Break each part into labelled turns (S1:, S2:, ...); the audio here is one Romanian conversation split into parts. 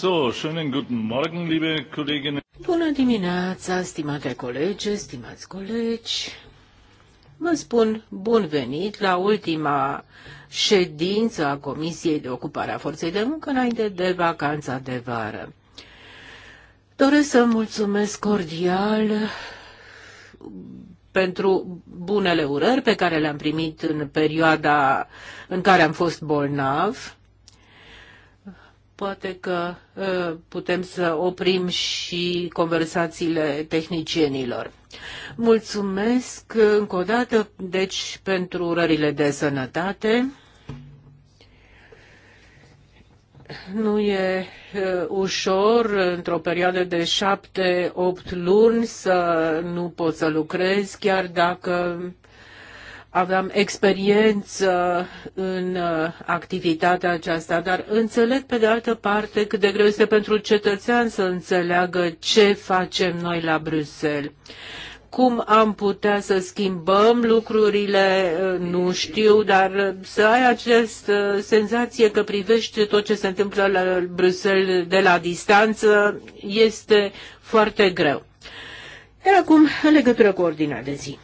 S1: So, schönen guten Morgen, liebe Kolleginnen.
S2: Bună dimineața, stimate colegi, stimați colegi. Vă spun bun venit la ultima ședință a Comisiei de Ocupare a Forței de Muncă înainte de vacanța de vară. Doresc să mulțumesc cordial pentru bunele urări pe care le-am primit în perioada în care am fost bolnav Poate că ă, putem să oprim și conversațiile tehnicienilor. Mulțumesc încă o dată, deci, pentru urările de sănătate. Nu e ă, ușor într-o perioadă de șapte-opt luni să nu poți să lucrezi, chiar dacă aveam experiență în uh, activitatea aceasta, dar înțeleg pe de altă parte cât de greu este pentru cetățean să înțeleagă ce facem noi la Bruxelles. Cum am putea să schimbăm lucrurile, uh, nu știu, dar să ai această senzație că privești tot ce se întâmplă la Bruxelles de la distanță este foarte greu. Iar acum, în legătură cu ordinea de zi.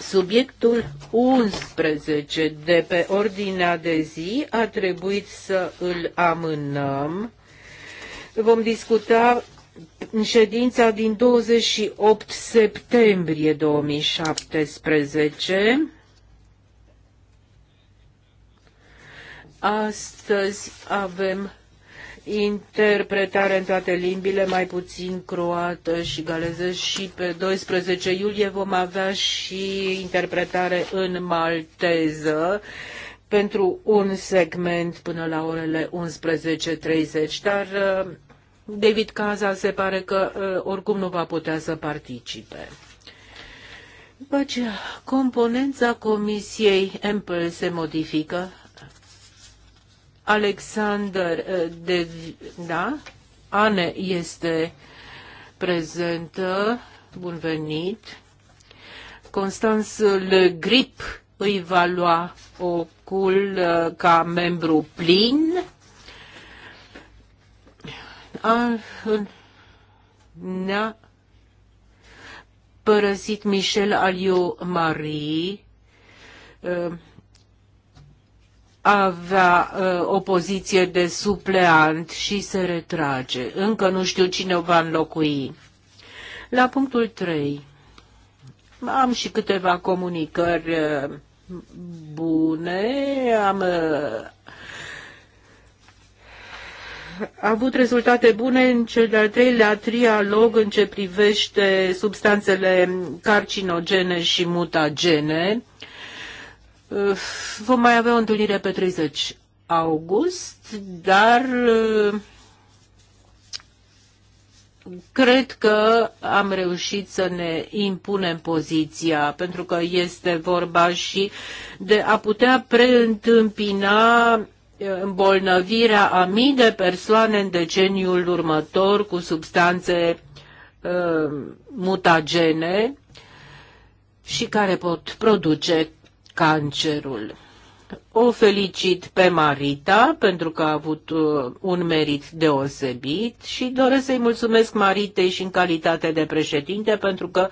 S2: Subiectul 11 de pe ordinea de zi a trebuit să îl amânăm. Vom discuta în ședința din 28 septembrie 2017. Astăzi avem interpretare în toate limbile, mai puțin croată și galeză și pe 12 iulie vom avea și interpretare în malteză pentru un segment până la orele 11.30, dar uh, David Caza se pare că uh, oricum nu va putea să participe. După ce componența Comisiei Ample se modifică, Alexander eh, de da? Ane este prezentă. Bun venit. Constans Le Grip îi va lua ocul eh, ca membru plin. A, ne-a părăsit Michel Alio Marie eh, avea uh, o poziție de supleant și se retrage. Încă nu știu cine o va înlocui. La punctul 3. Am și câteva comunicări uh, bune. Am uh, avut rezultate bune în cel de-al treilea trialog în ce privește substanțele carcinogene și mutagene. Eh, vom mai avea o întâlnire pe 30 august, dar eh, cred că am reușit să ne impunem poziția, pentru că este vorba și de a putea preîntâmpina eh, îmbolnăvirea a mii de persoane în deceniul următor cu substanțe uh, mutagene și care pot produce cancerul. O felicit pe Marita pentru că a avut uh, un merit deosebit și doresc să-i mulțumesc Maritei și în calitate de președinte pentru că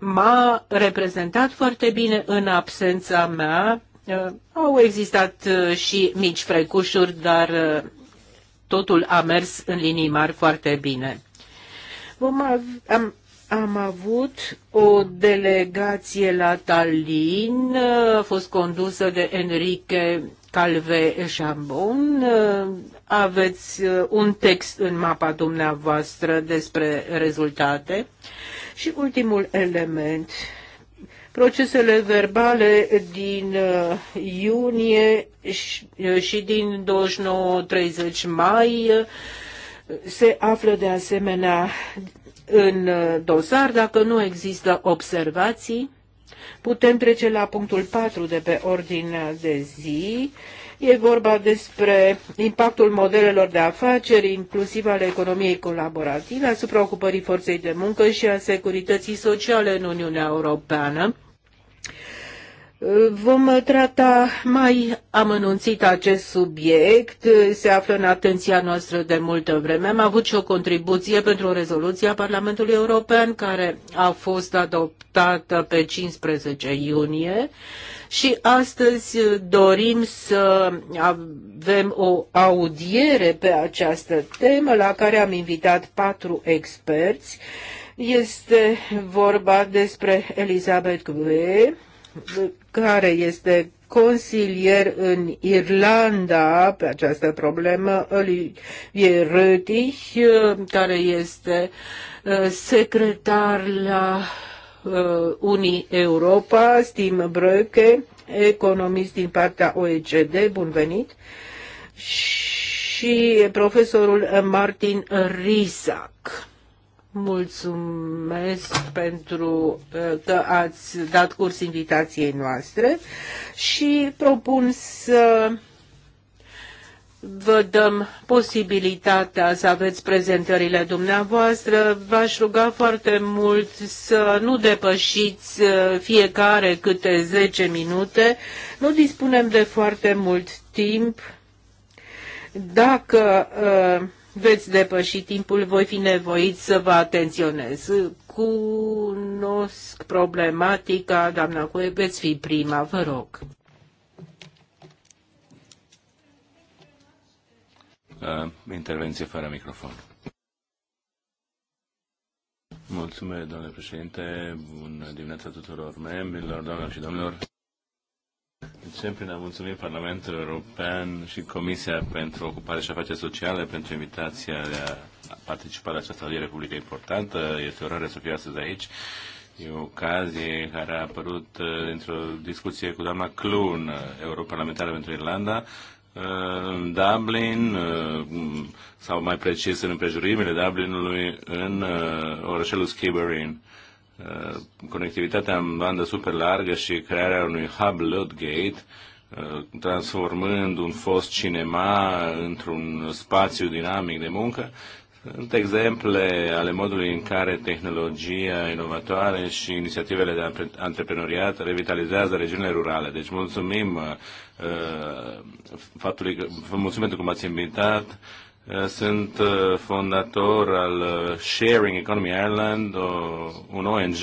S2: m-a reprezentat foarte bine în absența mea. Uh, au existat uh, și mici frecușuri, dar totul a mers în linii mari foarte bine. Vom am am avut o delegație la Tallinn, a fost condusă de Enrique Calve Chambon. Aveți uh, un text în mapa dumneavoastră despre rezultate. Și ultimul element, procesele verbale din uh, iunie și uh, din 29-30 mai se află de asemenea în uh, dosar. Dacă nu există observații, putem trece la punctul 4 de pe ordinea de zi. E vorba despre impactul modelelor de afaceri, inclusiv ale economiei colaborative, asupra ocupării forței de muncă și a securității sociale în Uniunea Europeană. Vom trata mai amănunțit acest subiect, se află în atenția noastră de multă vreme. Am avut și o contribuție pentru o rezoluție a Parlamentului European care a fost adoptată pe 15 iunie și astăzi dorim să avem o audiere pe această temă la care am invitat patru experți. Este vorba despre Elizabeth Gue, care este consilier în Irlanda pe această problemă, Olivier Rötich, care este uh, secretar la uh, Unii Europa, Stim Bröke, economist din partea OECD, bun venit, și profesorul Martin Risac mulțumesc pentru uh, că ați dat curs invitației noastre și propun să vă dăm posibilitatea să aveți prezentările dumneavoastră. V-aș ruga foarte mult să nu depășiți uh, fiecare câte 10 minute. Nu dispunem de foarte mult timp. Dacă uh, veți depăși timpul, voi fi nevoit să vă atenționez. Cunosc problematica, doamna Cue, veți fi prima, vă rog.
S1: Uh, intervenție fără microfon. Mulțumesc, domnule președinte. Bună dimineața tuturor membrilor, doamnelor și domnilor. Începem prin a mulțumi Parlamentul European și Comisia pentru Ocupare și Afaceri Sociale pentru invitația de a participa la această audiere publică importantă. Este o rare să fie astăzi aici. E o ocazie care a apărut uh, dintr o discuție cu doamna Clun, uh, europarlamentară pentru Irlanda, uh, în Dublin, sau mai precis în împrejurimile Dublinului, în orășelul Skibbereen. Uh, conectivitatea în bandă super largă și crearea unui hub Ludgate, uh, transformând un fost cinema într-un spațiu dinamic de muncă, sunt exemple ale modului în care tehnologia inovatoare și inițiativele de antreprenoriat revitalizează regiunile rurale. Deci mulțumim uh, uh faptului că, vă mulțumim pentru cum ați invitat Uh, sunt uh, fondator al uh, Sharing Economy Ireland, un ONG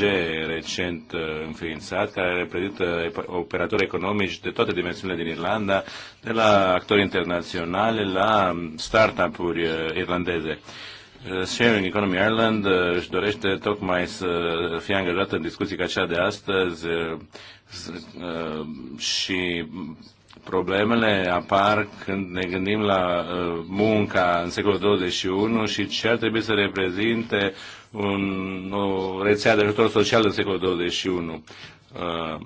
S1: recent înființat care reprezintă operatori economici de toate dimensiunile din Irlanda, de la actori internaționale la startup-uri irlandeze. Sharing Economy Ireland își dorește tocmai să fie angajată în discuții ca cea de astăzi și Problemele apar când ne gândim la uh, munca în secolul 21 și ce ar trebui să reprezinte un, o rețea de ajutor social în secolul 21. Uh,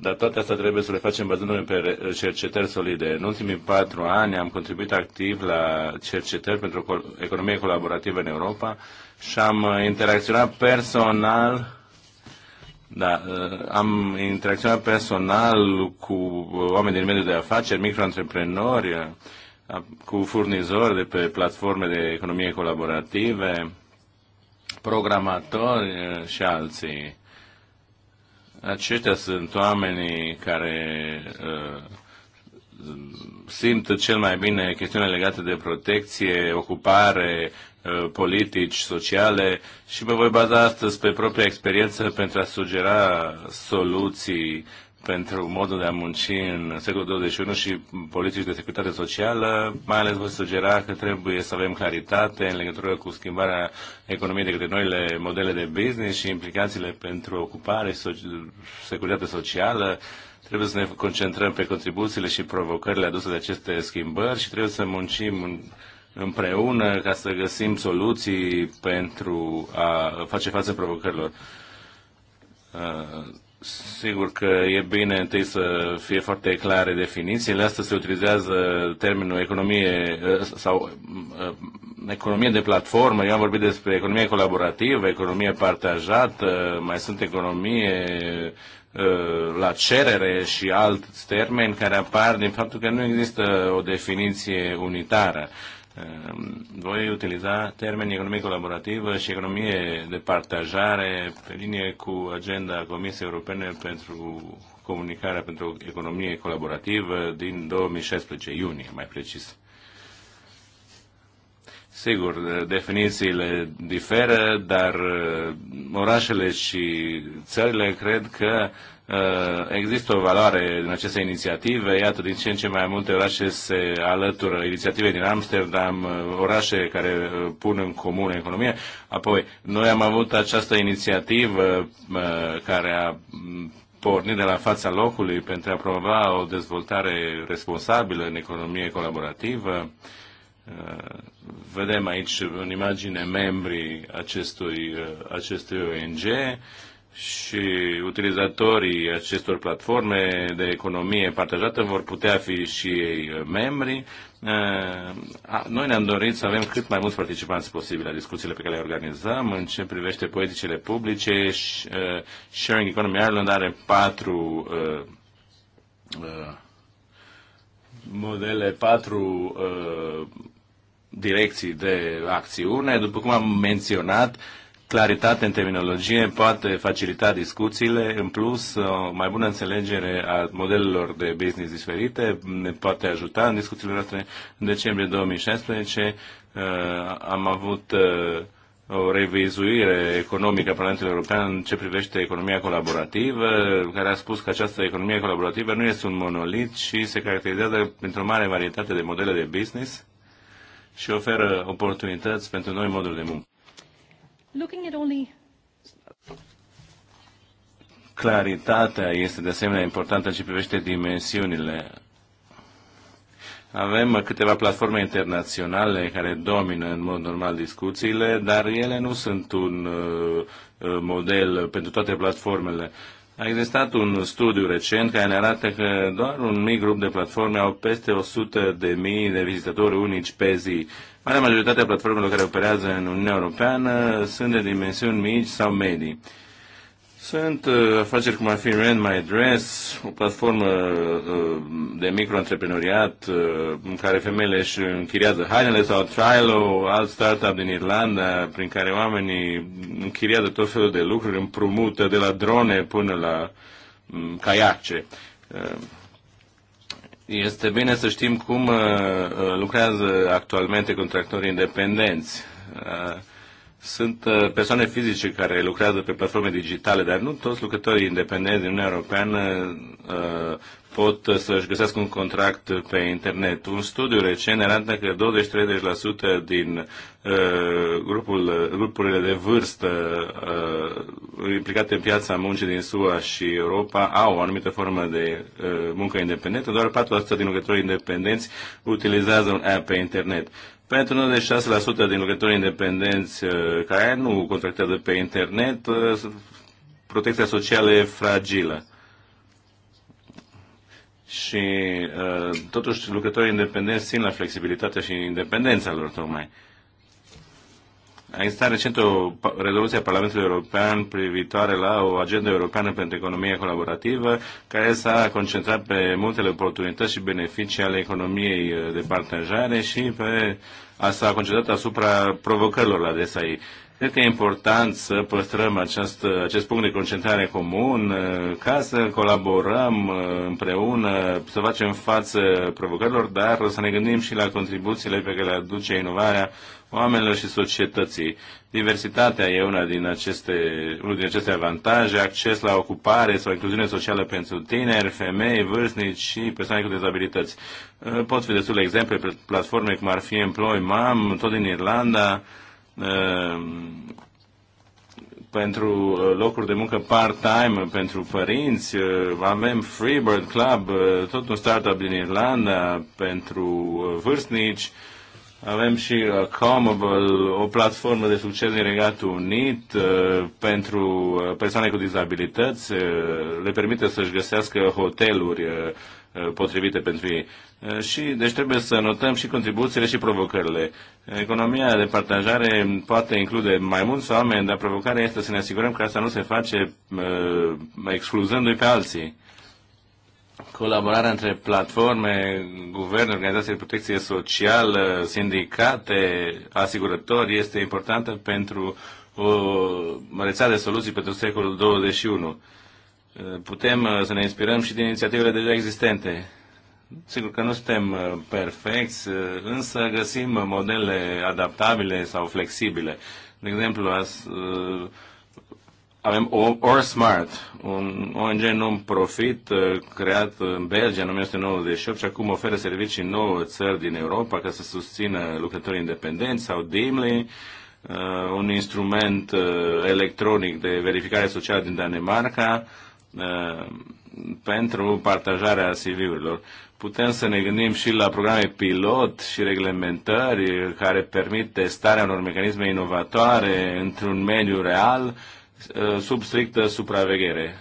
S1: dar toate astea trebuie să le facem bazându-ne pe cercetări solide. În ultimii patru ani am contribuit activ la cercetări pentru economie colaborativă în Europa și am uh, interacționat personal da, uh, am interacționat personal cu oameni din mediul de afaceri, microantreprenori, uh, cu furnizori de pe platforme de economie colaborative, programatori uh, și alții. Aceștia sunt oamenii care uh, simt cel mai bine chestiunile legate de protecție, ocupare, Uh, politici, sociale și mă voi baza astăzi pe propria experiență pentru a sugera soluții pentru modul de a munci în secolul 21 și politici de securitate socială, mai ales voi sugera că trebuie să avem claritate în legătură cu schimbarea economiei de către noile modele de business și implicațiile pentru ocupare, so- securitate socială. Trebuie să ne concentrăm pe contribuțiile și provocările aduse de aceste schimbări și trebuie să muncim împreună ca să găsim soluții pentru a face față provocărilor. Uh, sigur că e bine întâi să fie foarte clare definițiile. Asta se utilizează termenul economie uh, sau uh, economie de platformă. Eu am vorbit despre economie colaborativă, economie partajată, mai sunt economie la cerere și alți termeni care apar din faptul că nu există o definiție unitară. Ehm, voi utiliza termenii economie colaborativă și economie de partajare pe linie cu agenda Comisiei Europene pentru comunicarea pentru economie colaborativă din 2016, iunie mai precis. Sigur, definițiile diferă, dar eh, orașele și țările cred că Uh, există o valoare în aceste inițiative, iată, din ce în ce mai multe orașe se alătură inițiative din Amsterdam, uh, orașe care uh, pun în comun economia. Apoi, noi am avut această inițiativă care a mm, pornit de la fața locului pentru a promova o dezvoltare responsabilă în economie colaborativă. Vedem aici în imagine membrii acestui, acestui ONG și utilizatorii acestor platforme de economie partajată vor putea fi și ei membri. Eh, noi ne-am dorit să avem cât mai mulți participanți posibil la discuțiile pe care le organizăm. În ce privește politicile publice, eh, Sharing Economy Ireland are patru eh, modele, patru direcții de acțiune. După cum am menționat, claritate în terminologie poate facilita discuțiile, în plus o mai bună înțelegere a modelelor de business diferite ne poate ajuta în discuțiile noastre. În decembrie 2016 uh, am avut uh, o revizuire economică a Parlamentului European în ce privește economia colaborativă, care a spus că această economie colaborativă nu este un monolit și se caracterizează printr-o mare varietate de modele de business și oferă oportunități pentru noi moduri de muncă.
S3: Looking at only
S1: Claritatea este de asemenea importantă ce privește dimensiunile. Avem câteva platforme internaționale care domină în mod normal discuțiile, dar ele nu sunt un uh, model pentru toate platformele. A existat un studiu recent care ne arată că doar un mic grup de platforme au peste 100 de mii de vizitatori unici pe zi. Marea majoritatea platformelor care operează în Uniunea Europeană sunt de dimensiuni mici sau medii. Sunt uh, afaceri cum ar fi Rent My Dress, o platformă uh, de micro-antreprenoriat uh, în care femeile își închiriază hainele sau Trilo, alt startup din Irlanda, prin care oamenii închiriază tot felul de lucruri, împrumută de la drone până la um, caiace. Uh, este bine să știm cum uh, uh lucrează actualmente contractorii independenți. Uh, sunt uh, persoane fizice care lucrează pe platforme digitale, dar nu toți lucrătorii independenți din Uniunea Europeană uh, pot uh, să-și găsească un contract pe internet. Un studiu recent arată că 20-30% din grupul, grupurile de vârstă implicate în piața muncii din SUA și Europa au o anumită formă de muncă independentă, doar 4% din lucrătorii independenți utilizează un app pe internet. Pentru 96% din lucrătorii independenți uh, care nu contractează pe internet, uh, protecția socială e fragilă. Și uh, totuși lucrătorii independenți țin la flexibilitatea și independența lor tocmai. Uh, a existat recent o rezoluție a Parlamentului European privitoare la o agendă europeană pentru economia colaborativă, care s-a concentrat pe multele oportunități și beneficii ale economiei uh, de partajare și pe a s-a concentrat asupra provocărilor la adresa ei. Cred că e important să păstrăm acest, acest punct de concentrare comun uh, ca să colaborăm uh, împreună, să facem față provocărilor, dar să ne gândim și la contribuțiile pe care le aduce inovarea oamenilor și societății. Diversitatea e una din aceste, unul din aceste avantaje, acces la ocupare sau incluziune socială pentru tineri, femei, vârstnici și persoane cu dezabilități. Uh, pot fi de exemple pe platforme cum ar fi Employ Mam, tot din Irlanda, uh, pentru uh, locuri de muncă part-time pentru părinți, avem Freebird Club, tot un startup din Irlanda pentru vârstnici, avem și uh, Comable, o platformă de succes din Regatul Unit uh, pentru uh, persoane cu dizabilități. Le permite să-și găsească hoteluri potrivite pentru ei. Și, deci trebuie să notăm și contribuțiile și provocările. Economia de partajare poate include mai mulți oameni, dar provocarea este să ne asigurăm că asta nu se face excluzându-i pe alții colaborarea între platforme, guverne, organizații de protecție socială, sindicate, asigurători este importantă pentru o rețea de soluții pentru secolul 21. Putem uh, să ne inspirăm și din inițiativele deja existente. Sigur că nu suntem uh, perfecți, uh, însă găsim modele adaptabile sau flexibile. De exemplu, azi, avem Orsmart, un ONG non-profit uh, creat în Belgia în 1998 și acum oferă servicii în nouă țări din Europa ca să susțină lucrătorii independenți sau Dimly, uh, un instrument uh, electronic de verificare socială din Danemarca pentru partajarea CV-urilor. Putem să ne gândim și la programe pilot și reglementări care permit testarea unor mecanisme inovatoare într-un mediu real, Uh, sub strictă supraveghere.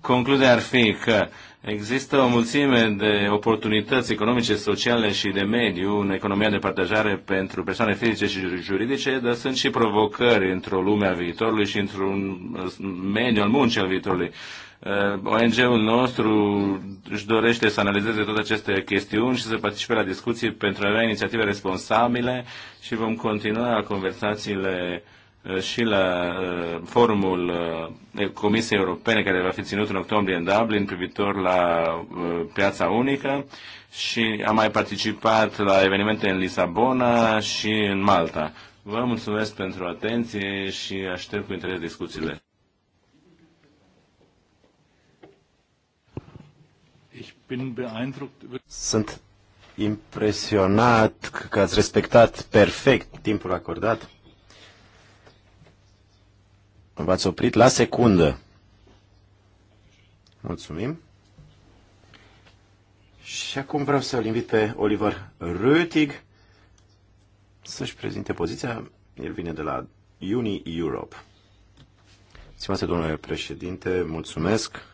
S1: Concluzia ar fi că există o mulțime de oportunități economice, sociale și de mediu în economia de partajare pentru persoane fizice și juridice, dar sunt și provocări într-o lume a viitorului și într-un uh, mediu al muncii al viitorului. Eh, ONG-ul nostru își dorește să analizeze toate aceste chestiuni și să participe la discuții pentru a avea inițiative responsabile și vom continua conversațiile eh, și la eh, forumul Comisiei Europene care va fi ținut în octombrie în Dublin privitor la piața unică și am mai participat la evenimente în Lisabona și în Malta. Vă mulțumesc pentru atenție și aștept cu interes discuțiile. Sunt
S4: impresionat că ați respectat perfect timpul acordat. V-ați oprit la secundă. Mulțumim. Și acum vreau să-l invit pe Oliver Rötig să-și prezinte poziția. El vine de la Uni Europe. Stimați domnule președinte, mulțumesc.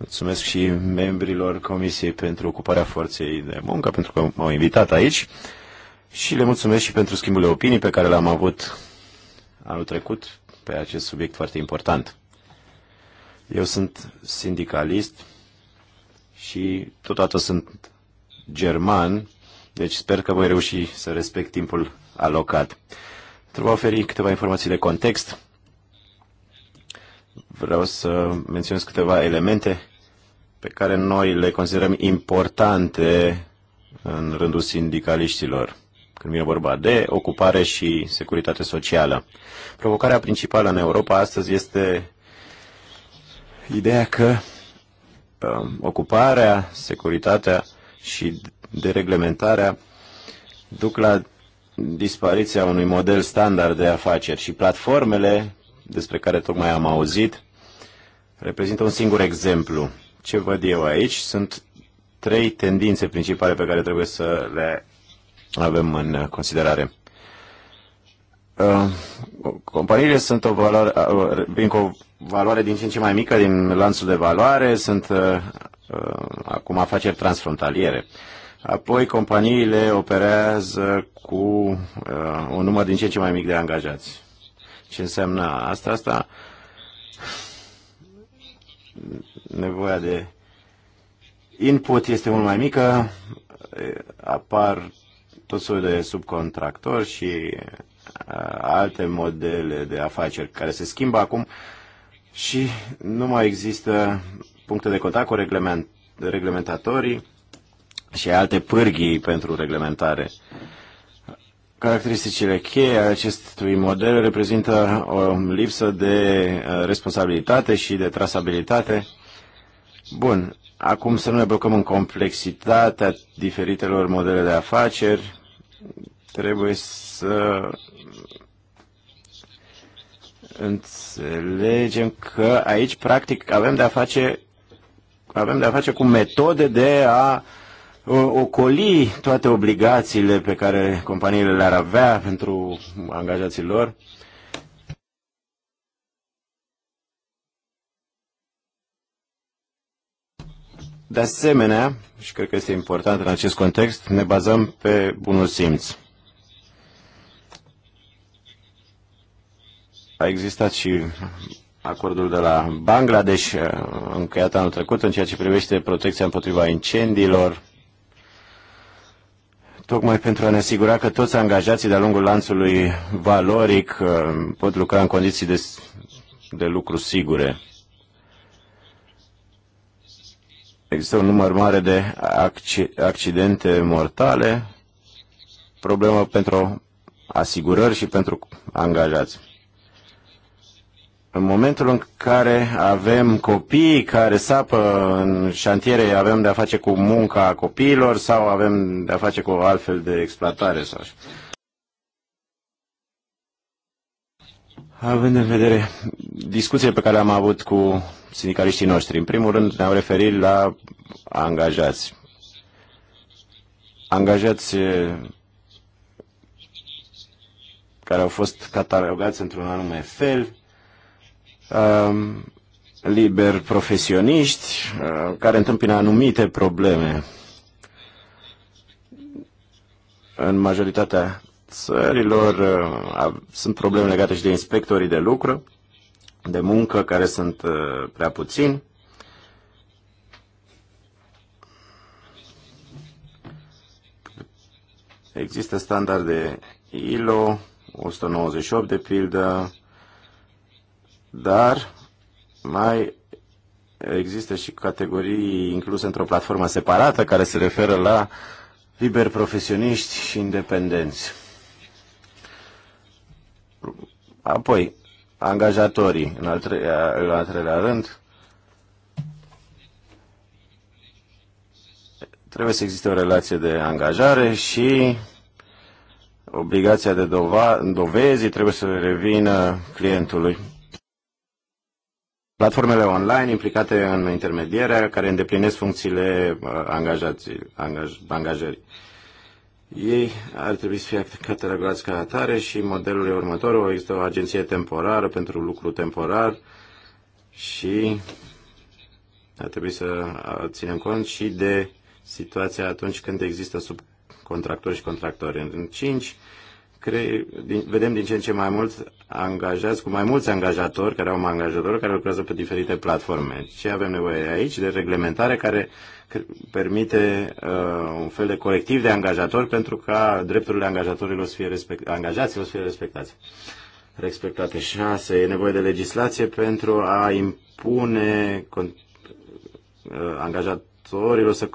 S4: Mulțumesc și membrilor Comisiei pentru ocuparea forței de muncă, pentru că m-au invitat aici și le mulțumesc și pentru schimbul de opinii pe care l-am avut anul trecut pe acest subiect foarte important. Eu sunt sindicalist și totodată sunt german, deci sper că voi reuși să respect timpul alocat. Trebuie oferi câteva informații de context. Vreau să menționez câteva elemente pe care noi le considerăm importante în rândul sindicaliștilor, când vine vorba de ocupare și securitate socială. Provocarea principală în Europa astăzi este ideea că um, ocuparea, securitatea și dereglementarea duc la dispariția unui model standard de afaceri și platformele despre care tocmai am auzit reprezintă un singur exemplu ce văd eu aici sunt trei tendințe principale pe care trebuie să le avem în considerare. Uh, companiile sunt o valoare, uh, vin cu o valoare din ce în ce mai mică din lanțul de valoare, sunt uh, acum afaceri transfrontaliere. Apoi companiile operează cu uh, un număr din ce în ce mai mic de angajați. Ce înseamnă asta? Asta uh, nevoia de input este mult mai mică, apar tot soiul de subcontractori și uh, alte modele de afaceri care se schimbă acum și nu mai există puncte de contact cu reglement, reglementatorii și alte pârghii pentru reglementare. Caracteristicile cheie a acestui model reprezintă o lipsă de uh, responsabilitate și de trasabilitate. Bun, acum să nu ne blocăm în complexitatea diferitelor modele de afaceri. Trebuie să înțelegem că aici, practic, avem de a face avem de a face cu metode de a ocoli toate obligațiile pe care companiile le-ar avea pentru angajații lor. De asemenea, și cred că este important în acest context, ne bazăm pe bunul simț. A existat și acordul de la Bangladesh uh, încheiat anul trecut în ceea ce privește protecția împotriva incendiilor, tocmai pentru a ne asigura că toți angajații de-a lungul lanțului valoric uh, pot lucra în condiții de, de lucru sigure. Există un număr mare de accidente mortale, problemă pentru asigurări și pentru angajați în momentul în care avem copii care sapă în șantiere, avem de-a face cu munca copiilor sau avem de-a face cu altfel de exploatare sau așa. Având în vedere discuțiile pe care am avut cu sindicaliștii noștri, în primul rând ne-am referit la angajați. Angajați eh, care au fost catalogați într-un anume fel, Um, liber profesioniști uh, care întâmpină anumite probleme în majoritatea țărilor uh, sunt probleme legate și de inspectorii de lucru, de muncă, care sunt uh, prea puțini. Există standarde ILO 198 de pildă, dar mai există și categorii incluse într-o platformă separată care se referă la liberi profesioniști și independenți. Apoi, angajatorii, în al, treilea, în al treilea rând, trebuie să existe o relație de angajare și obligația de dovezi trebuie să revină clientului. Platformele online implicate în intermedierea care îndeplinesc funcțiile uh, angajații, angaj, angajării. Ei ar trebui să fie catalogați ca atare și modelul e următorul. Există o agenție temporară pentru lucru temporar și ar trebui să uh, ținem cont și de situația atunci când există subcontractori și contractori. În 5 cre... din... vedem din ce în ce mai mulți angajați, cu mai mulți angajatori care au angajatori care lucrează pe diferite platforme. Ce avem nevoie aici? De reglementare care permite uh, un fel de colectiv de angajatori pentru ca drepturile angajatorilor să fie respect... angajaților să fie respectați. Respectate. Șase, E nevoie de legislație pentru a impune con... uh, angajatorilor să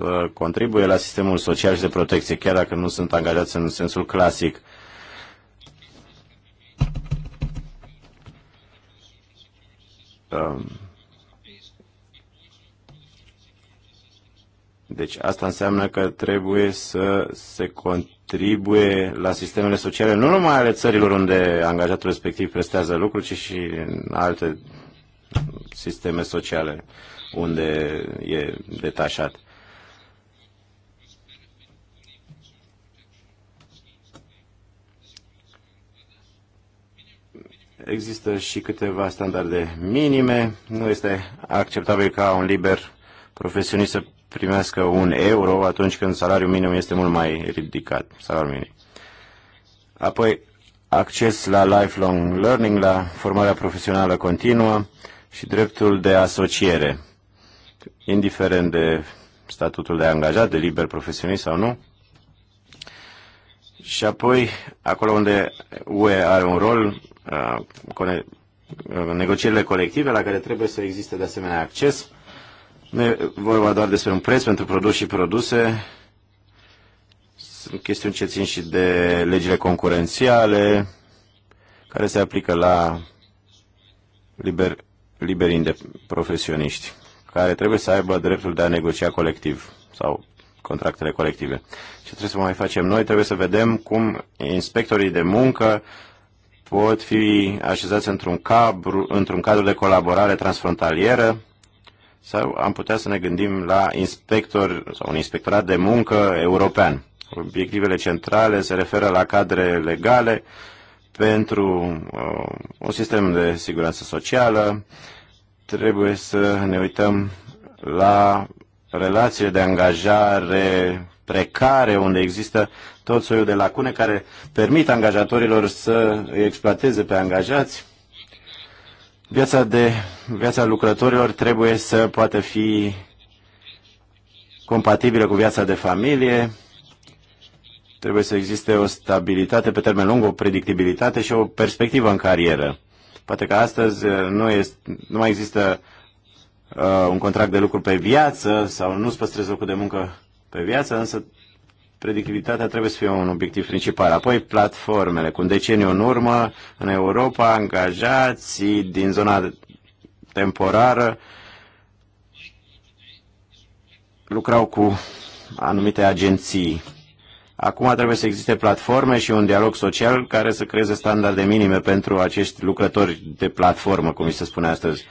S4: să contribuie la sistemul social și de protecție, chiar dacă nu sunt angajați în sensul clasic. Um. Deci asta înseamnă că trebuie să se contribuie la sistemele sociale, nu numai ale țărilor unde angajatul respectiv prestează lucruri, ci și în alte sisteme sociale unde e detașat. Există și câteva standarde minime. Nu este acceptabil ca un liber profesionist să primească un euro atunci când salariul minim este mult mai ridicat, salariul minim. Apoi, acces la lifelong learning, la formarea profesională continuă și dreptul de asociere, indiferent de statutul de angajat, de liber profesionist sau nu. Și apoi, acolo unde UE are un rol, uh, uh, negocierile colective la care trebuie să existe de asemenea acces. Nu e vorba doar despre un preț pentru produs și produse. Sunt chestiuni ce țin și de legile concurențiale care se aplică la liber, liberi profesioniști care trebuie să aibă dreptul de a negocia colectiv sau contractele colective. Ce trebuie să mai facem noi? Trebuie să vedem cum inspectorii de muncă pot fi așezați într-un cadru, într-un cadru de colaborare transfrontalieră sau am putea să ne gândim la inspector sau un inspectorat de muncă european. Obiectivele centrale se referă la cadre legale pentru uh, un sistem de siguranță socială. Trebuie să ne uităm la relație de angajare precare, unde există tot soiul de lacune care permit angajatorilor să îi exploateze pe angajați. Viața, de, viața lucrătorilor trebuie să poată fi compatibilă cu viața de familie, trebuie să existe o stabilitate pe termen lung, o predictibilitate și o perspectivă în carieră. Poate că astăzi nu, este, nu mai există uh, un contract de lucru pe viață sau nu-ți păstrezi locul de muncă pe viață, însă predictivitatea trebuie să fie un obiectiv principal. Apoi platformele. Cu un deceniu în urmă, în Europa, angajații din zona temporară lucrau cu anumite agenții. Acum trebuie să existe platforme și un dialog social care să creeze standarde minime pentru acești lucrători de platformă, cum se spune astăzi.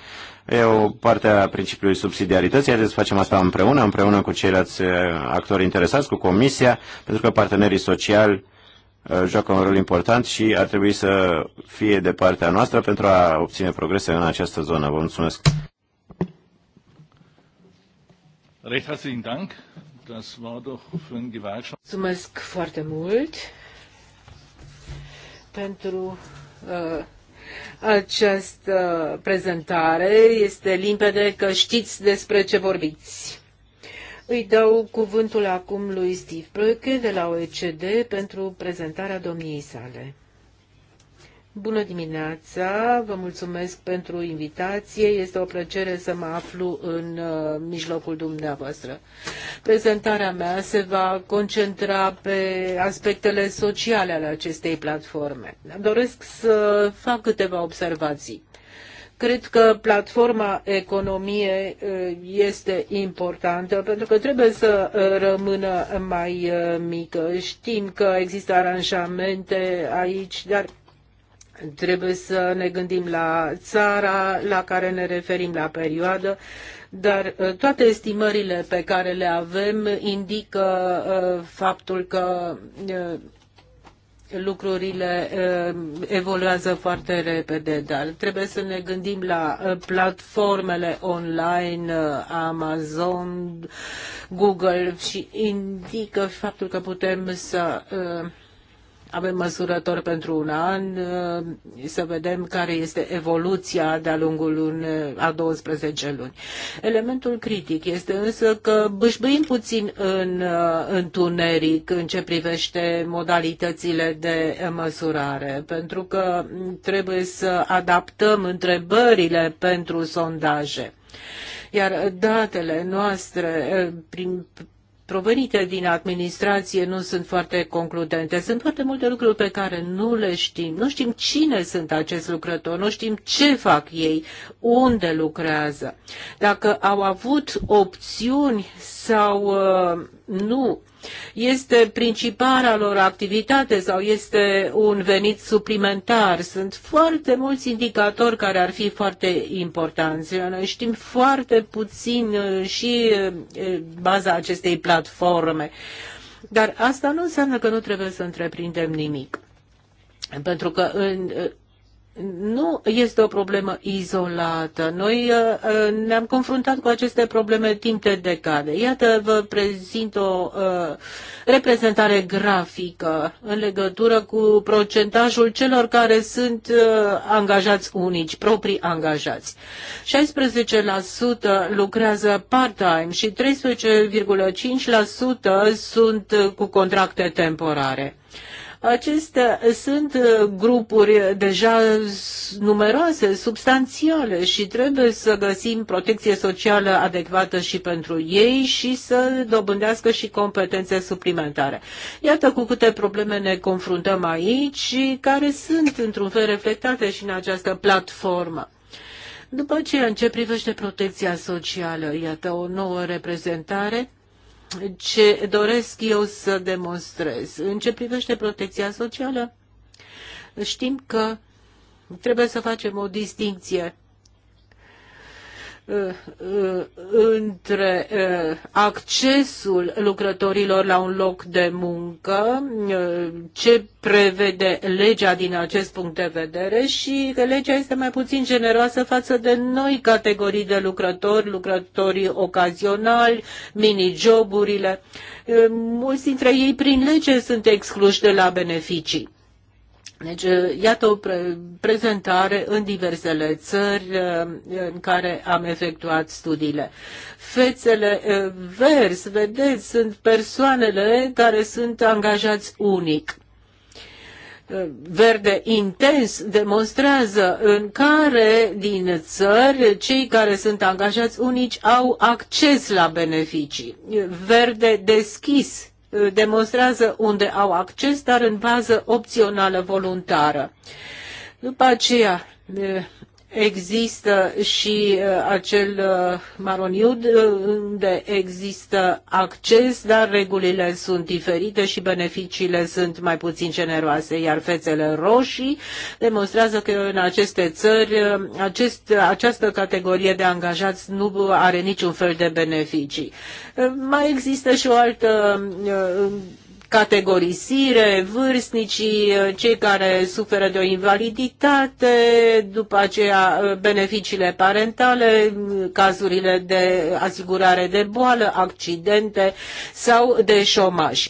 S4: E o parte a principiului subsidiarității, haideți să facem asta împreună, împreună cu ceilalți uh, actori interesați, cu Comisia, pentru că partenerii sociali uh, joacă un rol important și ar trebui să fie de partea noastră pentru a obține progrese în această zonă. Vă mulțumesc!
S2: Mulțumesc foarte mult pentru uh, această prezentare este limpede că știți despre ce vorbiți. Îi dau cuvântul acum lui Steve Brăche de la OECD pentru prezentarea domniei sale. Bună dimineața, vă mulțumesc pentru invitație. Este o plăcere să mă aflu în uh, mijlocul dumneavoastră. Prezentarea mea se va concentra pe aspectele sociale ale acestei platforme. Doresc să fac câteva observații. Cred că platforma economie uh, este importantă pentru că trebuie să uh, rămână mai mică. Știm că există aranjamente aici, dar Trebuie să ne gândim la țara la care ne referim, la perioadă, dar uh, toate estimările pe care le avem indică uh, faptul că uh, lucrurile evoluează foarte repede, dar trebuie să ne gândim la platformele online, Amazon, Google și indică faptul că putem să avem măsurători pentru un an, uh, să vedem care este evoluția de-a lungul une, uh, a 12 luni. Elementul critic este însă că bâșbâim puțin în uh, întuneric în ce privește modalitățile de măsurare, pentru că trebuie să adaptăm întrebările pentru sondaje. Iar datele noastre prin provenite din administrație nu sunt foarte concludente. Sunt foarte multe lucruri pe care nu le știm. Nu știm cine sunt acești lucrători, nu știm ce fac ei, unde lucrează. Dacă au avut opțiuni sau uh, nu. Este principala lor activitate sau este un venit suplimentar. Sunt foarte mulți indicatori care ar fi foarte importanți. Noi știm foarte puțin uh, și uh, baza acestei platforme. Dar asta nu înseamnă că nu trebuie să întreprindem nimic. Pentru că în uh, nu este o problemă izolată. Noi uh, uh, ne-am confruntat cu aceste probleme timp de decade. Iată, vă prezint o uh, reprezentare grafică în legătură cu procentajul celor care sunt angajați unici, proprii angajați. 16% lucrează part-time și 13,5% sunt cu contracte temporare. Acestea sunt uh, grupuri deja numeroase, substanțiale și trebuie să găsim protecție socială adecvată și pentru ei și să dobândească și competențe suplimentare. Iată cu câte probleme ne confruntăm aici și care sunt într-un fel reflectate și în această platformă. După aceea, în ce privește protecția socială, iată o nouă reprezentare ce doresc eu să demonstrez. În ce privește protecția socială, știm că trebuie să facem o distinție Uh, uh, între uh, accesul lucrătorilor la un loc de muncă, ce prevede legea din acest punct de vedere și că legea este mai puțin generoasă față de noi categorii de lucrători, lucrătorii ocazionali, minijoburile Mulți dintre ei prin lege sunt excluși de la beneficii. Deci, uh, iată o pre- prezentare în diversele țări uh, în care am efectuat studiile. Fețele uh, verzi, vedeți, sunt persoanele care sunt angajați unic verde intens demonstrează în care din țări cei care sunt angajați unici au acces la beneficii. Verde deschis Uh, demonstrează unde au acces, dar în bază opțională voluntară. După aceea, uh, Există și uh, acel uh, maroniud uh, unde există acces, dar regulile sunt diferite și beneficiile sunt mai puțin generoase, iar fețele roșii demonstrează că în aceste țări acest, această categorie de angajați nu are niciun fel de beneficii. Mai există și o altă categorisire, vârstnicii, uh, cei care suferă de o invaliditate, după aceea uh, beneficiile parentale, uh, cazurile de asigurare de boală, accidente sau de șomaj.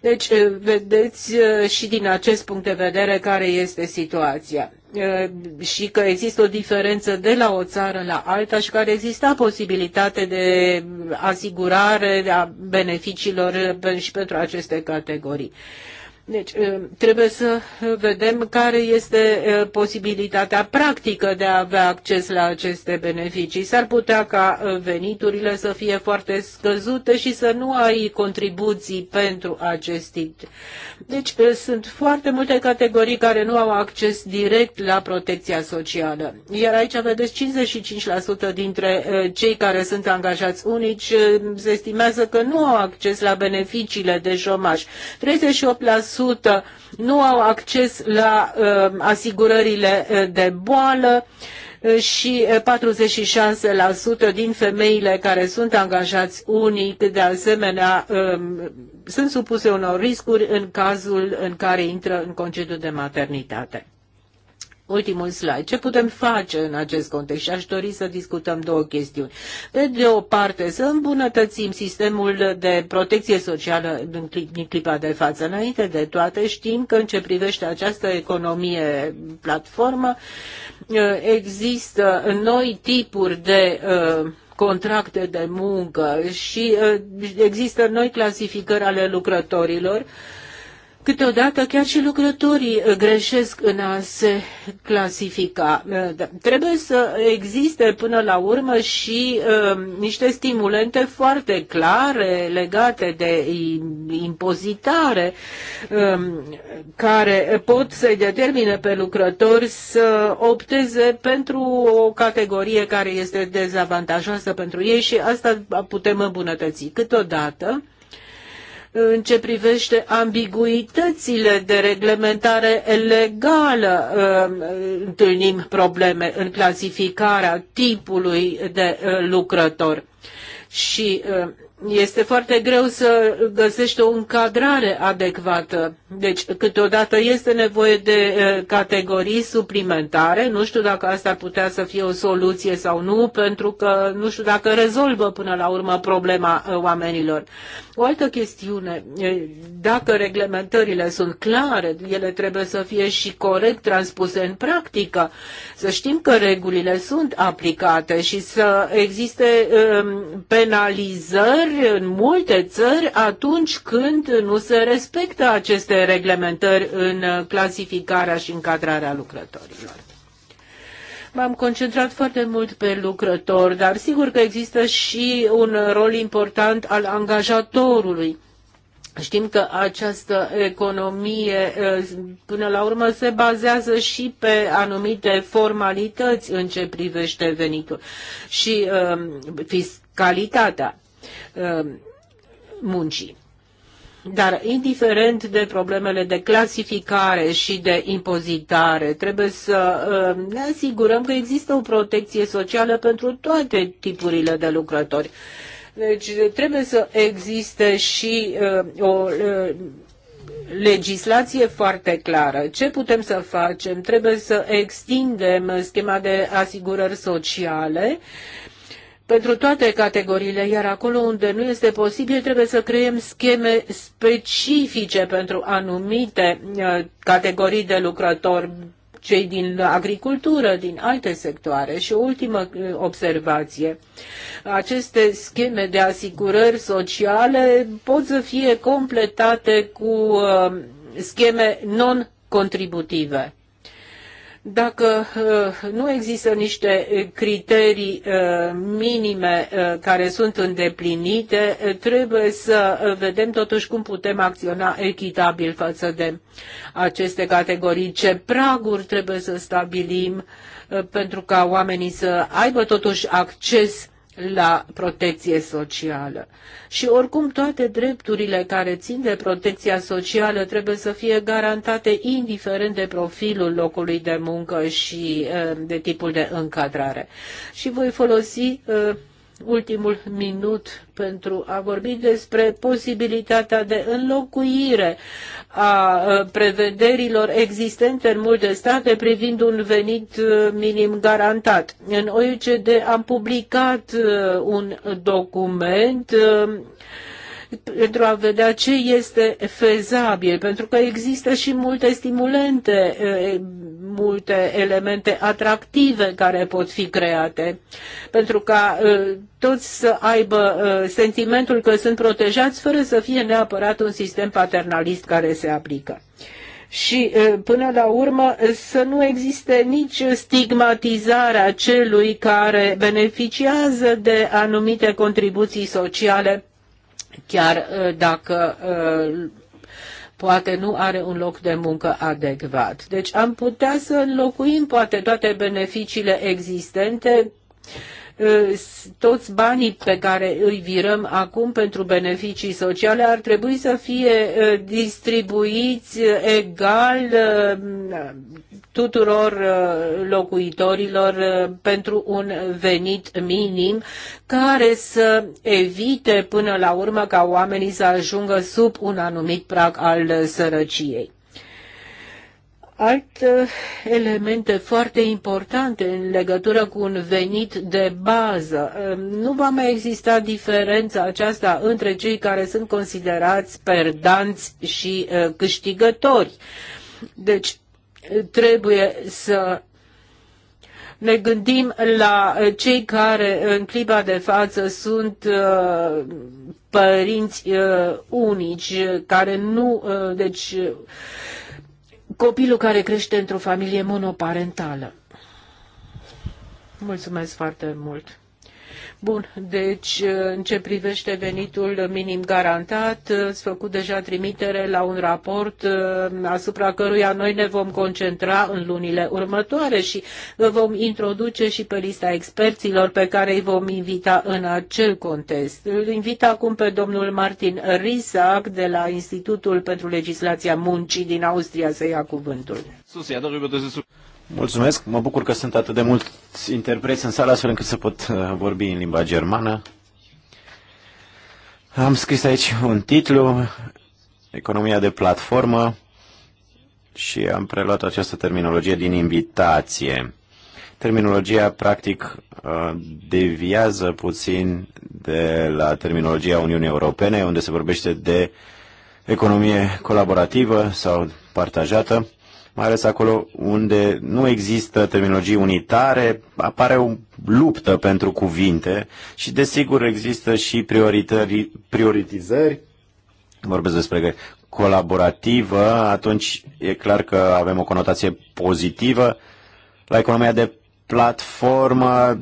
S2: Deci, vedeți și din acest punct de vedere care este situația. Eh, și că există o diferență de la o țară la alta și care exista posibilitate de asigurare a beneficiilor și pentru aceste categorii. Deci eh, trebuie să vedem care este eh, posibilitatea practică de a avea acces la aceste beneficii. S-ar putea ca eh, veniturile să fie foarte scăzute și să nu ai contribuții pentru acest tip. Deci sunt foarte multe categorii care nu au acces direct la protecția socială. Iar aici vedeți 55% dintre cei care sunt angajați unici se estimează că nu au acces la beneficiile de șomaj. 38% 100% nu au acces la uh, asigurările uh, de boală uh, și 46% uh, din femeile care sunt angajați unic, de asemenea, um, sunt supuse unor riscuri în cazul în care intră în concediu de maternitate. Ultimul slide. Ce putem face în acest context? Și aș dori să discutăm două chestiuni. Pe de o parte, să îmbunătățim sistemul de protecție socială din clipa de față. Înainte de toate, știm că în ce privește această economie platformă, ă, există noi tipuri de ă, contracte de muncă și ă, există noi clasificări ale lucrătorilor Câteodată chiar și lucrătorii uh, greșesc în a se clasifica. Uh, da, trebuie să existe până la urmă și uh, niște stimulente foarte clare legate de impozitare um, care pot să-i determine pe lucrători să opteze pentru o categorie care este dezavantajoasă pentru ei și asta putem îmbunătăți. Câteodată, în ce privește ambiguitățile de reglementare legală, um, întâlnim probleme în clasificarea tipului de uh, lucrător. Și um, este foarte greu să găsești o încadrare adecvată. Deci, câteodată este nevoie de categorii suplimentare. Nu știu dacă asta ar putea să fie o soluție sau nu, pentru că nu știu dacă rezolvă până la urmă problema oamenilor. O altă chestiune, dacă reglementările sunt clare, ele trebuie să fie și corect transpuse în practică, să știm că regulile sunt aplicate și să existe penalizări țări, în multe țări, atunci când nu se respectă aceste reglementări în clasificarea și încadrarea lucrătorilor. M-am concentrat foarte mult pe lucrători, dar sigur că există și un rol important al angajatorului. Știm că această economie până la urmă se bazează și pe anumite formalități în ce privește venitul și um, fiscalitatea. Uh, muncii. Dar indiferent de problemele de clasificare și de impozitare, trebuie să uh, ne asigurăm că există o protecție socială pentru toate tipurile de lucrători. Deci trebuie să existe și uh, o legislație foarte clară. Ce putem să facem? Trebuie să extindem schema de asigurări sociale uh, pentru toate categoriile, iar acolo unde nu este posibil trebuie să creăm scheme specifice pentru anumite uh, categorii de lucrători, cei din agricultură, din alte sectoare. Și o ultimă uh, observație, aceste scheme de asigurări sociale pot să fie completate cu uh, scheme non-contributive dacă uh, nu există niște criterii uh, minime uh, care sunt îndeplinite, trebuie să vedem totuși cum putem acționa echitabil față de aceste categorii, ce praguri trebuie să stabilim pentru ca oamenii să aibă totuși acces la protecție socială. Și oricum toate drepturile care țin de protecția socială trebuie să fie garantate indiferent de profilul locului de muncă și uh, de tipul de încadrare. Și voi folosi uh, ultimul minut pentru a vorbi despre posibilitatea de înlocuire a prevederilor existente în multe state privind un venit minim garantat. În OECD am publicat un document pentru a vedea ce este fezabil, pentru că există și multe stimulente, multe elemente atractive care pot fi create, pentru ca toți să aibă sentimentul că sunt protejați fără să fie neapărat un sistem paternalist care se aplică și până la urmă să nu existe nici stigmatizarea celui care beneficiază de anumite contribuții sociale chiar uh, dacă uh, poate nu are un loc de muncă adecvat. Deci am putea să înlocuim poate toate beneficiile existente uh, toți banii pe care îi virăm acum pentru beneficii sociale ar trebui să fie distribuiți egal tuturor uh, locuitorilor uh, pentru un venit minim care să evite până la urmă ca oamenii să ajungă sub un anumit prag al sărăciei. Alte uh, elemente foarte importante în legătură cu un venit de bază. Nu va mai exista diferența aceasta între cei care sunt considerați perdanți și câștigători. Deci, trebuie să ne gândim la cei care în clipa de față sunt uh, părinți uh, unici, care nu, uh, deci copilul care crește într-o familie monoparentală. Mulțumesc foarte mult! Bun, deci uh, în ce privește venitul minim garantat, uh, ați făcut deja trimitere la un raport uh, asupra căruia noi ne vom concentra în lunile următoare și vă vom introduce și pe lista experților pe care îi vom invita în acel context. Îl invit acum pe domnul Martin Risac de la Institutul pentru Legislația Muncii din Austria să ia cuvântul.
S4: Mulțumesc, mă bucur că sunt atât de mulți interpreți în sală astfel încât să pot uh, vorbi în limba germană. Am scris aici un titlu, Economia de platformă și am preluat această terminologie din invitație. Terminologia, practic, uh, deviază puțin de la terminologia Uniunii Europene, unde se vorbește de economie colaborativă sau partajată mai ales acolo unde nu există terminologie unitare, apare o luptă pentru cuvinte și desigur există și prioritizări, vorbesc despre colaborativă, atunci e clar că avem o conotație pozitivă. La economia de platformă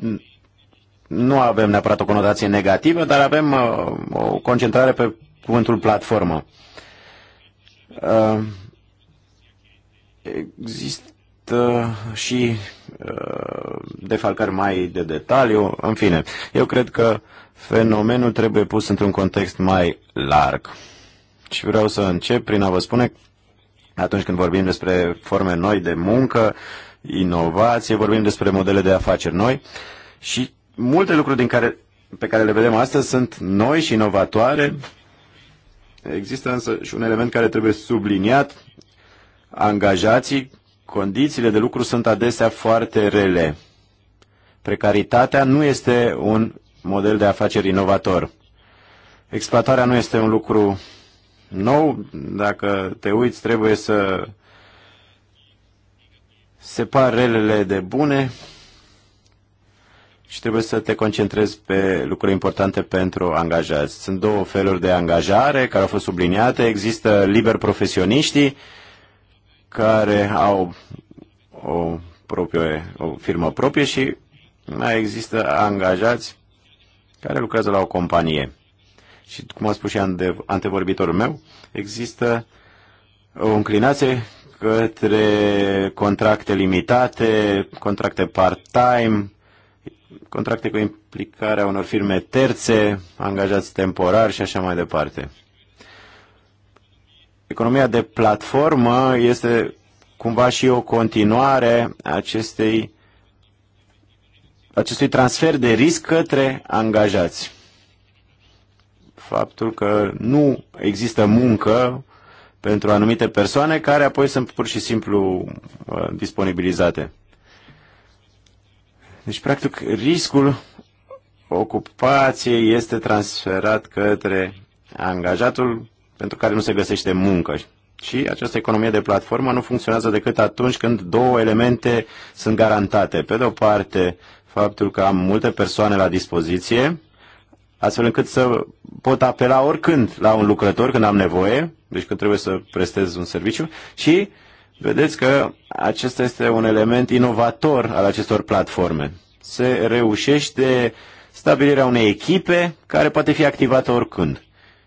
S4: nu avem neapărat o conotație negativă, dar avem uh, o concentrare pe cuvântul platformă. Uh, Există și uh, defalcări mai de detaliu. În fine, eu cred că fenomenul trebuie pus într-un context mai larg. Și vreau să încep prin a vă spune atunci când vorbim despre forme noi de muncă, inovație, vorbim despre modele de afaceri noi și multe lucruri din care, pe care le vedem astăzi sunt noi și inovatoare. Există însă și un element care trebuie subliniat angajații, condițiile de lucru sunt adesea foarte rele. Precaritatea nu este un model de afaceri inovator. Exploatarea nu este un lucru nou. Dacă te uiți, trebuie să separ relele de bune și trebuie să te concentrezi pe lucruri importante pentru angajați. Sunt două feluri de angajare care au fost subliniate. Există liber profesioniștii, care au o, proprie, o firmă proprie și mai există angajați care lucrează la o companie. Și cum a spus și antevorbitorul meu, există o înclinație către contracte limitate, contracte part-time, contracte cu implicarea unor firme terțe, angajați temporari și așa mai departe economia de platformă este cumva și o continuare acestei, acestui transfer de risc către angajați. Faptul că nu există muncă pentru anumite persoane care apoi sunt pur și simplu uh, disponibilizate. Deci, practic, riscul ocupației este transferat către angajatul pentru care nu se găsește muncă. Și această economie de platformă nu funcționează decât atunci când două elemente sunt garantate. Pe de o parte, faptul că am multe persoane la dispoziție, astfel încât să pot apela oricând la un lucrător când am nevoie, deci când trebuie să prestez un serviciu, și vedeți că acesta este un element inovator al acestor platforme. Se reușește stabilirea unei echipe care poate fi activată oricând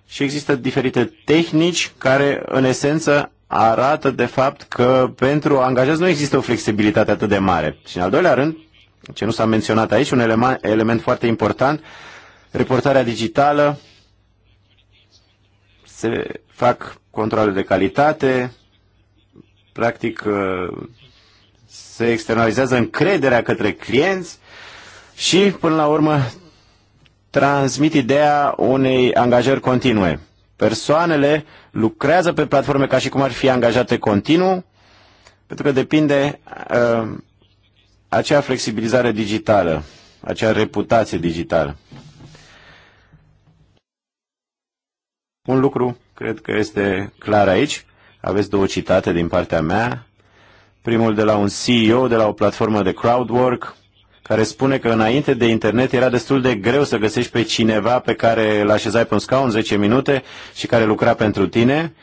S4: și există diferite tehnici care, în esență, arată de fapt că pentru angajați nu există o flexibilitate atât de mare. Și în al doilea rând, ce nu s-a menționat aici, un element, element foarte important, reportarea digitală, se fac controle de calitate, practic uh, se externalizează încrederea către clienți și, până la urmă, transmit ideea unei angajări continue. Persoanele lucrează pe platforme ca și cum ar fi angajate continuu, pentru că depinde uh, acea flexibilizare digitală, acea reputație digitală. Un lucru cred că este clar aici. Aveți două citate din partea mea. Primul de la un CEO de la o platformă de crowdwork care spune că înainte de internet era destul de greu să găsești pe cineva pe care îl așezai pe un scaun 10 minute și care lucra pentru tine,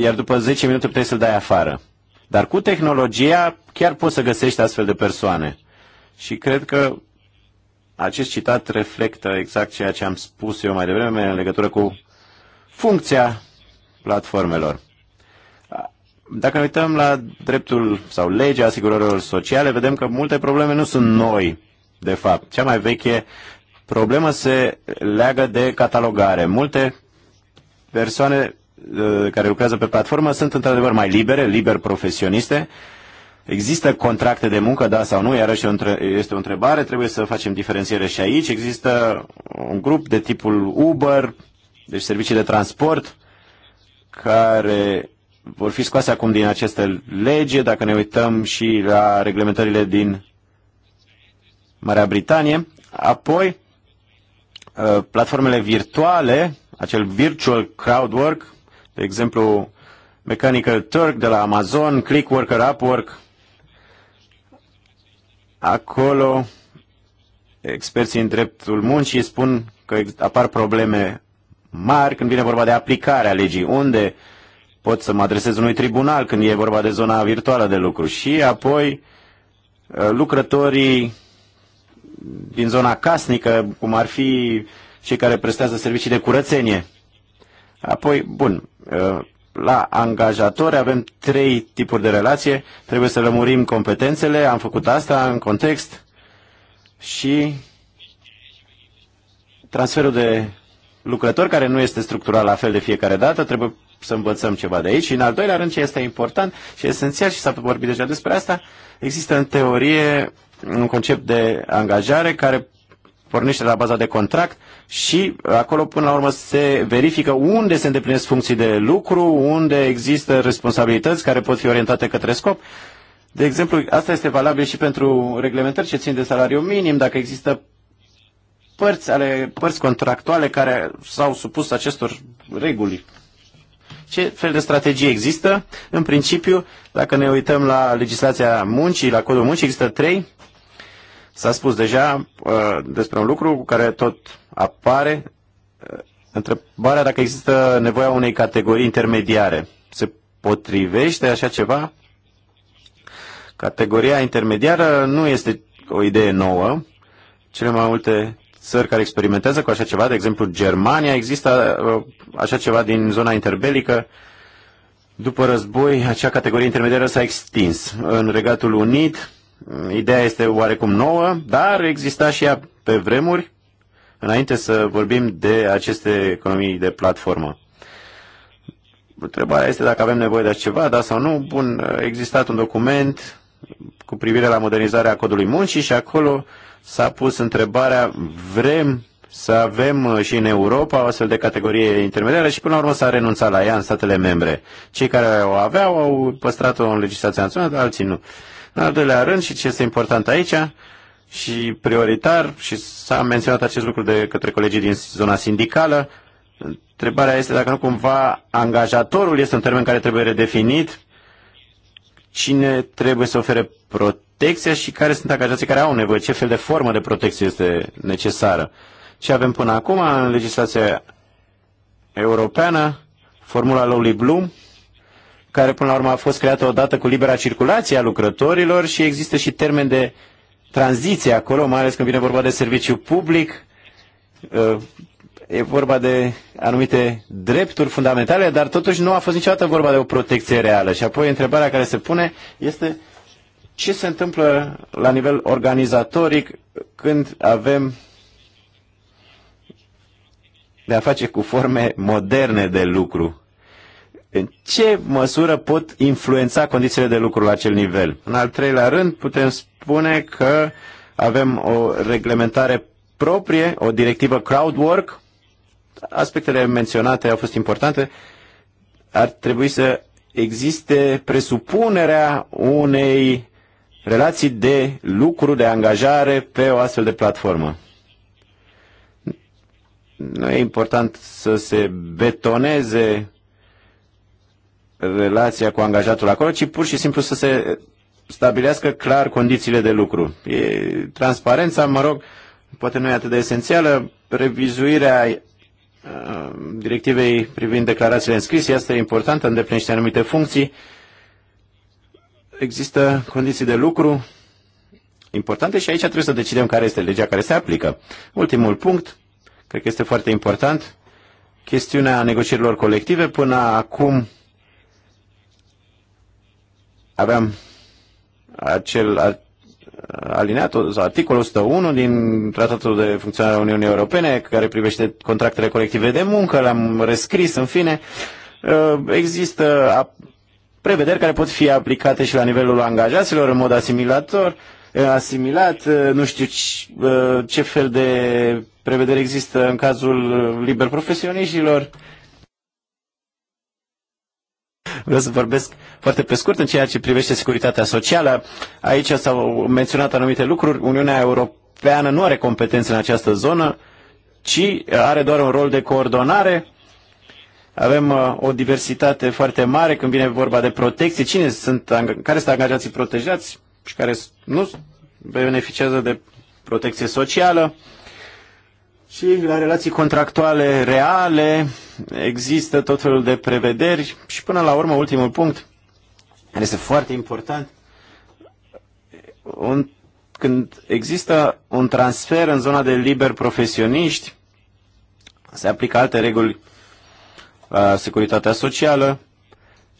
S4: iar după 10 minute puteai să-l dai afară. Dar cu tehnologia chiar poți să găsești astfel de persoane. Și cred că acest citat reflectă exact ceea ce am spus eu mai devreme în legătură cu funcția platformelor. Dacă ne uităm la dreptul sau legea asigurărilor sociale, vedem că multe probleme nu sunt noi, de fapt. Cea mai veche problemă se leagă de catalogare. Multe persoane uh, care lucrează pe platformă sunt într-adevăr mai libere, liber profesioniste. Există contracte de muncă, da sau nu, iarăși este o întrebare, trebuie să facem diferențiere și aici. Există un grup de tipul Uber, deci servicii de transport, care vor fi scoase acum din această lege, dacă ne uităm și la reglementările din Marea Britanie. Apoi, uh, platformele virtuale, acel virtual crowdwork, de exemplu, Mechanical Turk de la Amazon, Clickworker, Upwork, acolo experții în dreptul muncii spun că apar probleme mari când vine vorba de aplicarea legii, unde uh, pot să mă adresez unui tribunal când e vorba de zona virtuală de lucru. Și apoi uh, lucrătorii din zona casnică, cum ar fi cei care prestează servicii de curățenie. Apoi, bun, uh, la angajatori avem trei tipuri de relație, trebuie să lămurim competențele, am făcut asta în context și transferul de lucrători, care nu este structural la fel de fiecare dată, trebuie să învățăm ceva de aici. Și în al doilea rând, ce este important și esențial, și s-a vorbit deja despre asta, există în teorie un concept de angajare care pornește la baza de contract și acolo până la urmă se verifică unde se îndeplinesc funcții de lucru, unde există responsabilități care pot fi orientate către scop. De exemplu, asta este valabil și pentru reglementări ce țin de salariu minim, dacă există părți, ale, părți contractuale care s-au supus acestor reguli ce fel de strategie există? În principiu, dacă ne uităm la legislația muncii, la codul muncii, există trei. S-a spus deja uh, despre un lucru cu care tot apare uh, întrebarea dacă există nevoia unei categorii intermediare. Se potrivește așa ceva? Categoria intermediară nu este o idee nouă. Cele mai multe țări care experimentează cu așa ceva, de exemplu Germania, există uh, așa ceva din zona interbelică. După război, acea categorie intermediară s-a extins. În Regatul Unit, ideea este oarecum nouă, dar exista și ea pe vremuri, înainte să vorbim de aceste economii de platformă. Întrebarea este dacă avem nevoie de așa ceva, da sau nu. Bun, a existat un document cu privire la modernizarea codului muncii și acolo uh, s-a pus întrebarea, vrem să avem uh, și în Europa o astfel de categorie intermediară și până la urmă s-a renunțat la ea în statele membre. Cei care o aveau au păstrat-o în legislația națională, dar alții nu. În al doilea rând, și ce este important aici, și prioritar, și s-a menționat acest lucru de către colegii din zona sindicală, întrebarea este dacă nu cumva angajatorul este un termen care trebuie redefinit cine trebuie să ofere protecția și care sunt angajații care au nevoie, ce fel de formă de protecție este necesară. Ce avem până acum în legislația europeană, formula Lowly Bloom, care până la urmă a fost creată odată cu libera circulație a lucrătorilor și există și termen de tranziție acolo, mai ales când vine vorba de serviciu public, e vorba de anumite drepturi fundamentale, dar totuși nu a fost niciodată vorba de o protecție reală. Și apoi întrebarea care se pune este ce se întâmplă la nivel organizatoric când avem de a face cu forme moderne de lucru. În ce măsură pot influența condițiile de lucru la acel nivel? În al treilea rând, putem spune că avem o reglementare proprie, o directivă crowdwork, Aspectele menționate au fost importante. Ar trebui să existe presupunerea unei relații de lucru, de angajare pe o astfel de platformă. Nu e important să se betoneze relația cu angajatul acolo, ci pur și simplu să se stabilească clar condițiile de lucru. E, transparența, mă rog, poate nu e atât de esențială, revizuirea Uh, directivei privind declarațiile înscrise, asta e importantă, îndeplinește anumite funcții. Există condiții de lucru importante și aici trebuie să decidem care este legea care se aplică. Ultimul punct, cred că este foarte important, chestiunea negocierilor colective. Până acum aveam acel alineatul, articolul 101 din Tratatul de Funcționare a Uniunii Europene, care privește contractele colective de muncă, l-am rescris, în fine, uh, există prevederi care pot fi aplicate și la nivelul angajaților în mod asimilator, uh, asimilat, uh, nu știu ce fel de prevederi există în cazul liber profesioniștilor. Vreau să vorbesc foarte pe scurt, în ceea ce privește securitatea socială, aici s-au menționat anumite lucruri. Uniunea Europeană nu are competențe în această zonă, ci uh, are doar un rol de coordonare. Avem uh, o diversitate foarte mare când vine vorba de protecție. Cine sunt, care sunt angajații protejați și care nu beneficiază de protecție socială? Și la relații contractuale reale există tot felul de prevederi și până la urmă, ultimul punct, este foarte important, un, când există un transfer în zona de liber profesioniști, se aplică alte reguli la uh, securitatea socială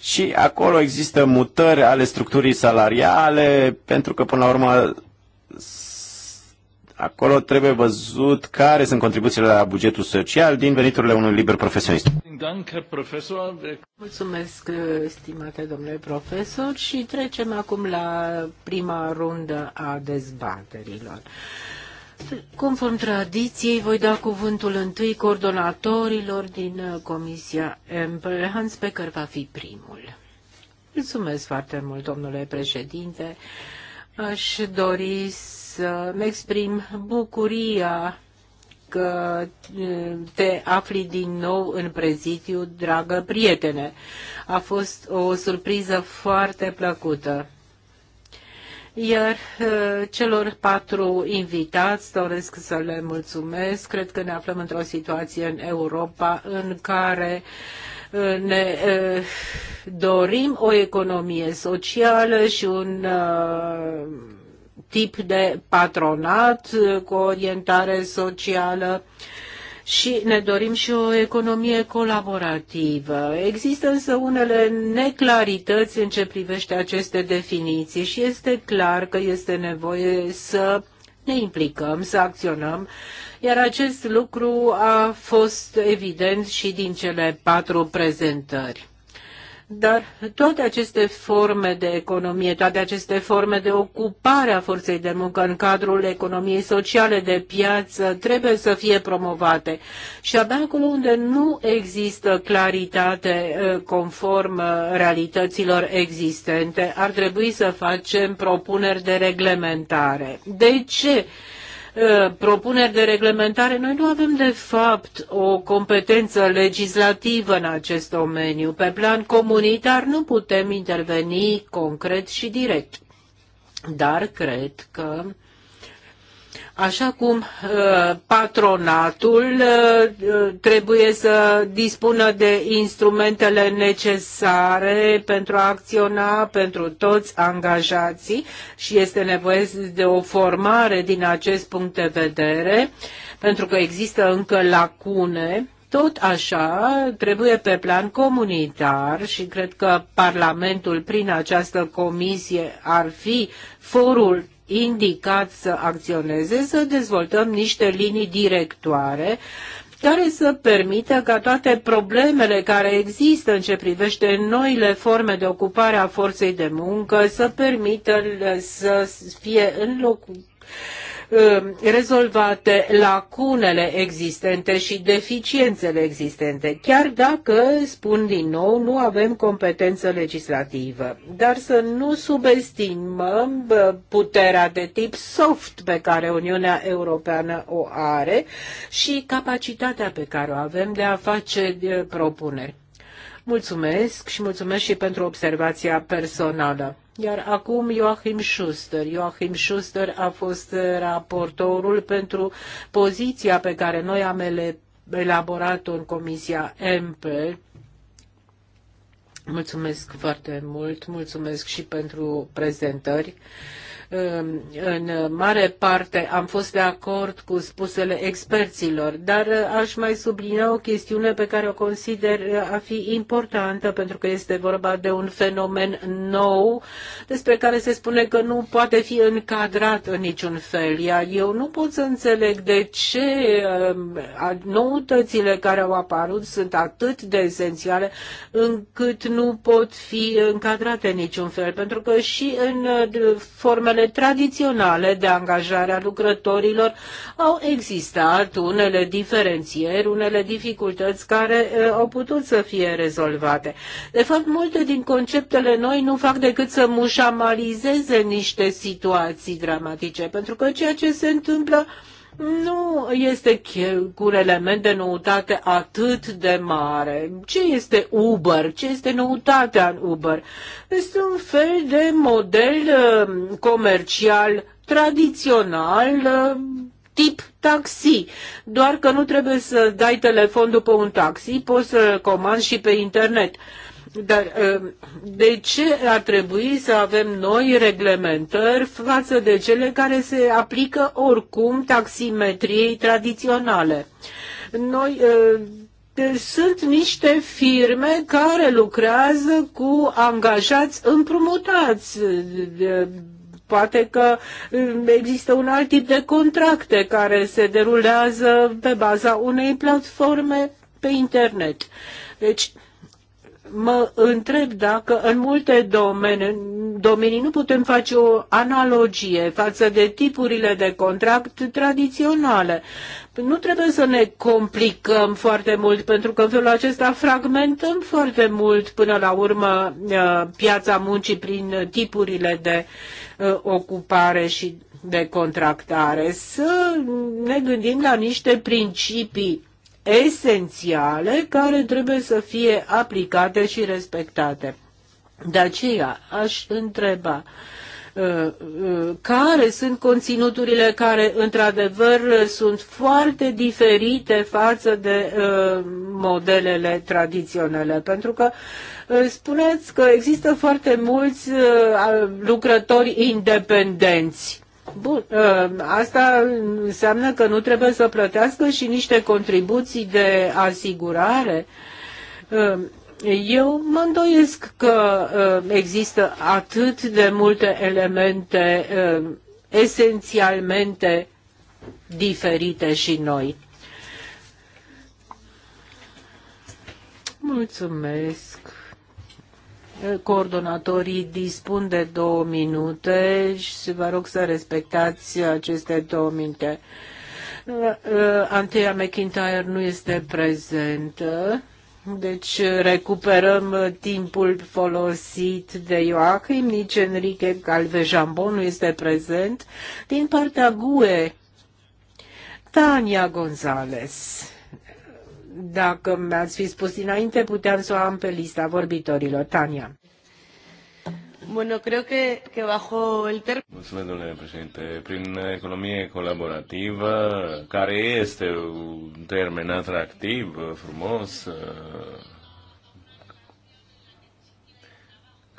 S4: și acolo există mutări ale structurii salariale, pentru că până la urmă Acolo trebuie văzut care sunt contribuțiile la bugetul social din veniturile unui liber profesionist.
S2: Mulțumesc, stimate domnule profesor, și trecem acum la prima rundă a dezbaterilor. Conform tradiției, voi da cuvântul întâi coordonatorilor din Comisia Empel. Hans Becker va fi primul. Mulțumesc foarte mult, domnule președinte. Aș dori să să-mi exprim bucuria că te afli din nou în prezidiu, dragă prietene. A fost o surpriză foarte plăcută. Iar celor patru invitați doresc să le mulțumesc. Cred că ne aflăm într-o situație în Europa în care ne dorim o economie socială și un tip de patronat cu orientare socială și ne dorim și o economie colaborativă. Există însă unele neclarități în ce privește aceste definiții și este clar că este nevoie să ne implicăm, să acționăm, iar acest lucru a fost evident și din cele patru prezentări. Dar toate aceste forme de economie, toate aceste forme de ocupare a forței de muncă în cadrul economiei sociale de piață trebuie să fie promovate. Și abia acolo unde nu există claritate eh, conform eh, realităților existente, ar trebui să facem propuneri de reglementare. De ce? Uh, propuneri de reglementare, noi nu avem de fapt o competență legislativă în acest domeniu. Pe plan comunitar nu putem interveni concret și direct. Dar cred că uh, Așa cum uh, patronatul uh, trebuie să dispună de instrumentele necesare pentru a acționa pentru toți angajații și este nevoie de o formare din acest punct de vedere, pentru că există încă lacune tot așa, trebuie pe plan comunitar și cred că Parlamentul prin această comisie ar fi forul indicat să acționeze, să dezvoltăm niște linii directoare care să permită ca toate problemele care există în ce privește noile forme de ocupare a forței de muncă să permită să fie înlocuite Uh, rezolvate lacunele existente și deficiențele existente, chiar dacă, spun din nou, nu avem competență legislativă. Dar să nu subestimăm uh, puterea de tip soft pe care Uniunea Europeană o are și capacitatea pe care o avem de a face uh, propuneri. Mulțumesc și mulțumesc și pentru observația personală. Iar acum Joachim Schuster. Joachim Schuster a fost raportorul pentru poziția pe care noi am elaborat-o în Comisia EMPEL Mulțumesc foarte mult, mulțumesc și pentru prezentări. În mare parte am fost de acord cu spusele experților, dar aș mai sublinia o chestiune pe care o consider a fi importantă, pentru că este vorba de un fenomen nou despre care se spune că nu poate fi încadrat în niciun fel. Iar eu nu pot să înțeleg de ce um, noutățile care au apărut sunt atât de esențiale încât nu pot fi încadrate în niciun fel, pentru că și în uh, formele formele tradiționale de angajare a lucrătorilor, au existat unele diferențieri, unele dificultăți care eh, au putut să fie rezolvate. De fapt, multe din conceptele noi nu fac decât să mușamalizeze niște situații dramatice, pentru că ceea ce se întâmplă nu este cu un element de noutate atât de mare. Ce este Uber? Ce este noutatea în Uber? Este un fel de model uh, comercial tradițional uh, tip taxi. Doar că nu trebuie să dai telefon după un taxi, poți să comanzi și pe internet. Dar um, de ce ar trebui să avem noi reglementări față de cele care se aplică oricum taximetriei tradiționale? Noi um, sunt niște firme care lucrează cu angajați împrumutați. Poate că um, există un alt tip de contracte care se derulează pe baza unei platforme pe internet. Deci, mă întreb dacă în multe domenii, domenii nu putem face o analogie față de tipurile de contract tradiționale. Nu trebuie să ne complicăm foarte mult, pentru că în felul acesta fragmentăm foarte mult până la urmă uh, piața muncii prin tipurile de uh, ocupare și de contractare. Să ne gândim la niște principii esențiale care trebuie să fie aplicate și respectate. De aceea aș întreba uh, uh, care sunt conținuturile care într-adevăr sunt foarte diferite față de uh, modelele tradiționale. Pentru că spuneți că există foarte mulți lucrători independenți Bun, uh, asta înseamnă că nu trebuie să plătească și niște contribuții de asigurare. Uh, eu mă îndoiesc că uh, există atât de multe elemente esențialmente diferite și noi. Mulțumesc. Coordonatorii dispun de două minute și vă rog să respectați aceste două minute. Uh, Antea McIntyre nu este prezentă, deci recuperăm timpul folosit de Joachim, nici Enrique Calvejambon nu este prezent. Din partea GUE, Tania González. Dacă mi-ați fi spus dinainte, puteam să o am pe lista vorbitorilor. Tania. Bueno, creo que, que bajo el
S1: Mulțumesc, domnule președinte. Prin economie colaborativă, care este un termen atractiv, frumos,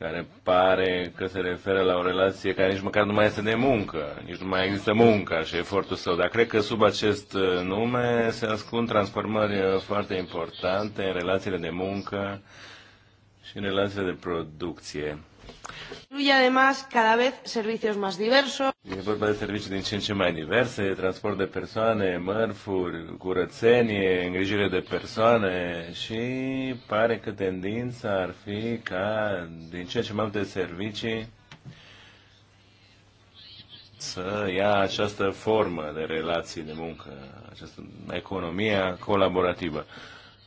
S1: care pare că se referă la o relație care nici măcar nu mai este de muncă, nici nu mai există munca și efortul său. Dar cred că sub acest uh, nume se ascund transformări uh, foarte importante în relațiile de muncă și în relațiile de producție.
S2: Incluye además cada vez servicios más diversos.
S1: E vorba de servicii din ce în ce mai diverse, transport de persoane, mărfuri, curățenie, îngrijire de persoane și pare că tendința ar fi ca din ce în ce mai multe servicii să ia această formă de relații de muncă, această economia colaborativă.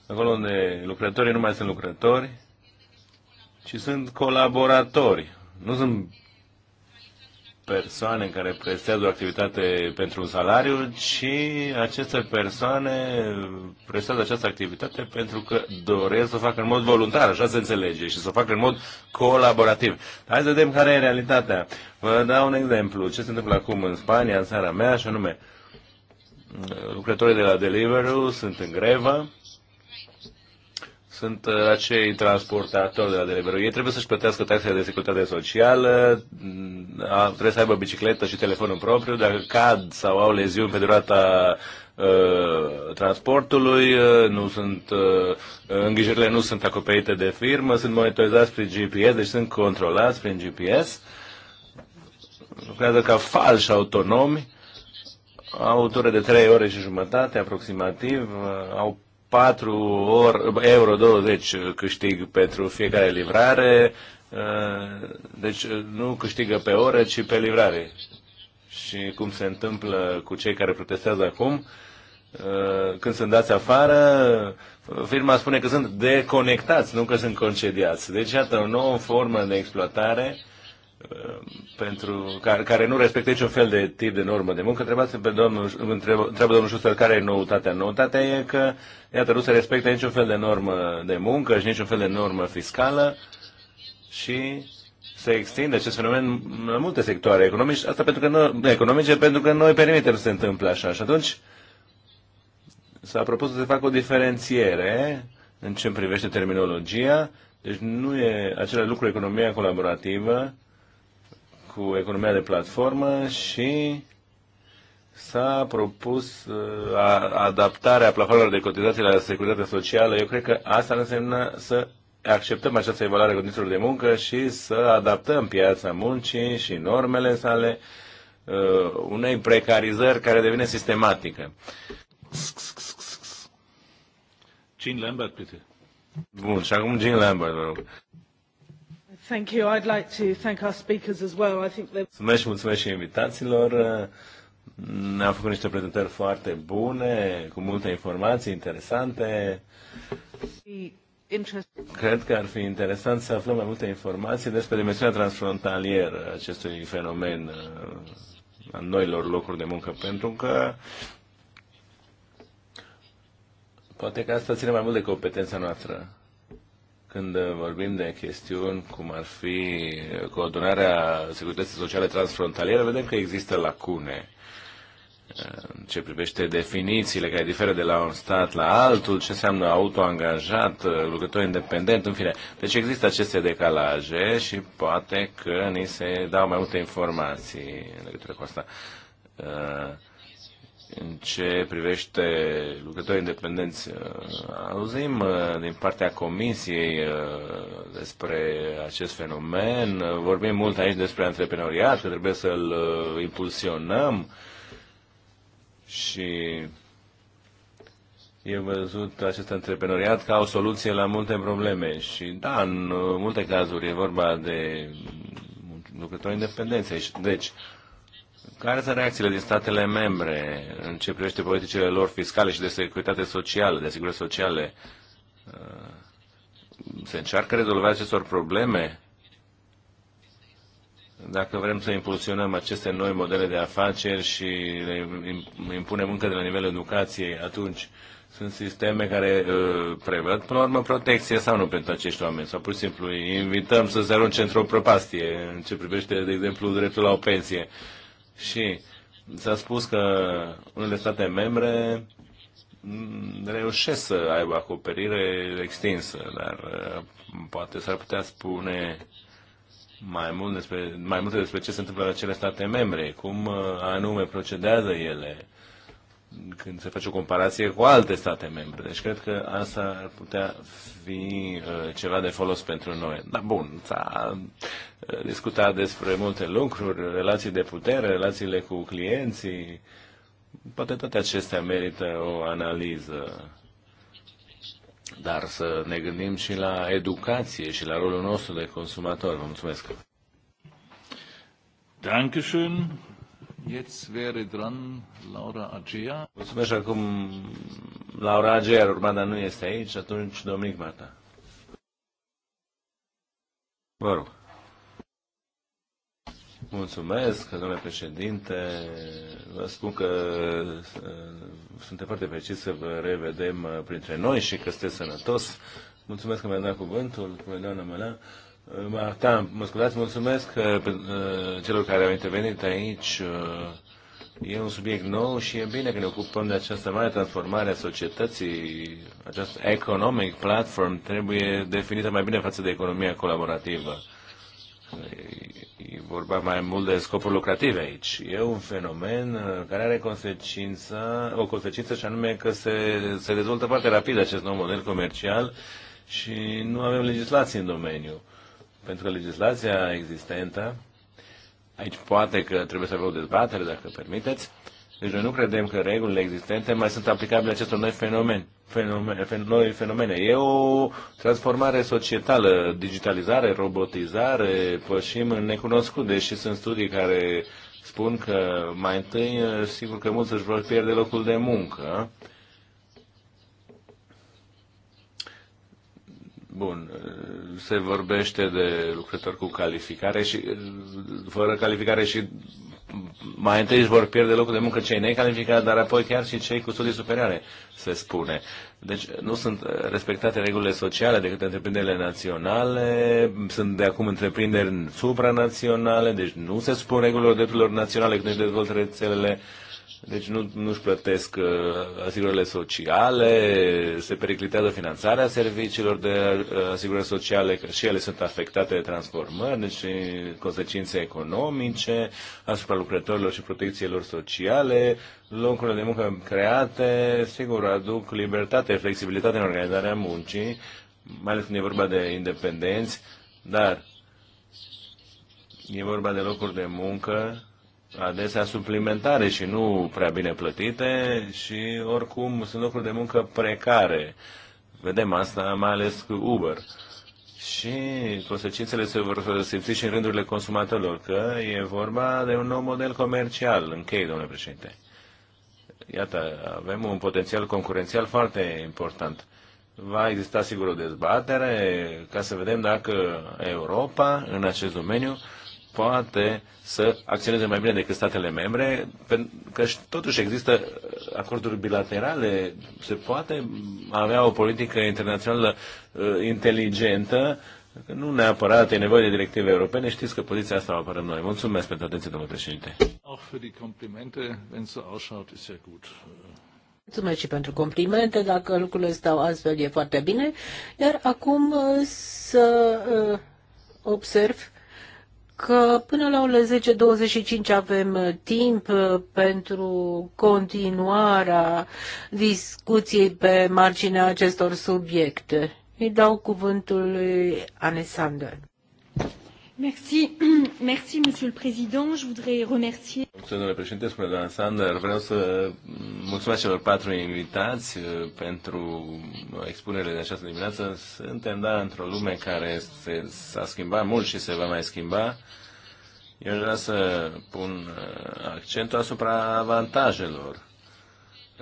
S1: Acolo unde lucrătorii nu mai sunt lucrători, ci sunt colaboratori, nu sunt persoane care prestează o activitate pentru un salariu, ci aceste persoane prestează această activitate pentru că doresc să o facă în mod voluntar, așa se înțelege, și să o facă în mod colaborativ. Hai să vedem care e realitatea. Vă dau un exemplu. Ce se întâmplă acum în Spania, în țara mea, și anume, lucrătorii de la Deliveroo sunt în grevă, sunt uh, acei transportatori de la delivery. Ei trebuie să-și plătească taxele de securitate socială, mm, trebuie să aibă bicicletă și telefonul propriu, dacă cad sau au leziuni pe durata uh, transportului, uh, nu sunt, uh, îngrijirile nu sunt acoperite de firmă, sunt monitorizați prin GPS, deci sunt controlați prin GPS, lucrează ca falși autonomi, au o de trei ore și jumătate aproximativ, uh, au 4 ori, euro 20 câștig pentru fiecare livrare, uh, deci uh, nu câștigă pe oră, ci pe livrare. Și cum se întâmplă cu cei care protestează acum, uh, când sunt dați afară, firma spune că sunt deconectați, nu că sunt concediați. Deci, iată, o nouă formă de exploatare pentru, care, care nu respectă niciun fel de tip de normă de muncă, trebuie să pe domnul, întreabă, întreabă domnul Schuster care e noutatea. Noutatea e că, iată, nu se respectă niciun fel de normă de muncă și niciun fel de normă fiscală și se extinde acest fenomen în multe sectoare economice, asta pentru că noi, economice, pentru că noi permitem să se întâmple așa. Și atunci s-a propus să se facă o diferențiere în ce privește terminologia, deci nu e același lucru economia colaborativă cu economia de platformă și s-a propus uh, adaptarea plafonelor de cotizații la securitatea socială. Eu cred că asta înseamnă să acceptăm această evaluare a condițiilor de muncă și să adaptăm piața muncii și normele sale uh, unei precarizări care devine sistematică. Gene Lambert, bitte. Bun, și acum Gene Lambert, vă rog.
S2: Thank you. I'd like to thank our speakers as well. I think they...
S1: Mulțumesc, mulțumesc și invitațiilor. Ne-au făcut niște prezentări foarte bune, cu multe informații interesante. Cred că ar fi interesant să aflăm mai multe informații despre dimensiunea transfrontalieră acestui fenomen a noilor locuri de muncă, pentru că poate că asta ține mai mult de competența noastră când vorbim de chestiuni cum ar fi coordonarea securității sociale transfrontaliere, vedem că există lacune în ce privește definițiile care diferă de la un stat la altul, ce înseamnă autoangajat, lucrător independent, în fine. Deci există aceste decalaje și poate că ni se dau mai multe informații în legătură cu asta. Uh, în ce privește lucrătorii independenți, uh, auzim uh, din partea Comisiei uh, despre acest fenomen, vorbim mult aici despre antreprenoriat, că trebuie să-l impulsionăm și e văzut acest antreprenoriat ca o soluție la multe probleme și da, în multe cazuri e vorba de lucrători independenți. Deci, care sunt reacțiile din statele membre în ce privește politicile lor fiscale și de securitate socială, de asigurări sociale? Uh, se încearcă rezolva acestor probleme? Dacă vrem să impulsionăm aceste noi modele de afaceri și le impunem încă de la nivelul educației, atunci sunt sisteme care uh, prevăd, până la urmă, protecție sau nu pentru acești oameni, sau pur și simplu îi invităm să se arunce într-o prăpastie, în ce privește, de exemplu, dreptul la o pensie. Uh, și s-a spus că unele state membre mm, reușesc să aibă acoperire extinsă, dar uh, poate s-ar putea spune mai, mult despre, mai multe despre ce se întâmplă la cele state membre, cum uh, anume procedează ele când se face o comparație cu alte state membre. Deci cred că asta ar putea fi uh, ceva de folos pentru noi. Dar bun, s-a uh, discutat despre multe lucruri, relații de putere, relațiile cu clienții. Poate toate acestea merită o analiză. Dar să ne gândim și la educație și la rolul nostru de consumator. Vă mulțumesc! Dankeschön. Laura Mulțumesc acum Laura Agea, urmada nu este aici, atunci Dominic Marta. Vă rog. Mulțumesc, domnule președinte. Vă spun că uh, suntem foarte fericiți să vă revedem uh, printre noi și că sunteți sănătos. Mulțumesc că mi-a dat cuvântul, doamna Mălea. Martin, mă scuzați, mulțumesc uh, uh, celor care au intervenit aici. Uh, e un subiect nou și e bine că ne ocupăm de această mare transformare a societății. Această economic platform trebuie definită mai bine față de economia colaborativă. E vorba mai mult de scopuri lucrative aici. E un fenomen care are consecința, o consecință și anume că se, se dezvoltă foarte rapid acest nou model comercial și nu avem legislație în domeniu. Pentru că legislația existentă, aici poate că trebuie să avem o dezbatere, dacă permiteți, deci noi nu credem că regulile existente mai sunt aplicabile acestor noi fenomeni. Fenomen, fen, noi fenomene. E o transformare societală, digitalizare, robotizare, pășim în necunoscut, deși sunt studii care spun că mai întâi, sigur că mulți își vor pierde locul de muncă, Bun, se vorbește de lucrători cu calificare și fără calificare și mai întâi își vor pierde locul de muncă cei necalificați, dar apoi chiar și cei cu studii superioare, se spune. Deci nu sunt respectate regulile sociale de către întreprinderile naționale, sunt de acum întreprinderi supranaționale, deci nu se spun regulilor drepturilor naționale când își dezvoltă rețelele uh, deci nu, nu-și plătesc uh, asigurările sociale, se periclitează finanțarea serviciilor de uh, asigurări sociale, că și ele sunt afectate de transformări, deci consecințe economice asupra lucrătorilor și protecțiilor sociale, locurile de muncă create, sigur, aduc libertate, flexibilitate în organizarea muncii, mai ales când e vorba de independenți, dar e vorba de locuri de muncă adesea suplimentare și nu prea bine plătite și oricum sunt locuri de muncă precare. Vedem asta mai ales cu Uber. Și consecințele se vor simți și în rândurile consumatorilor, că e vorba de un nou model comercial. Închei, domnule președinte. Iată, avem un potențial concurențial foarte important. Va exista sigur o dezbatere ca să vedem dacă Europa, în acest domeniu, poate să acționeze mai bine decât statele membre, că totuși există acorduri bilaterale, se poate avea o politică internațională uh, inteligentă, nu neapărat e nevoie de directive europene, știți că poziția asta o apărăm noi. Mulțumesc pentru atenție, domnule președinte.
S2: Mulțumesc și pentru complimente. Dacă lucrurile stau astfel, e foarte bine. Iar acum uh, să uh, observ că până la orele 10.25 avem uh, timp uh, pentru continuarea discuției pe marginea acestor subiecte. Îi dau cuvântul lui Alexander. Merci, merci, Monsieur le Président. Je voudrais remercier.
S1: Mulțumesc, domnule președinte, spune doamna Sander. Vreau să mulțumesc celor patru invitați uh, pentru expunerile de această dimineață. Suntem, da, într-o lume care s-a schimbat mult și se va mai schimba. Eu vreau să pun uh, accentul asupra avantajelor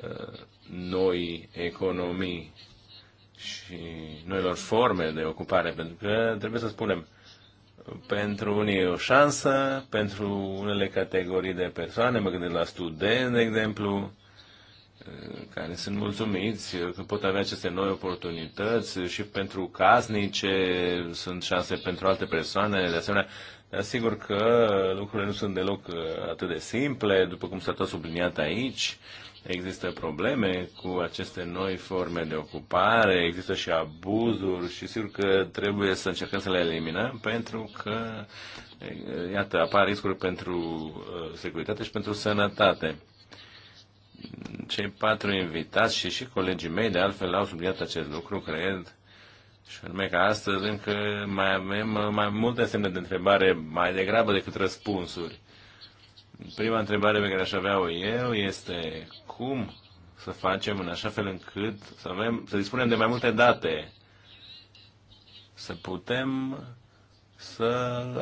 S1: uh, noi economii și noilor forme de ocupare, pentru că trebuie să spunem, pentru unii e o șansă, pentru unele categorii de persoane, mă gândesc la studenți, de exemplu, care sunt mulțumiți că pot avea aceste noi oportunități și pentru casnice sunt șanse pentru alte persoane, de asemenea, dar sigur că lucrurile nu sunt deloc atât de simple, după cum s-a tot subliniat aici. Uh, Există probleme cu aceste noi forme de ocupare, există și abuzuri și sigur că trebuie să încercăm să le eliminăm pentru că, iată, apar riscuri pentru uh, securitate și pentru sănătate cei patru invitați și și colegii mei, de altfel, au subliniat acest lucru, cred, și anume că astăzi încă mai avem uh, mai multe semne de întrebare, mai degrabă decât răspunsuri. Prima întrebare pe care aș avea-o eu este cum să facem în așa fel încât să, avem, să dispunem de mai multe date, să putem să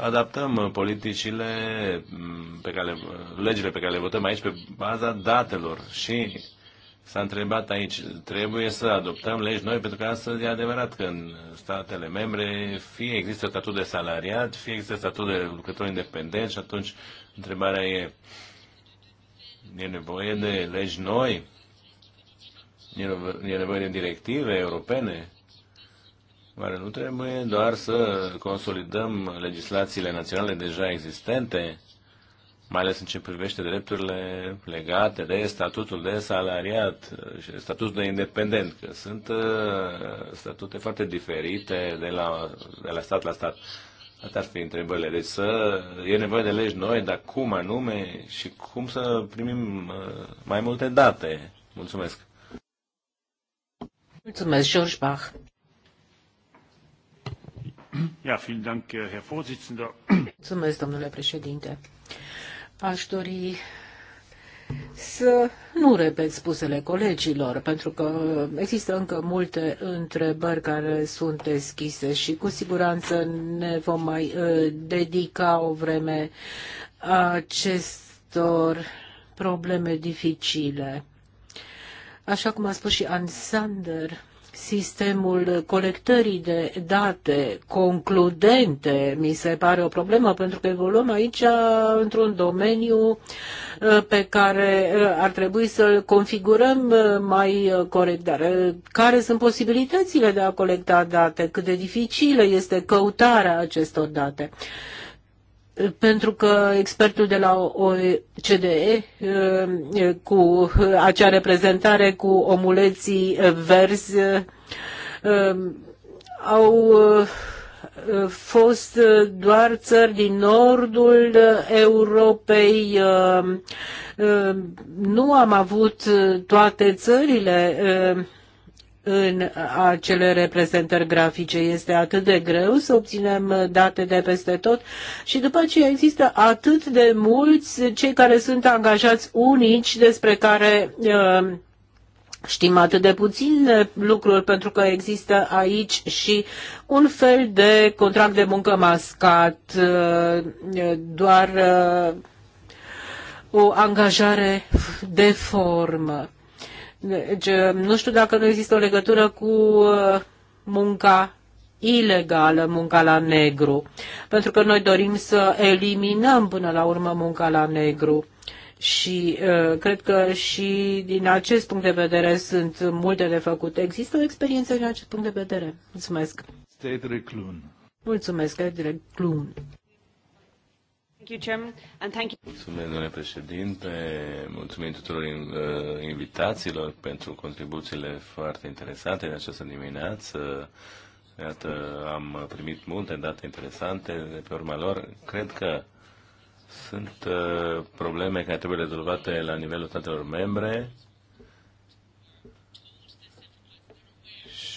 S1: adaptăm politicile mm, pe care, legile pe care le votăm aici pe baza datelor și s-a întrebat aici, trebuie să adoptăm legi noi, pentru că astăzi e adevărat că în statele membre fie există statut de salariat, fie există statut de lucrător independent și atunci întrebarea e, E nevoie de legi noi? E nevoie de directive europene? Oare nu trebuie doar să consolidăm legislațiile naționale deja existente, mai ales în ce privește drepturile legate de statutul de salariat și statutul de independent, că sunt uh, statute foarte diferite de la, de la stat la stat. Asta ar fi întrebările. Deci să, e nevoie de legi noi, dar cum anume și cum să primim uh, mai multe date. Mulțumesc.
S2: Mulțumesc, George Bach.
S1: Ja, vielen Dank, Herr
S2: Vorsitzender. Mulțumesc, domnule președinte. Aș dori să nu repet spusele colegilor, pentru că există încă multe întrebări care sunt deschise și cu siguranță ne vom mai uh, dedica o vreme acestor probleme dificile. Așa cum a spus și Ann Sander, sistemul colectării de date concludente mi se pare o problemă pentru că evoluăm aici într-un domeniu uh, pe care uh, ar trebui să-l configurăm uh, mai corect. Dar care sunt posibilitățile de a colecta date? Cât de dificilă este căutarea acestor date? pentru că expertul de la OCDE cu acea reprezentare cu omuleții verzi Um, au uh, fost uh, doar țări din nordul uh, Europei. Um, um, nu am avut toate țările în acele reprezentări grafice. Este atât de greu să obținem date de peste tot și după aceea există atât de mulți cei care sunt angajați unici despre care uh, Știm atât de puține lucruri pentru că există aici și un fel de contract de muncă mascat, uh, doar uh, o angajare de formă. Deci, uh, nu știu dacă nu există o legătură cu munca ilegală, munca la negru, pentru că noi dorim să eliminăm până la urmă munca la negru și uh, cred că și din acest punct de vedere sunt multe de făcut. Există o experiență din acest punct de vedere? Mulțumesc.
S1: State Clun.
S2: Mulțumesc, direct Clun.
S1: Mulțumesc, domnule președinte, mulțumim tuturor uh, invitațiilor pentru contribuțiile foarte interesante în această dimineață. Iată, am primit multe date interesante de pe urma lor. Cred că sunt uh, probleme care trebuie rezolvate la nivelul statelor membre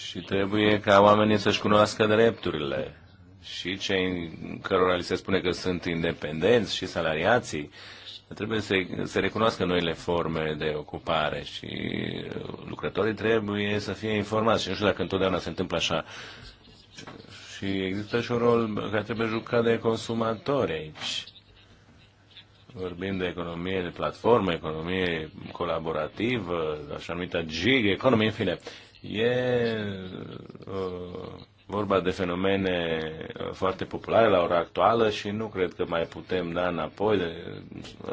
S1: și trebuie ca oamenii să-și cunoască drepturile și cei cărora li se spune că sunt independenți și salariații trebuie să se recunoască noile forme de ocupare și uh, lucrătorii trebuie să fie informați și nu știu dacă întotdeauna se întâmplă așa. Și există și un rol care trebuie jucat de consumatori aici vorbim de economie de platformă, economie colaborativă, așa numită gig economie, în fine. E uh, vorba de fenomene uh, foarte populare la ora actuală și nu cred că mai putem da înapoi. Uh,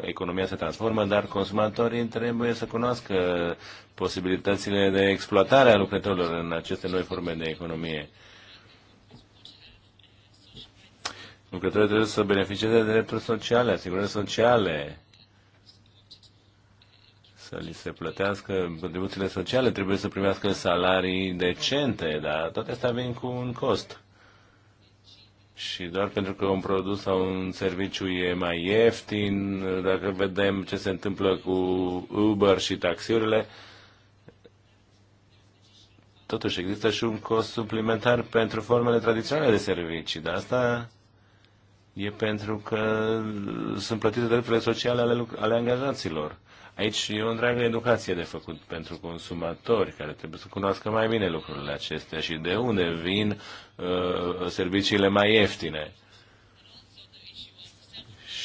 S1: economia se transformă, dar consumatorii trebuie să cunoască posibilitățile de exploatare a lucrătorilor în aceste noi forme de economie. Uh, Lucrătorii trebuie să beneficieze de drepturi sociale, asigurări sociale, să li se plătească contribuțiile sociale, trebuie să primească salarii decente, dar toate astea vin cu un cost. Și doar pentru că un produs sau un serviciu e mai ieftin, dacă vedem ce se întâmplă cu Uber și taxiurile, totuși există și un cost suplimentar pentru formele tradiționale de servicii, dar asta e pentru că sunt plătite drepturile sociale ale, ale angajaților. Aici e o întreagă educație de făcut pentru consumatori care trebuie să cunoască mai bine lucrurile acestea și de unde vin uh, serviciile mai ieftine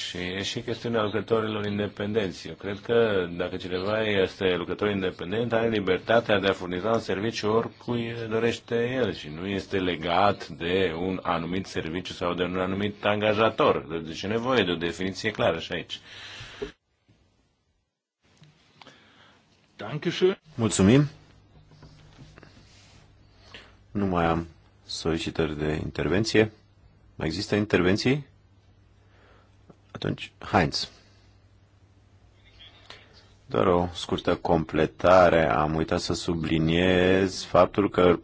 S1: și e și chestiunea lucrătorilor independenți. Eu cred că dacă cineva este lucrător independent, are libertatea de a furniza un serviciu oricui dorește el și nu este legat de un anumit serviciu sau de un anumit angajator. Deci e nevoie de o definiție clară și aici.
S4: Mulțumim. Nu mai am solicitări de intervenție. Mai există intervenții? Atunci, Heinz. Doar o scurtă completare. Am uitat să subliniez faptul că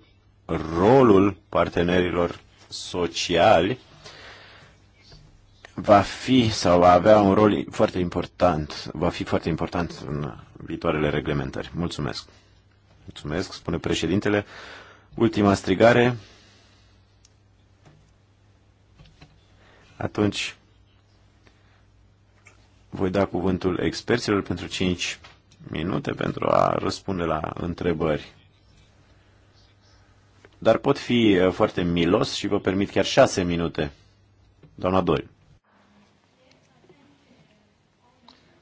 S4: rolul partenerilor sociali va fi sau va avea un rol foarte important, va fi foarte important în viitoarele reglementări. Mulțumesc. Mulțumesc, spune președintele. Ultima strigare. Atunci voi da cuvântul experților pentru 5 minute pentru a răspunde la întrebări. Dar pot fi uh, foarte milos și vă permit chiar 6 minute. Doamna doi.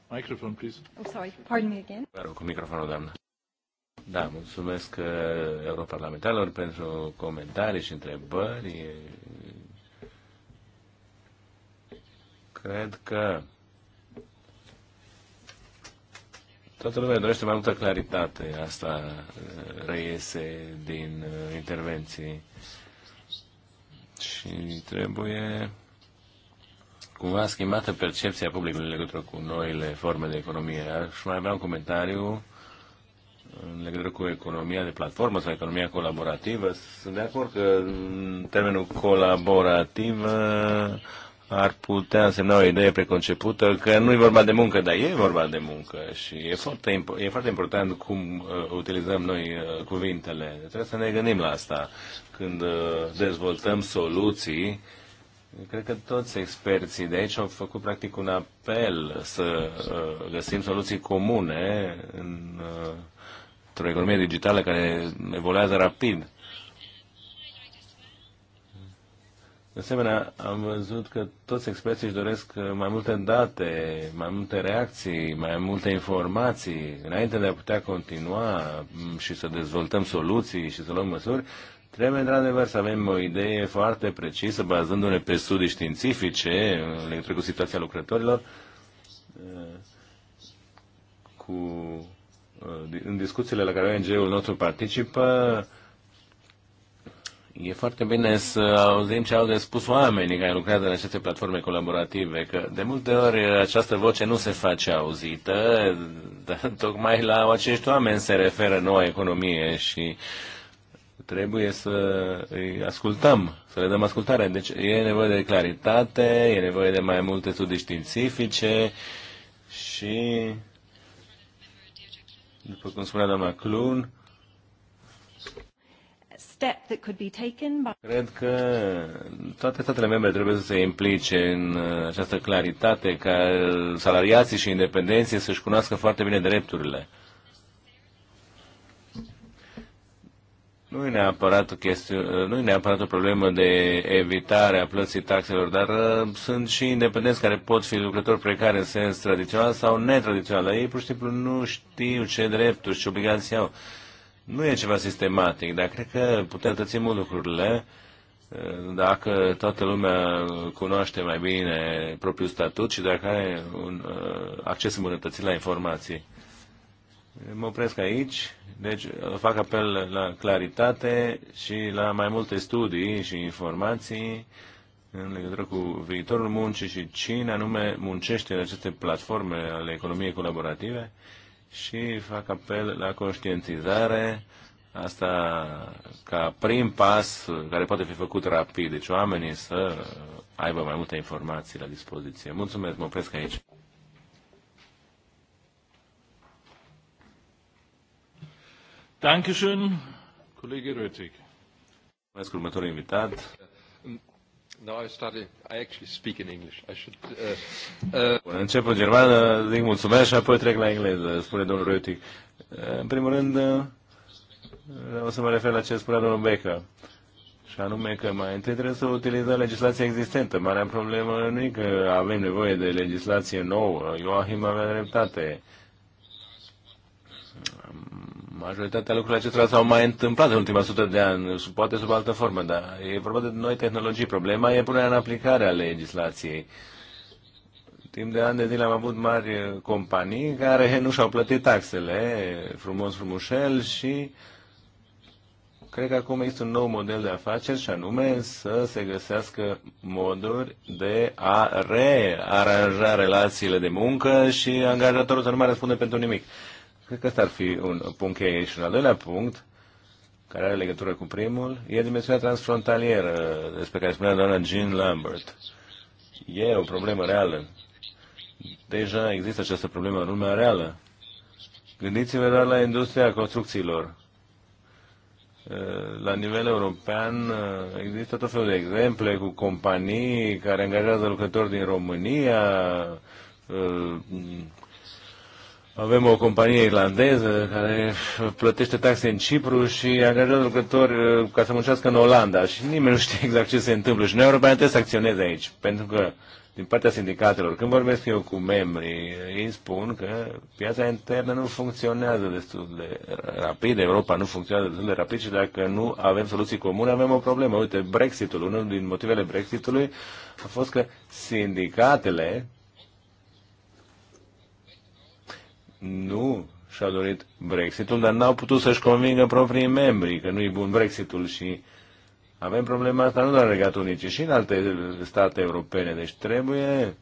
S1: Microphone, please.
S2: Oh, sorry, pardon me again.
S1: Cu microfonul, doamnă. Da, mulțumesc uh, europarlamentarilor pentru comentarii și întrebări. Cred că Toată lumea dorește mai multă claritate. Asta uh, reiese din uh, intervenții. Și trebuie cumva schimbată percepția publicului în legătură cu noile forme de economie. Aș mai avea un comentariu în legătură cu economia de platformă sau economia colaborativă. Sunt de acord că termenul colaborativă uh, ar putea însemna o idee preconcepută că nu e vorba de muncă, dar e vorba de muncă și e foarte, e foarte important cum uh, utilizăm noi uh, cuvintele. Trebuie să ne gândim la asta când uh, dezvoltăm soluții. Cred că toți experții de aici au făcut practic un apel să uh, găsim soluții comune în, uh, într-o economie digitală care evoluează rapid. De asemenea, am văzut că toți experții își doresc uh, mai multe date, mai multe reacții, mai multe informații. Înainte de a putea continua mm, și să dezvoltăm soluții și să luăm măsuri, trebuie într-adevăr să avem o idee foarte precisă, bazându-ne pe studii științifice legătură cu situația lucrătorilor, uh, cu, uh, în discuțiile la care ONG-ul nostru participă, E foarte bine să auzim ce au de spus oamenii care lucrează în aceste platforme colaborative, că de multe ori această voce nu se face auzită, dar tocmai la acești oameni se referă noua economie și trebuie să îi ascultăm, să le dăm ascultare. Deci e nevoie de claritate, e nevoie de mai multe studii științifice și, după cum spunea doamna Clun, Cred că toate statele membre trebuie să se implice în uh, această claritate ca salariații și independenții să-și cunoască foarte bine drepturile. Nu e neapărat o, chestiune, uh, nu e neapărat o problemă de evitare a plății taxelor, dar uh, sunt și independenți care pot fi lucrători precari în sens tradițional sau netradițional, dar ei pur și simplu nu știu ce drepturi și obligații au. Nu e ceva sistematic, dar cred că putem tăți mult lucrurile dacă toată lumea cunoaște mai bine propriul statut și dacă are un uh, acces îmbunătățit la informații. Mă opresc aici, deci uh, fac apel la claritate și la mai multe studii și informații în legătură cu viitorul muncii și cine anume muncește în aceste platforme ale economiei colaborative și fac apel la conștientizare, asta ca prim pas care poate fi făcut rapid, deci oamenii să aibă mai multe informații la dispoziție. Mulțumesc, mă opresc aici. Dankeschön, Kollege Rötig. Mulțumesc, următorul invitat.
S2: No, I started, I actually speak in English. I should, uh, uh... Încep în germană,
S1: zic mulțumesc și apoi trec la engleză, spune domnul Reutic. Uh, în primul rând, o uh, să mă refer la ce spunea domnul Becker. Și anume că mai întâi trebuie să utilizăm legislația existentă. Marea problemă nu e că avem nevoie de legislație nouă. Joachim avea dreptate majoritatea lucrurilor acestea s-au mai întâmplat în ultima sută de ani, poate sub altă formă, dar e vorba de noi tehnologii. Problema e punerea în aplicare a legislației. Timp de ani de zile am avut mari companii care nu și-au plătit taxele frumos frumușel și cred că acum există un nou model de afaceri și anume să se găsească moduri de a rearanja relațiile de muncă și angajatorul să nu mai răspunde pentru nimic. Cred că ăsta ar fi un punct cheie. Și un al doilea punct, care are legătură cu primul, e dimensiunea transfrontalieră despre care spunea doamna Jean Lambert. E o problemă reală. Deja există această problemă în lumea reală. Gândiți-vă doar la industria construcțiilor. La nivel european există tot felul de exemple cu companii care angajează lucrători din România, avem o companie irlandeză care plătește taxe în Cipru și angajează lucrători uh, ca să muncească în Olanda și nimeni nu știe exact ce se întâmplă. Și noi europeană trebuie să acționeze aici, pentru că din partea sindicatelor, când vorbesc eu cu membrii, uh, ei spun că piața internă nu funcționează destul de rapid, Europa nu funcționează destul de rapid și dacă nu avem soluții comune, avem o problemă. Uite, Brexitul, unul din motivele Brexitului a fost că sindicatele nu și a dorit Brexitul, dar n-au putut să-și convingă proprii membri că nu i bun Brexitul și avem problema asta nu doar în Regatul ci și în alte state europene. Deci trebuie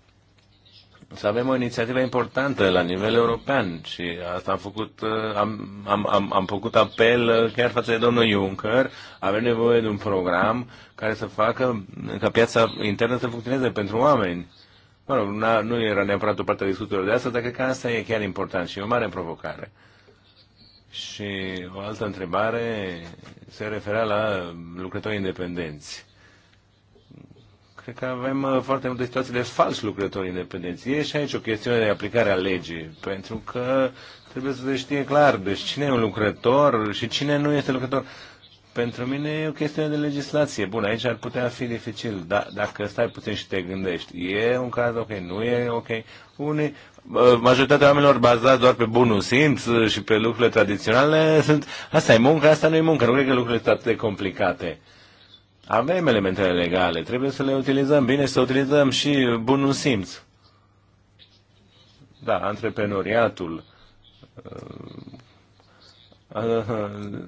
S1: să avem o inițiativă importantă la nivel european și asta am făcut, am, am, am, am făcut apel chiar față de domnul Juncker. Avem nevoie de un program care să facă ca piața internă să funcționeze pentru oameni. Mă rog, nu era neapărat o parte a discuțiilor de asta, dar cred că asta e chiar important și e o mare provocare. Și o altă întrebare se referea la lucrătorii independenți. Cred că avem uh, foarte multe situații de fals lucrători independenți. E și aici o chestiune de aplicare a legii, pentru că trebuie să se știe clar deci cine e un lucrător și cine nu este lucrător pentru mine e o chestiune de legislație. Bun, aici ar putea fi dificil, dar dacă stai puțin și te gândești, e un caz ok, nu e ok. Unii, majoritatea oamenilor bazați doar pe bunul simț și pe lucrurile tradiționale sunt, asta e muncă, asta nu e muncă, nu cred că lucrurile sunt atât de complicate. Avem elementele legale, trebuie să le utilizăm bine, să utilizăm și bunul simț. Da, antreprenoriatul, uh, uh,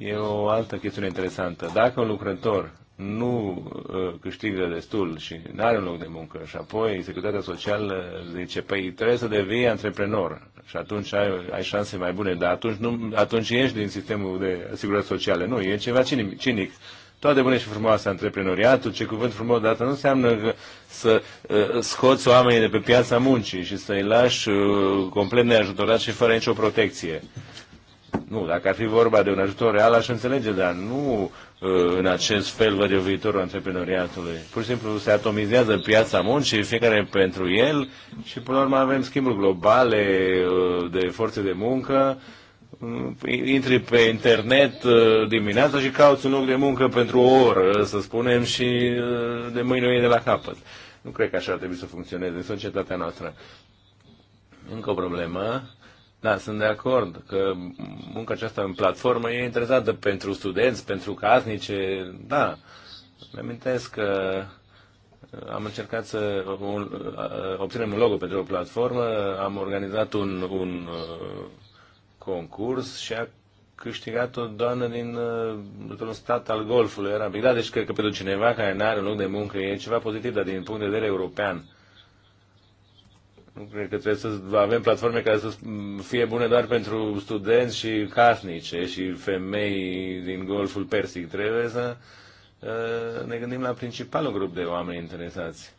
S1: E o altă chestiune interesantă. Dacă un lucrător nu uh, câștigă destul și nu are un loc de muncă și apoi securitatea socială zice, păi trebuie să devii antreprenor și atunci ai, ai șanse mai bune, dar atunci, nu, atunci ieși din sistemul de asigurări sociale. Nu, e ceva cinic. Toate bune și frumoase antreprenoriatul, ce cuvânt frumos, dar nu înseamnă că să uh, scoți oamenii de pe piața muncii și să-i lași uh, complet neajutorat și fără nicio protecție. Nu, dacă ar fi vorba de un ajutor real, aș înțelege, dar nu uh, în acest fel văd eu viitorul antreprenoriatului. Pur și simplu se atomizează piața muncii, fiecare pentru el și până la urmă avem schimburi globale uh, de forțe de muncă. Uh, intri pe internet dimineața și cauți un loc de muncă pentru o oră, să spunem, și de mâine o iei de la capăt. Nu cred că așa ar trebui să funcționeze în societatea noastră. Încă o problemă da, sunt de acord că munca aceasta în platformă e interesantă pentru studenți, pentru casnice, da. Îmi amintesc că uh, am încercat să uh, obținem un logo pentru o platformă, am organizat un, un uh, concurs și a câștigat o doamnă din un stat al Golfului, era da, deci cred că pentru cineva care nu are un loc de muncă e ceva pozitiv, dar din punct de vedere european nu Cred că trebuie să avem platforme care să fie bune doar pentru studenți și casnice și femei din Golful Persic. Trebuie să uh, ne gândim la principalul grup de oameni interesați.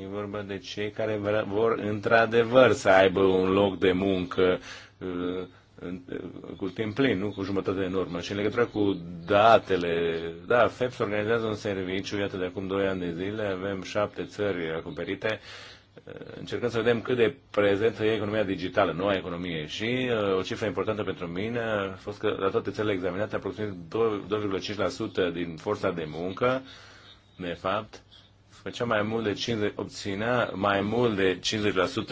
S1: E vorba de cei care vor într-adevăr să aibă un loc de muncă uh, uh, cu timp plin, nu cu jumătate de normă. Și în legătură cu datele, da, FEPS organizează un serviciu, iată de acum 2 ani de zile, avem șapte țări acoperite, uh, încercăm să vedem cât de prezentă e economia digitală, noua economie. Și uh, o cifră importantă pentru mine a fost că la toate țările examinate, aproximativ 2,5% din forța de muncă, de fapt, făcea mai mult de 50, obținea mai mult de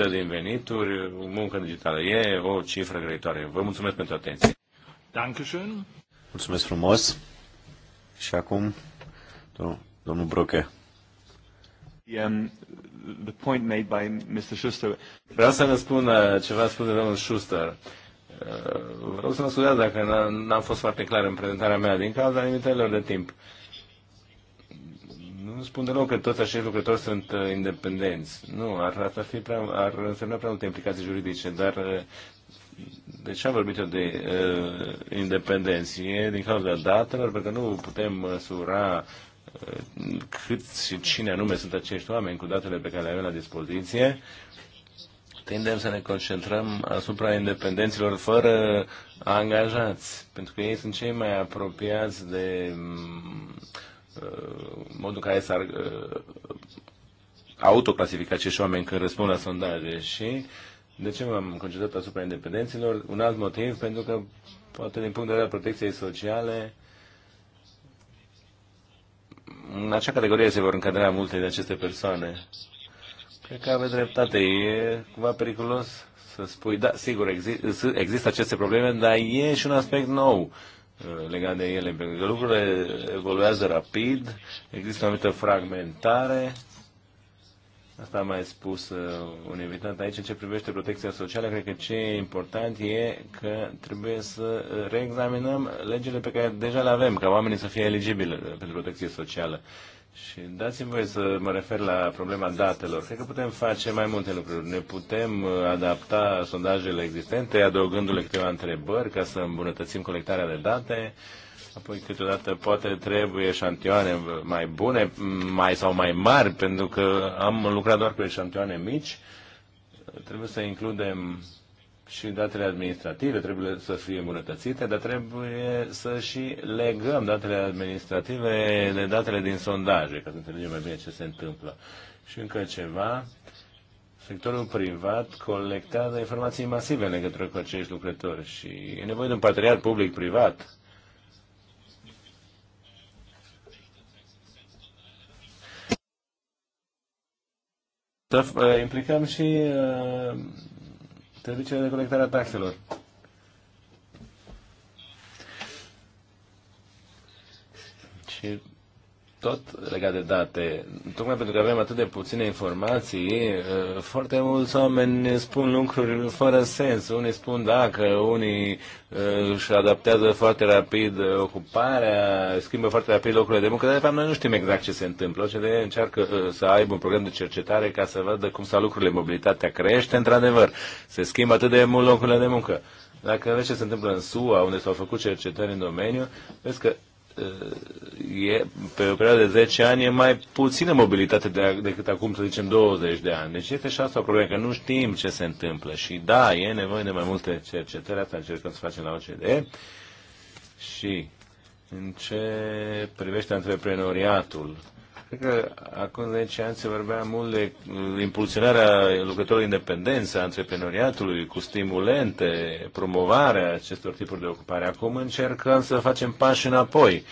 S1: 50% din venituri muncă digitală. E o cifră greitoare. Vă mulțumesc pentru atenție. Dankeschön.
S4: Mulțumesc frumos. Și acum, domnul Broche.
S1: Um, the point made by Mr. Schuster. Vreau să răspund spun ceva spus domnul Schuster. Uh, Vreau să mă scuzați dacă n-am fost foarte clar în prezentarea mea din cauza limitelor de timp. Nu spun deloc că toți acești lucrători sunt uh, independenți. Nu, ar, ar, fi prea, ar însemna prea multe implicații juridice, dar uh, de ce am vorbit eu de uh, independenție? Din cauza datelor, pentru că nu putem măsura cât și cine anume sunt acești oameni cu datele pe care le avem la dispoziție, tindem să ne concentrăm asupra independenților fără angajați, pentru că ei sunt cei mai apropiați de uh, modul care s-ar uh, autoclasifica acești oameni când răspund la sondaje și de ce m-am concentrat asupra independenților? Un alt motiv, pentru că poate din punct de vedere al protecției sociale, uh, în acea categorie se vor încadra multe din aceste persoane. Cred că aveți dreptate. E cumva periculos să spui, da, sigur, există, există aceste probleme, dar e și un aspect nou uh, legat de ele, pentru că lucrurile evoluează rapid, există o anumită fragmentare Asta a mai spus uh, un invitat aici. În ce privește protecția socială, cred că ce e important e că trebuie să reexaminăm legile pe care deja le avem, ca oamenii să fie eligibili uh, pentru protecție socială. Și dați-mi voie să mă refer la problema datelor. Cred că putem face mai multe lucruri. Ne putem uh, adapta sondajele existente, adăugându-le câteva întrebări ca să îmbunătățim colectarea de date. Uh, Apoi câteodată poate trebuie eșantioane mai bune mai sau mai mari, pentru că am lucrat doar cu eșantioane mici. Trebuie să includem și datele administrative, trebuie să fie îmbunătățite, dar trebuie să și legăm datele administrative de datele din sondaje, ca să înțelegem mai bine ce se întâmplă. Și încă ceva, sectorul privat colectează informații masive în legătură cu acești lucrători și e nevoie de un parteneriat public-privat să uh, implicăm și uh, serviciile de colectare a taxelor. Și tot legat de date, tocmai pentru că avem atât de puține informații, eh, foarte mulți oameni spun lucruri fără sens. Unii spun da, că unii eh, își adaptează foarte rapid ocuparea, schimbă foarte rapid locurile de muncă, dar de fapt noi nu știm exact ce se întâmplă. de încearcă eh, să aibă un program de cercetare ca să vadă cum s-au lucrurile. Mobilitatea crește, într-adevăr, se schimbă atât de mult locurile de muncă. Dacă vezi ce se întâmplă în SUA, unde s-au făcut cercetări în domeniu, vezi că e, pe o perioadă de 10 ani e mai puțină mobilitate de, decât acum, să zicem, 20 de ani. Deci este și asta o problemă, că nu știm ce se întâmplă. Și da, e nevoie de mai multe cercetări, asta încercăm să facem la OCDE. Și în ce privește antreprenoriatul, Cred că acum 10 ani se vorbea mult de impulsionarea lucrătorilor independenți, a antreprenoriatului, cu stimulente, promovarea acestor tipuri de ocupare. Acum încercăm să facem pași înapoi,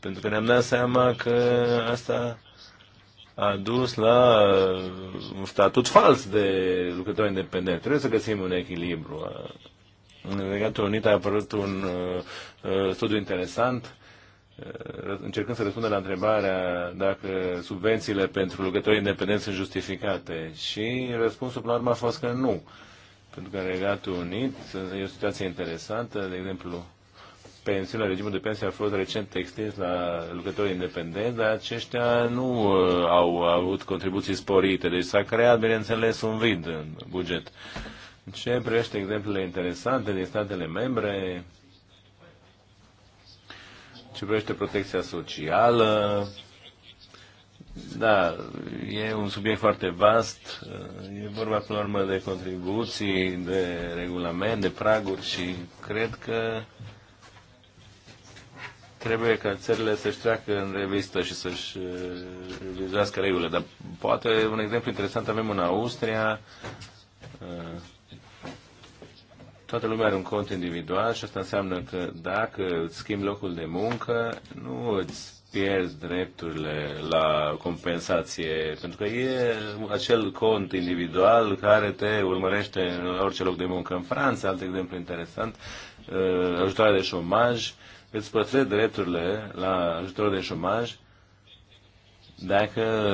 S1: pentru că ne-am dat seama că asta a dus la un statut fals de lucrător independent. Trebuie să găsim un echilibru. În Regatul Unit a apărut un uh, uh studiu interesant încercând să răspundă la întrebarea dacă subvențiile pentru lucrătorii independenți sunt justificate și răspunsul până la urmă a fost că nu. Pentru că în Regatul Unit e o situație interesantă, de exemplu, pensiunea, regimul de pensie a fost recent extins la lucrătorii independenți, dar aceștia nu uh, au avut contribuții sporite, deci s-a creat, bineînțeles, un vid în buget. În ce privește exemplele interesante din statele membre, ce privește protecția socială, da, e un subiect foarte vast. E vorba, până la urmă, de contribuții, de regulament, de praguri și cred că trebuie ca țările să-și treacă în revistă și să-și uh, revizuiască regulile. Dar poate un exemplu interesant avem în Austria, uh, toată lumea are un cont individual și asta înseamnă că dacă îți schimbi locul de muncă, nu îți pierzi drepturile la compensație, pentru că e acel cont individual care te urmărește în orice loc de muncă. În Franța, alt exemplu interesant, uh, ajutoare de șomaj, îți păstrezi drepturile la ajutor de șomaj dacă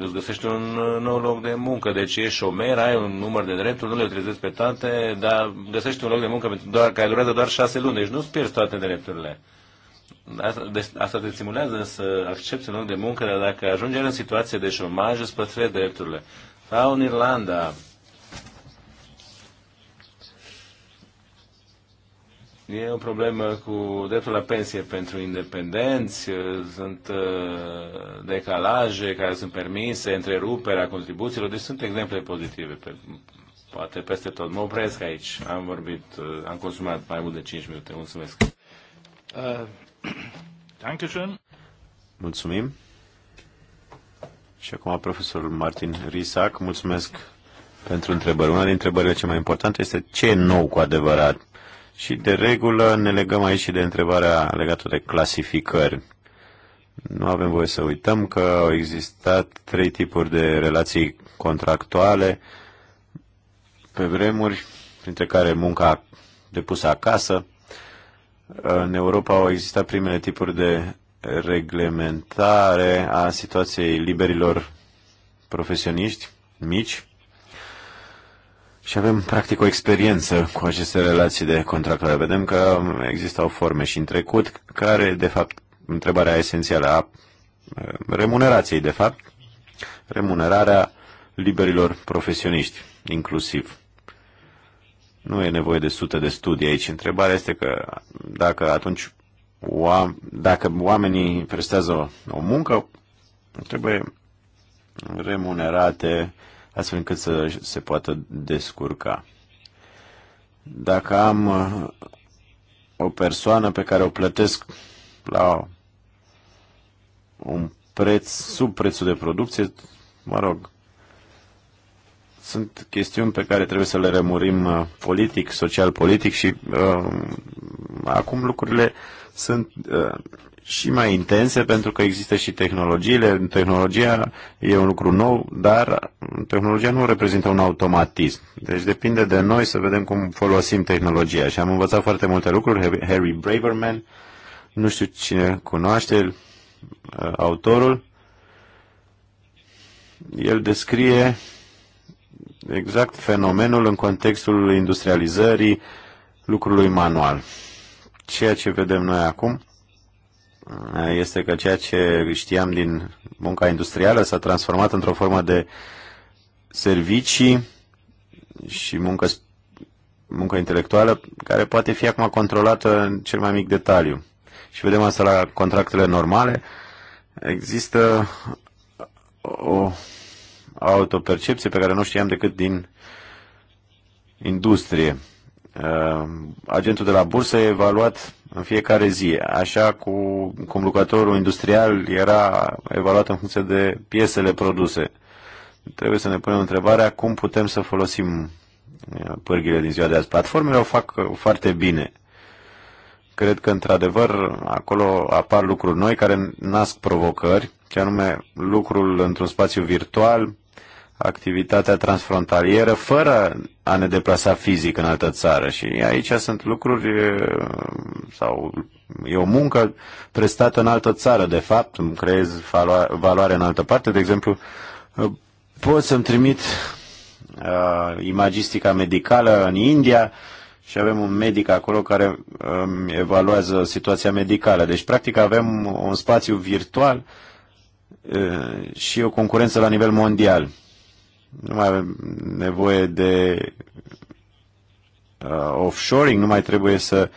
S1: îți găsești un nou loc de muncă, deci ești șomer, ai un număr de drepturi, nu le trezești pe toate, dar găsești un loc de muncă doar, care durează doar șase luni, deci nu-ți pierzi toate drepturile. Deci asta, te stimulează să accepti un loc de muncă, dar dacă ajungi în situație de șomaj, îți păstrezi drepturile. Sau în Irlanda, E o problemă cu dreptul la pensie pentru independenți, sunt uh, decalaje care sunt permise, întreruperea contribuțiilor, deci sunt exemple pozitive, pe, poate peste tot. Mă opresc aici, am vorbit, uh, am consumat mai mult de 5 minute, mulțumesc. Uh,
S4: Mulțumim. Și acum profesorul Martin Risac, mulțumesc pentru întrebări. Una din întrebările cele mai importante este ce e nou cu adevărat și de regulă ne legăm aici și de întrebarea legată de clasificări. Nu avem voie să uităm că au existat trei tipuri de relații contractuale pe vremuri, printre care munca depusă acasă. În Europa au existat primele tipuri de reglementare a situației liberilor profesioniști mici, și avem, practic, o experiență cu aceste relații de contractare. Vedem că existau forme și în trecut care, de fapt, întrebarea esențială a uh, remunerației, de fapt, remunerarea liberilor profesioniști, inclusiv. Nu e nevoie de sute de studii aici. Întrebarea este că dacă atunci dacă oamenii prestează o muncă, trebuie remunerate astfel încât să se poată descurca. Dacă am uh, o persoană pe care o plătesc la un preț sub prețul de producție, mă rog, sunt chestiuni pe care trebuie să le remurim uh, politic, social-politic și uh, acum lucrurile sunt uh, și mai intense, pentru că există și tehnologiile. Tehnologia e un lucru nou, dar tehnologia nu reprezintă un automatism. Deci depinde de noi să vedem cum folosim tehnologia. Și am învățat foarte multe lucruri. Harry Braverman, nu știu cine cunoaște uh, autorul, el descrie exact fenomenul în contextul industrializării lucrului manual. Ceea ce vedem noi acum este că ceea ce știam din munca industrială s-a transformat într-o formă de servicii și muncă, muncă intelectuală care poate fi acum controlată în cel mai mic detaliu. Și vedem asta la contractele normale. Există o autopercepție pe care nu știam decât din industrie. Uh, agentul de la bursă e evaluat în fiecare zi, așa cu, cum lucrătorul industrial era evaluat în funcție de piesele produse. Trebuie să ne punem întrebarea cum putem să folosim uh, pârghile din ziua de azi. Platformele o fac uh, foarte bine. Cred că, într-adevăr, acolo apar lucruri noi care nasc provocări, ce anume lucrul într-un spațiu virtual, activitatea transfrontalieră fără a ne deplasa fizic în altă țară. Și aici sunt lucruri sau e o muncă prestată în altă țară, de fapt, îmi creez valoare în altă parte. De exemplu, pot să-mi trimit uh, imagistica medicală în India și avem un medic acolo care um, evaluează situația medicală. Deci, practic, avem un spațiu virtual uh, și o concurență la nivel mondial. Nu mai avem nevoie de uh, offshoring, nu mai trebuie să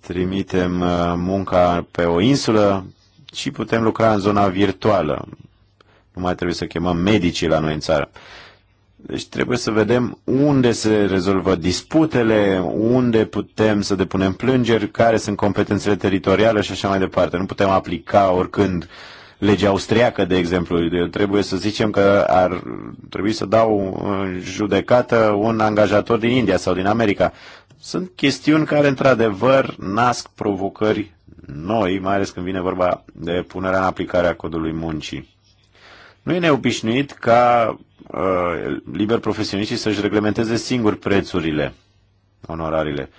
S4: trimitem uh, munca pe o insulă, ci putem lucra în zona virtuală. Nu mai trebuie să chemăm medicii la noi în țară. Deci trebuie să vedem unde se rezolvă disputele, unde putem să depunem plângeri, care sunt competențele teritoriale și așa mai departe. Nu putem aplica oricând uh, legea austriacă, de exemplu. trebuie să zicem că ar trebui să dau în judecată un angajator din India sau din America. Sunt chestiuni care, într-adevăr, nasc provocări noi, mai ales când vine vorba de punerea în aplicare a codului muncii. Nu e neobișnuit ca uh, liber profesioniștii să-și reglementeze singur prețurile, onorarile.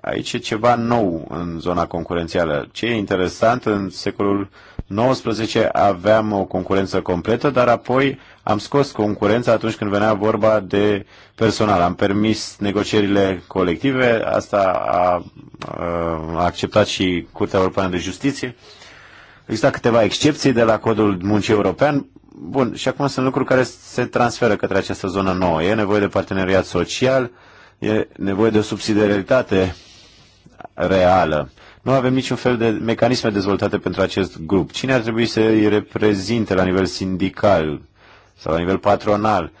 S4: Aici e ceva nou în zona concurențială. Ce e interesant în secolul 19 aveam o concurență completă, dar apoi am scos concurența atunci când venea vorba de personal. Am permis negocierile colective, asta a, a acceptat și Curtea Europeană de Justiție. Există câteva excepții de la Codul Muncii European. Bun, și acum sunt lucruri care se transferă către această zonă nouă. E nevoie de parteneriat social, e nevoie de o subsidiaritate reală. Nu avem niciun fel de mecanisme dezvoltate pentru acest grup. Cine ar trebui să îi reprezinte la nivel sindical sau la nivel patronal?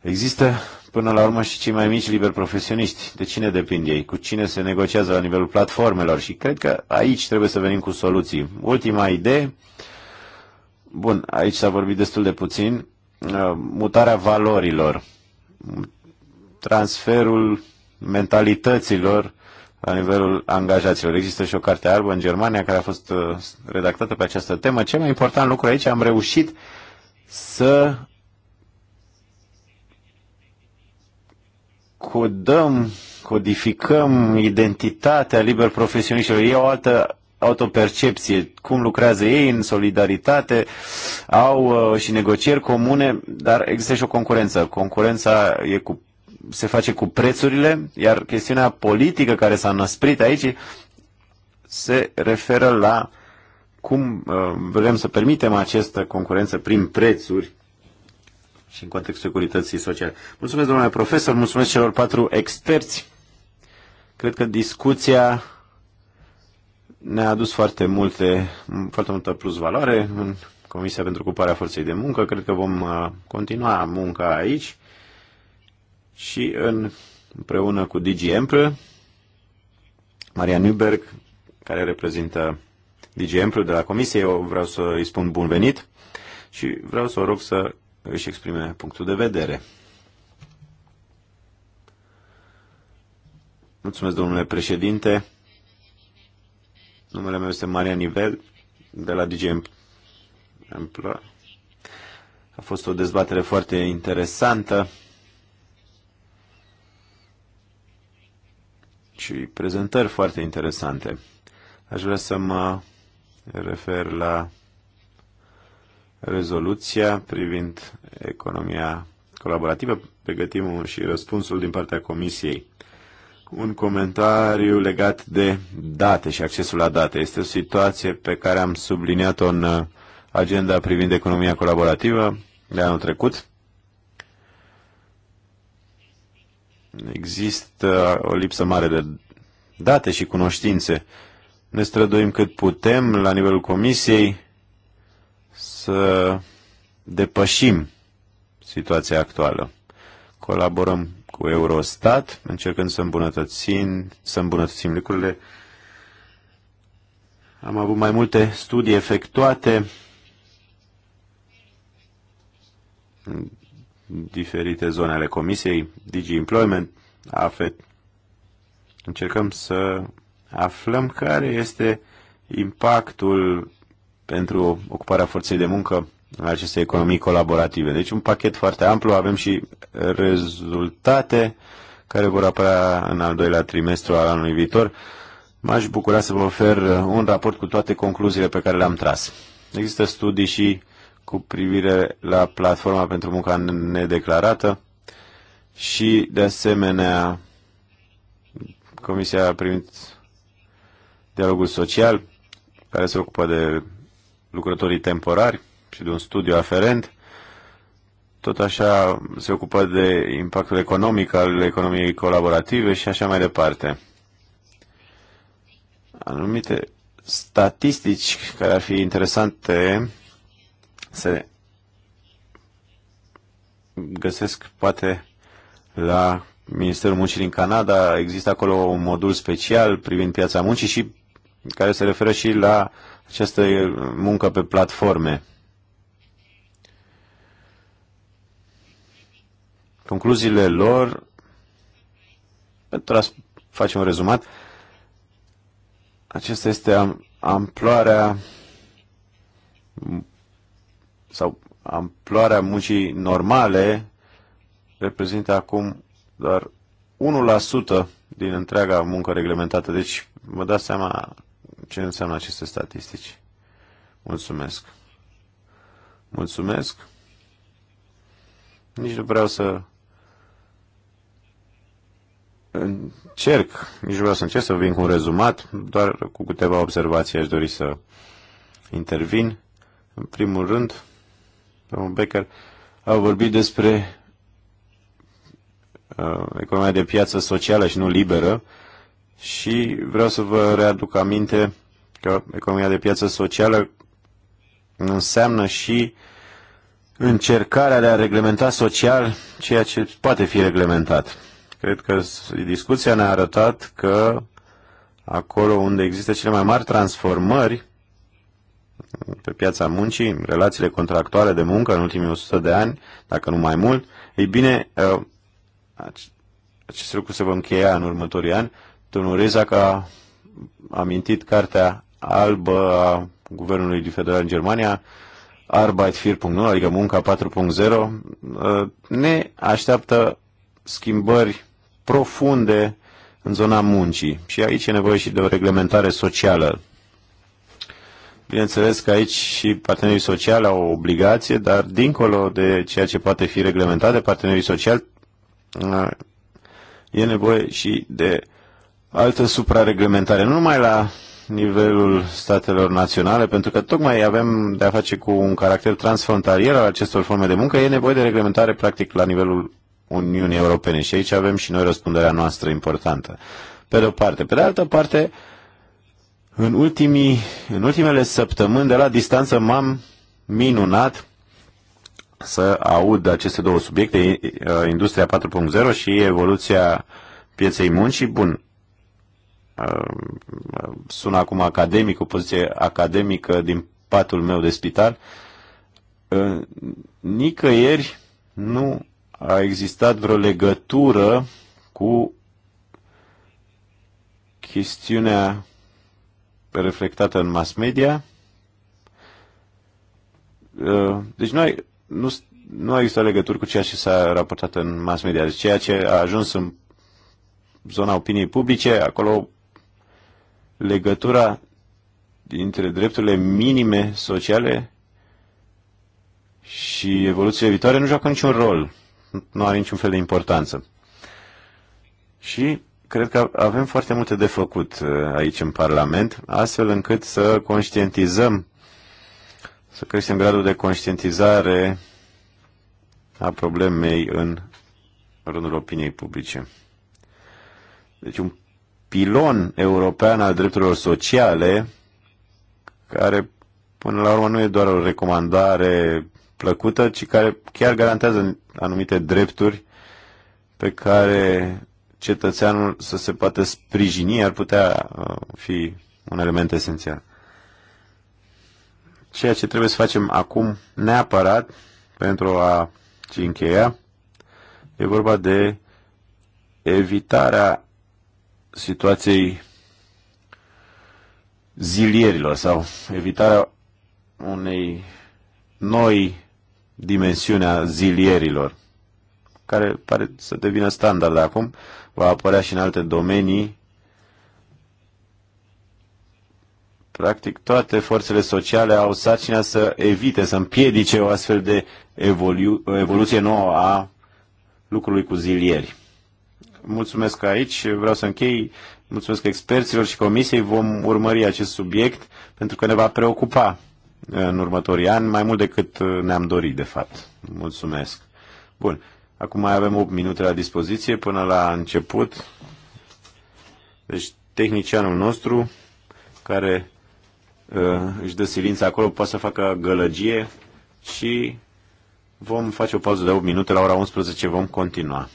S4: Există până la urmă și cei mai mici liberi profesioniști. De cine depind ei? Cu cine se negociază la nivelul platformelor? Și cred că aici trebuie să venim cu soluții. Ultima idee, bun, aici s-a vorbit destul de puțin, uh, mutarea valorilor, transferul mentalităților la nivelul angajaților. Există și o carte albă în Germania care a fost uh, redactată pe această temă. Cel mai important lucru aici, am reușit să codăm, codificăm identitatea liber profesioniștilor. E o altă autopercepție, cum lucrează ei în solidaritate, au uh, și negocieri comune, dar există și o concurență. Concurența e cu se face cu prețurile, iar chestiunea politică care s-a năsprit aici se referă la cum uh, vrem să permitem această concurență prin prețuri și în contextul securității sociale. Mulțumesc, domnule profesor, mulțumesc celor patru experți. Cred că discuția ne-a adus foarte multe, foarte multă plus valoare în Comisia pentru Cuparea Forței de Muncă. Cred că vom uh, continua munca aici și în, împreună cu DG Ample, Maria Nüberg, care reprezintă DG Ample de la Comisie, eu vreau să îi spun bun venit și vreau să o rog să își exprime punctul de vedere. Mulțumesc, domnule președinte. Numele meu este Maria Nivel, de la DG A fost o dezbatere foarte interesantă. și prezentări foarte interesante. Aș vrea să mă refer la rezoluția privind economia colaborativă, pregătim și răspunsul din partea Comisiei. Un comentariu legat de date și accesul la date. Este o situație pe care am subliniat-o în uh, agenda privind economia colaborativă de anul trecut Există o lipsă mare de date și cunoștințe. Ne străduim cât putem la nivelul comisiei să depășim situația actuală. Colaborăm cu Eurostat, încercând să îmbunătățim, să îmbunătățim lucrurile. Am avut mai multe studii efectuate diferite zone ale Comisiei, Digi Employment, AFET. Încercăm să aflăm care este impactul pentru ocuparea forței de muncă în aceste economii colaborative. Deci un pachet foarte amplu, avem și rezultate care vor apărea în al doilea trimestru al anului viitor. M-aș bucura să vă ofer un raport cu toate concluziile pe care le-am tras. Există studii și uh, cu privire la platforma pentru munca nedeclarată și, de asemenea, Comisia a primit dialogul social care se ocupă de lucrătorii temporari și de un studiu aferent. Tot așa se ocupă de impactul economic al economiei colaborative și așa mai departe. Anumite statistici care ar fi interesante se găsesc poate la Ministerul Muncii din Canada, există acolo un modul special privind piața muncii și care se referă și la această muncă pe platforme. Concluziile lor, pentru a face un rezumat, acesta este amploarea sau amploarea muncii normale reprezintă acum doar 1% din întreaga muncă reglementată. Deci vă dați seama ce înseamnă aceste statistici. Mulțumesc. Mulțumesc. Nici nu vreau să încerc, nici nu vreau să încerc să vin cu un rezumat, doar cu câteva observații aș dori să intervin. În primul rând, domnul Becker, au vorbit despre uh, economia de piață socială și nu liberă și vreau să vă readuc aminte că economia de piață socială înseamnă și încercarea de a reglementa social ceea ce poate fi reglementat. Cred că discuția ne-a arătat că acolo unde există cele mai mari transformări pe piața muncii, relațiile contractuale de muncă în ultimii 100 de ani, dacă nu mai mult, ei bine, uh, acest lucru se va încheia în următorii ani. Domnul Rezac a amintit cartea albă a Guvernului Federal în Germania, Arbeit 4.0, adică munca 4.0, uh, ne așteaptă schimbări profunde în zona muncii. Și aici e nevoie și de o reglementare socială Bineînțeles că aici și partenerii sociali au o obligație, dar dincolo de ceea ce poate fi reglementat de partenerii sociali, uh, e nevoie și de altă suprareglementare, nu numai la nivelul statelor naționale, pentru că tocmai avem de a face cu un caracter transfrontalier al acestor forme de muncă, e nevoie de reglementare practic la nivelul Uniunii Europene și aici avem și noi răspunderea noastră importantă. Pe de o parte. Pe de altă parte, uh, în, ultimii, în ultimele săptămâni de la distanță m-am minunat să aud aceste două subiecte, uh, Industria 4.0 și evoluția pieței muncii. Bun, uh, sună acum academic, o poziție academică din patul meu de spital. Uh, nicăieri nu a existat vreo legătură cu chestiunea reflectată în mass media. Uh, deci nu, ai, nu, nu a existat legături cu ceea ce s-a raportat în mass media. Deci ceea ce a ajuns în zona opiniei publice, acolo legătura dintre drepturile minime sociale și evoluțiile viitoare nu joacă niciun rol, nu are niciun fel de importanță. Și cred că avem foarte multe de făcut uh, aici în Parlament, astfel încât să conștientizăm, să creștem gradul de conștientizare a problemei în rândul opiniei publice. Deci un pilon european al drepturilor sociale, care până la urmă nu e doar o recomandare plăcută, ci care chiar garantează anumite drepturi pe care cetățeanul să se poată sprijini ar putea uh, fi un element esențial. Ceea ce trebuie să facem acum, neapărat, pentru a ci încheia, e vorba de evitarea situației zilierilor sau evitarea unei noi dimensiuni a zilierilor, care pare să devină standard acum, va apărea și în alte domenii. Practic, toate forțele sociale au sarcina să evite, să împiedice o astfel de evolu- evoluție nouă a lucrului cu zilieri. Mulțumesc aici, vreau să închei, mulțumesc experților și comisiei, vom urmări acest subiect pentru că ne va preocupa în următorii ani mai mult decât ne-am dorit, de fapt. Mulțumesc. Bun. Acum mai avem 8 minute la dispoziție până la început. Deci tehnicianul nostru care uh, își dă silința acolo poate să facă gălăgie și vom face o pauză de 8 minute. La ora 11 vom continua.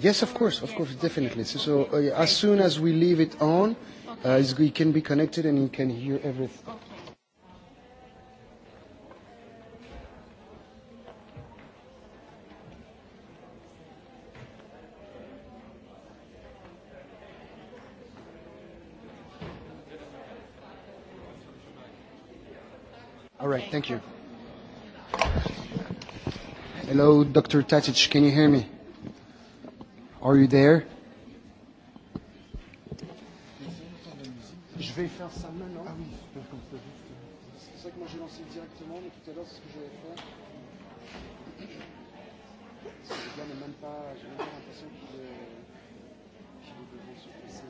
S5: Yes, of course, of course, definitely. So, so uh, as soon as we leave it on, uh, it can be connected and you can hear everything. Okay. All right, thank you. Hello, Dr. Tatic, can you hear me? Are you there? Je vais faire ça maintenant. Ah oui, super, comme ça, juste. Euh, c'est ça que moi j'ai lancé directement, mais tout à l'heure, c'est ce que j'allais faire. Ce gars n'est même pas. J'ai même pas l'impression qu'il est, qu'il est devant ce PC.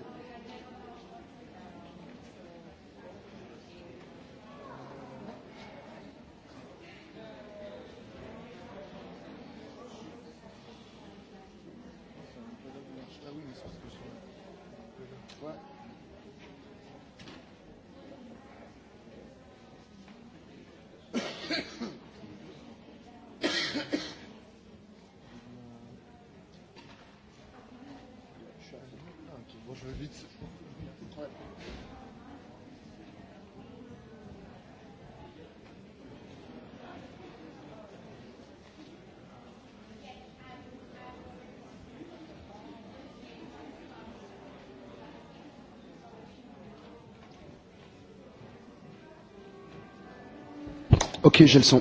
S5: vite. Ok, j'ai le son.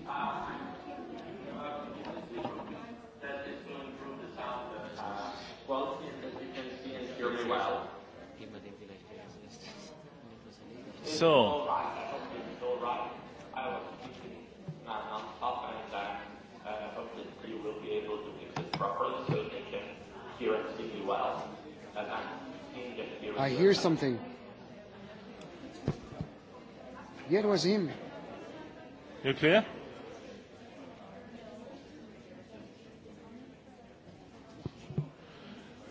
S5: clear?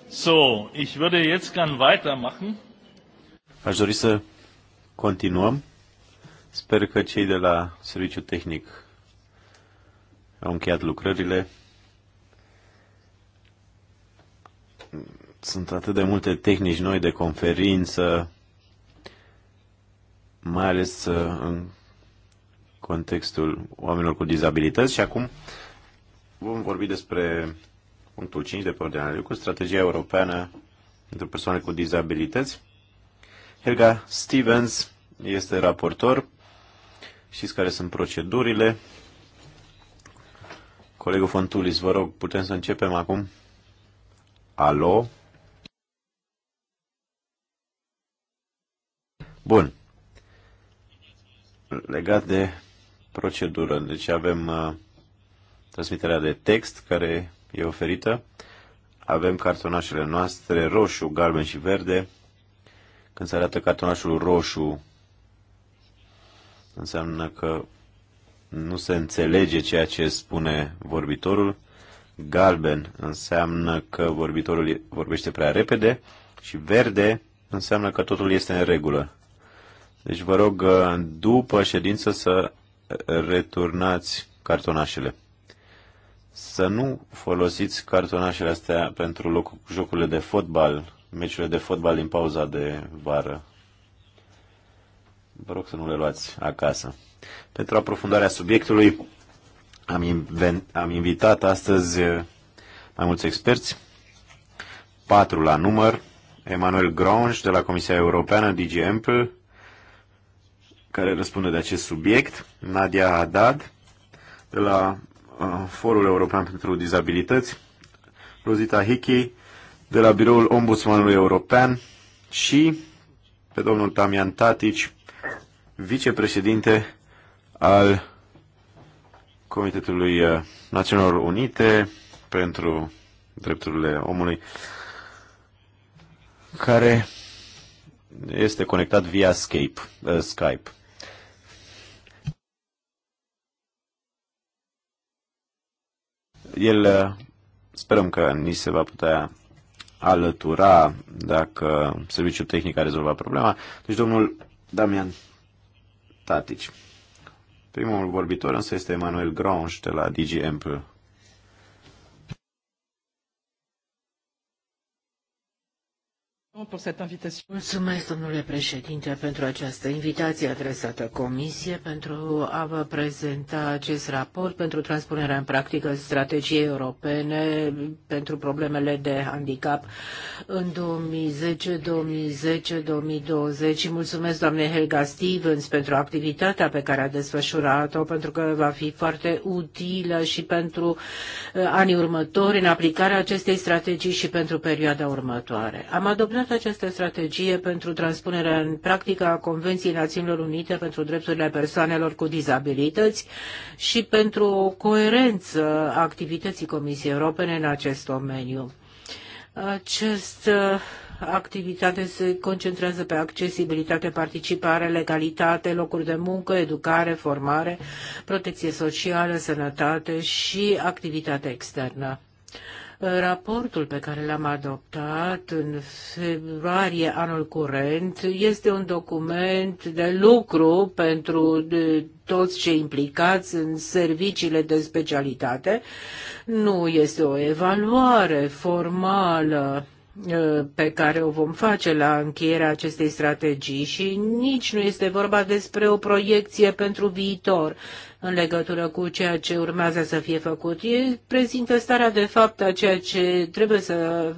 S1: So, ich würde jetzt gern weitermachen.
S4: Aș dori să continuăm. Sper că cei de la serviciu tehnic au încheiat lucrările. Sunt atât de multe tehnici noi de conferință, mai ales uh, în contextul oamenilor cu dizabilități și acum vom vorbi despre punctul 5 de pe ordinea de cu strategia europeană pentru persoane cu dizabilități. Helga Stevens este raportor. Știți care sunt procedurile. Colegul Fontulis, vă rog, putem să începem acum? Alo? Bun. Legat de procedură. Deci avem uh, transmiterea de text care e oferită, avem cartonașele noastre roșu, galben și verde. Când se arată cartonașul roșu, înseamnă că nu se înțelege ceea ce spune vorbitorul. Galben înseamnă că vorbitorul vorbește prea repede și verde înseamnă că totul este în regulă. Deci vă rog uh, după ședință să returnați cartonașele. Să nu folosiți cartonașele astea pentru jocurile de fotbal, meciurile de fotbal din pauza de vară. Vă rog să nu le luați acasă. Pentru aprofundarea subiectului, am, am invitat astăzi mai mulți experți, patru la număr, Emanuel Grange de la Comisia Europeană, DG Ample, care răspunde de acest subiect, Nadia Haddad, de la uh, Forul European pentru Dizabilități, Rosita Hickey, de la Biroul Ombudsmanului European și pe domnul Tamian Tatici, vicepreședinte al Comitetului uh, Națiunilor Unite pentru Drepturile Omului, care este conectat via Skype. Uh, Skype. El uh, sperăm că ni se va putea alătura dacă serviciul tehnic a rezolvat problema. Deci domnul Damian Tatici. Primul vorbitor însă este Emanuel Grange de la DG Ample.
S2: Mulțumesc, domnule președinte, pentru această invitație adresată Comisie pentru a vă prezenta acest raport pentru transpunerea în practică strategiei europene pentru problemele de handicap în 2010, 2010, 2020 și mulțumesc doamne Helga Stevens pentru activitatea pe care a desfășurat-o pentru că va fi foarte utilă și pentru uh, anii următori în aplicarea acestei strategii și pentru perioada următoare. Am adoptat Toată această strategie pentru transpunerea în practică a Convenției Națiunilor Unite pentru drepturile persoanelor cu dizabilități și pentru o coerență a activității Comisiei Europene în acest domeniu. Această activitate se concentrează pe accesibilitate, participare, legalitate, locuri de muncă, educare, formare, protecție socială, sănătate și activitate externă. Raportul pe care l-am adoptat în februarie anul curent este un document de lucru pentru toți cei implicați în serviciile de specialitate. Nu este o evaluare formală ă, pe care o vom face la încheierea acestei strategii și nici nu este vorba despre o proiecție pentru viitor în legătură cu ceea ce urmează să fie făcut. Ei prezintă starea de fapt a ceea ce trebuie să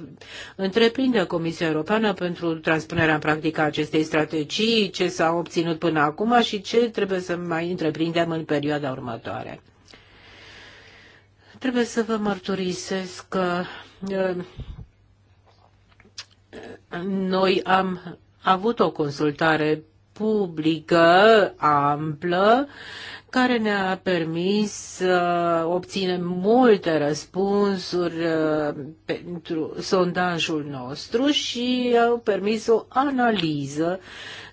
S2: întreprindă Comisia Europeană pentru transpunerea în practică a acestei strategii, ce s-a obținut până acum și ce trebuie să mai întreprindem în perioada următoare. Trebuie să vă mărturisesc că noi am avut o consultare publică amplă care ne-a permis să obținem multe răspunsuri uh, pentru sondajul nostru și au permis o analiză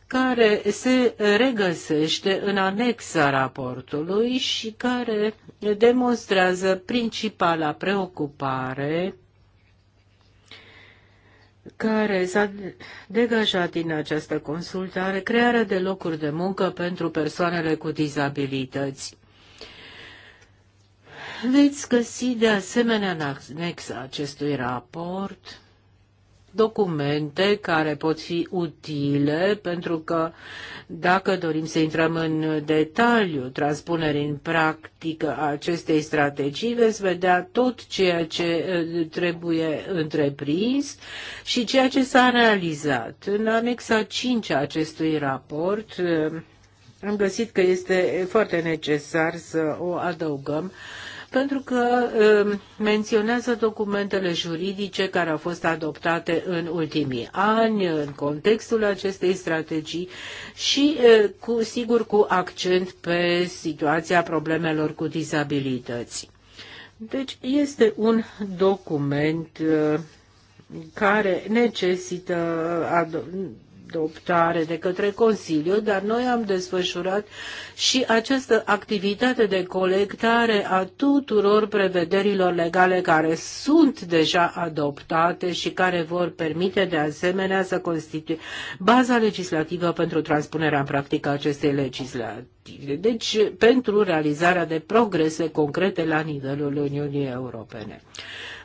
S2: care se regăsește în anexa raportului și care demonstrează principala preocupare care s-a degajat din această consultare, crearea de locuri de muncă pentru persoanele cu dizabilități. Veți găsi de asemenea în anexa acestui raport documente care pot fi utile pentru că dacă dorim să intrăm în detaliu transpunerii în practică a acestei strategii, veți vedea tot ceea ce eh, trebuie întreprins și ceea ce s-a realizat. În anexa 5 a acestui raport eh, am găsit că este foarte necesar să o adăugăm pentru că um, menționează documentele juridice care au fost adoptate în ultimii ani în contextul acestei strategii și uh, cu sigur cu accent pe situația problemelor cu dizabilități. Deci este un document uh, care necesită adoptare de către Consiliu, dar noi am desfășurat și această activitate de colectare a tuturor prevederilor legale care sunt deja adoptate și care vor permite de asemenea să constituie baza legislativă pentru transpunerea în practică a acestei legislative. Deci, pentru realizarea de progrese concrete la nivelul Uniunii Europene.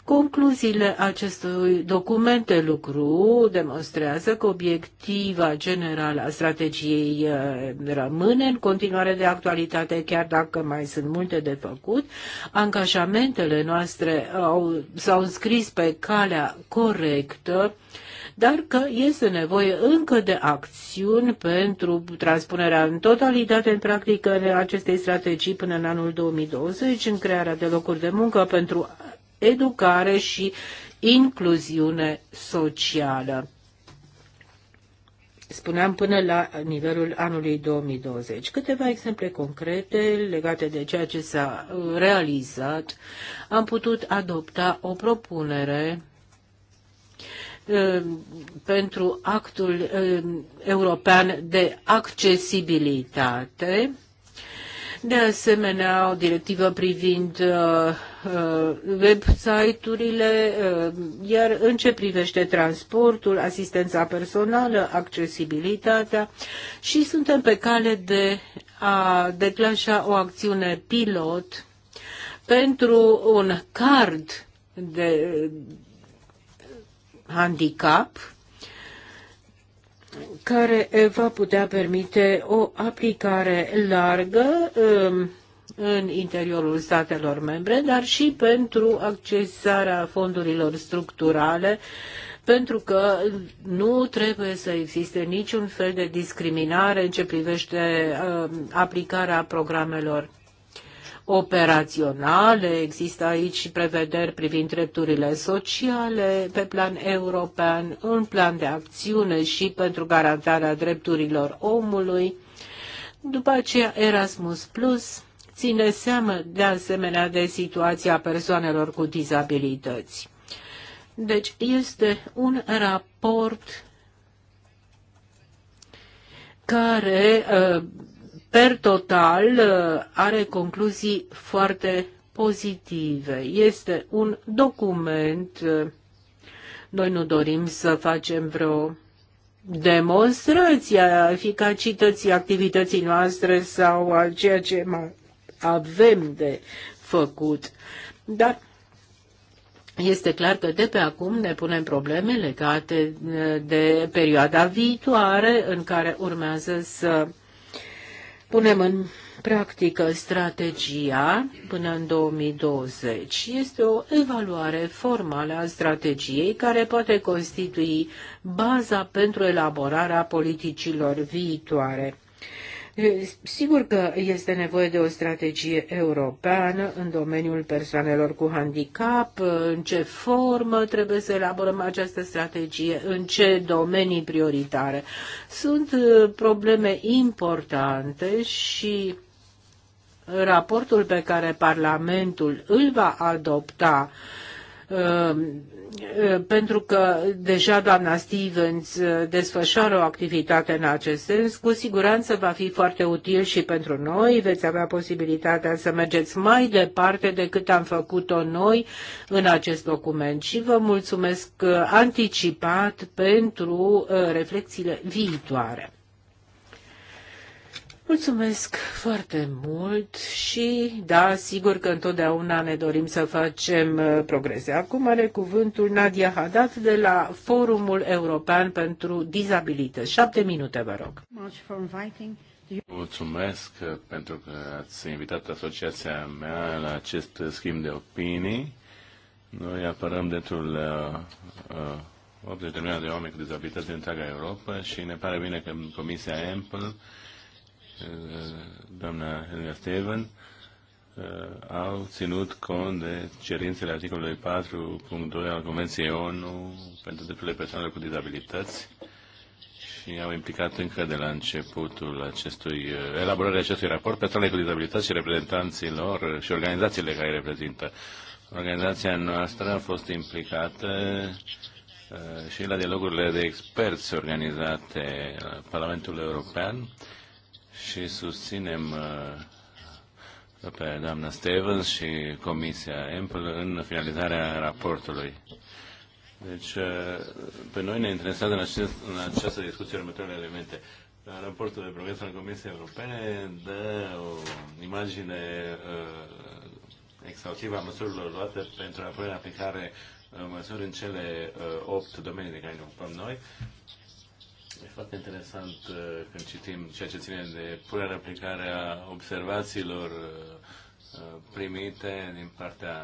S2: Concluziile acestui document de lucru demonstrează că obiectiva generală a strategiei eh, rămâne în continuare de actualitate, chiar dacă mai sunt multe de făcut. Angajamentele noastre au, s-au înscris pe calea corectă dar că este nevoie încă de acțiuni pentru transpunerea în totalitate în practică acestei strategii până în anul 2020, în crearea de locuri de muncă pentru educare și incluziune socială. Spuneam până la nivelul anului 2020. Câteva exemple concrete legate de ceea ce s-a realizat. Am putut adopta o propunere um, pentru actul um, european de accesibilitate. De asemenea, o directivă privind uh, Uh, website-urile, uh, iar în ce privește transportul, asistența personală, accesibilitatea și suntem pe cale de a declanșa o acțiune pilot pentru un card de handicap care va putea permite o aplicare largă um, în interiorul statelor membre, dar și pentru accesarea fondurilor structurale, pentru că nu trebuie să existe niciun fel de discriminare în ce privește uh, aplicarea programelor operaționale, există aici și prevederi privind drepturile sociale pe plan european, un plan de acțiune și pentru garantarea drepturilor omului. După aceea Erasmus Plus, ține seama de asemenea de situația persoanelor cu dizabilități. Deci este un raport care, uh, per total, uh, are concluzii foarte pozitive. Este un document. Uh, noi nu dorim să facem vreo demonstrație a eficacității activității noastre sau a ceea ce mai avem de făcut. Dar este clar că de pe acum ne punem probleme legate eh, de perioada viitoare în care urmează să punem în practică strategia până în 2020. Este o evaluare formală a strategiei care poate constitui baza pentru elaborarea politicilor viitoare. Sigur că este nevoie de o strategie europeană în domeniul persoanelor cu handicap, în ce formă trebuie să elaborăm această strategie, în ce domenii prioritare. Sunt probleme importante și raportul pe care Parlamentul îl va adopta Eh, pentru că deja doamna Stevens eh, desfășoară o activitate în acest sens, cu siguranță va fi foarte util și pentru noi. Veți avea posibilitatea să mergeți mai departe decât am făcut-o noi în acest document. Și vă mulțumesc eh, anticipat pentru reflexiile viitoare. Mulțumesc foarte mult și, da, sigur că întotdeauna ne dorim să facem uh, progrese. Acum are cuvântul Nadia Hadat de la Forumul European pentru Dizabilități. Șapte minute, vă rog.
S1: Mulțumesc uh, pentru că ați invitat asociația mea la acest uh, schimb de opinii. Noi apărăm dreptul uh, uh, 80 de milioane de oameni cu dizabilități din întreaga Europa și ne pare bine că Comisia Ample Uh, doamna Helena Steven, uh, au ținut cont de cerințele articolului 4.2 al Convenției ONU pentru drepturile persoanelor cu dizabilități și au implicat încă de la începutul acestui, uh, elaborării acestui raport persoanele cu dizabilități și reprezentanții lor și organizațiile care îi reprezintă. Organizația noastră a fost implicată și la dialogurile de experți organizate la Parlamentul European și susținem uh, pe doamna Stevens și Comisia Ample în finalizarea raportului. Deci, uh, pe noi ne interesează în, acest, în această discuție următoarele elemente. Raportul de progres al Comisiei Europene dă o imagine uh, exhaustivă a măsurilor luate pentru a pune în aplicare uh, măsuri în cele uh, 8 domenii de care ne ocupăm noi E foarte interesant uh, când citim ceea ce ține de punerea în aplicare a observațiilor uh, uh, primite din partea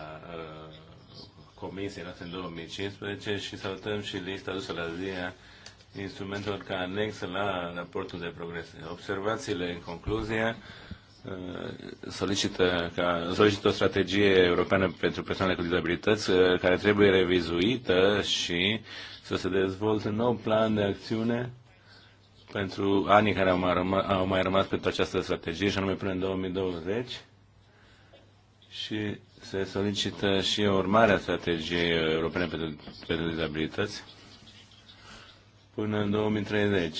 S1: Comisiei noastre în 2015 și salutăm și lista dusă la zi a instrumentelor ca anexă la raportul de progres. Observațiile în concluzie solicită, ca, solicită o strategie europeană pentru persoanele cu dizabilități care trebuie revizuită și să se dezvolte un nou plan de acțiune pentru anii care au mai, rămas, au mai rămas pentru această strategie, și anume până în 2020, și se solicită și urmarea strategiei europene pentru, pentru dizabilități până în 2030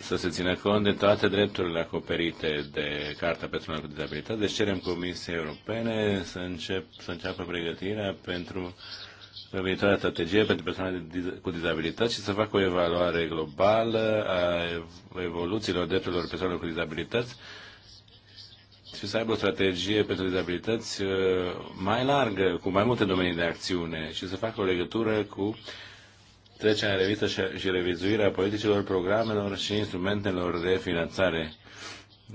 S1: să se țină cont de toate drepturile acoperite de Carta pentru cu Dizabilități. Deci cerem Comisiei Europene să, încep, să înceapă pregătirea pentru pe viitoarea strategie pentru persoane cu dizabilități și să facă o evaluare globală a evoluțiilor drepturilor persoanelor cu dizabilități și să aibă o strategie pentru dizabilități uh, mai largă, cu mai multe domenii de acțiune și să facă o legătură cu trecerea în revistă și revizuirea politicilor, programelor și instrumentelor de finanțare.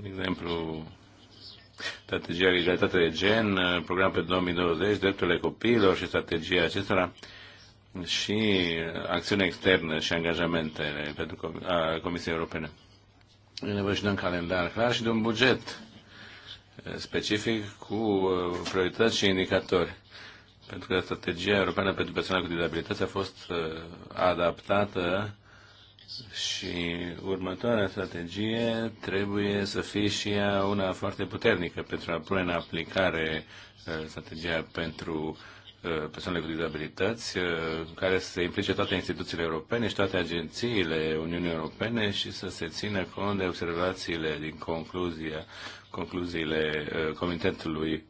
S1: De exemplu, strategia egalitate de gen, program pe 2020, drepturile copiilor și strategia acestora și acțiune externă și angajamentele pentru Comisia Europene. E nevoie și de un calendar clar și de un buget specific cu uh, priorități și indicatori. Pentru că strategia europeană pentru persoane cu dizabilități a fost uh, adaptată și următoarea strategie trebuie să fie și ea una foarte puternică pentru a pune în aplicare uh, strategia pentru uh, persoanele cu dizabilități, uh, care să implice toate instituțiile europene și toate agențiile Uniunii Europene și să se țină cont de observațiile din concluzia, concluziile comitetului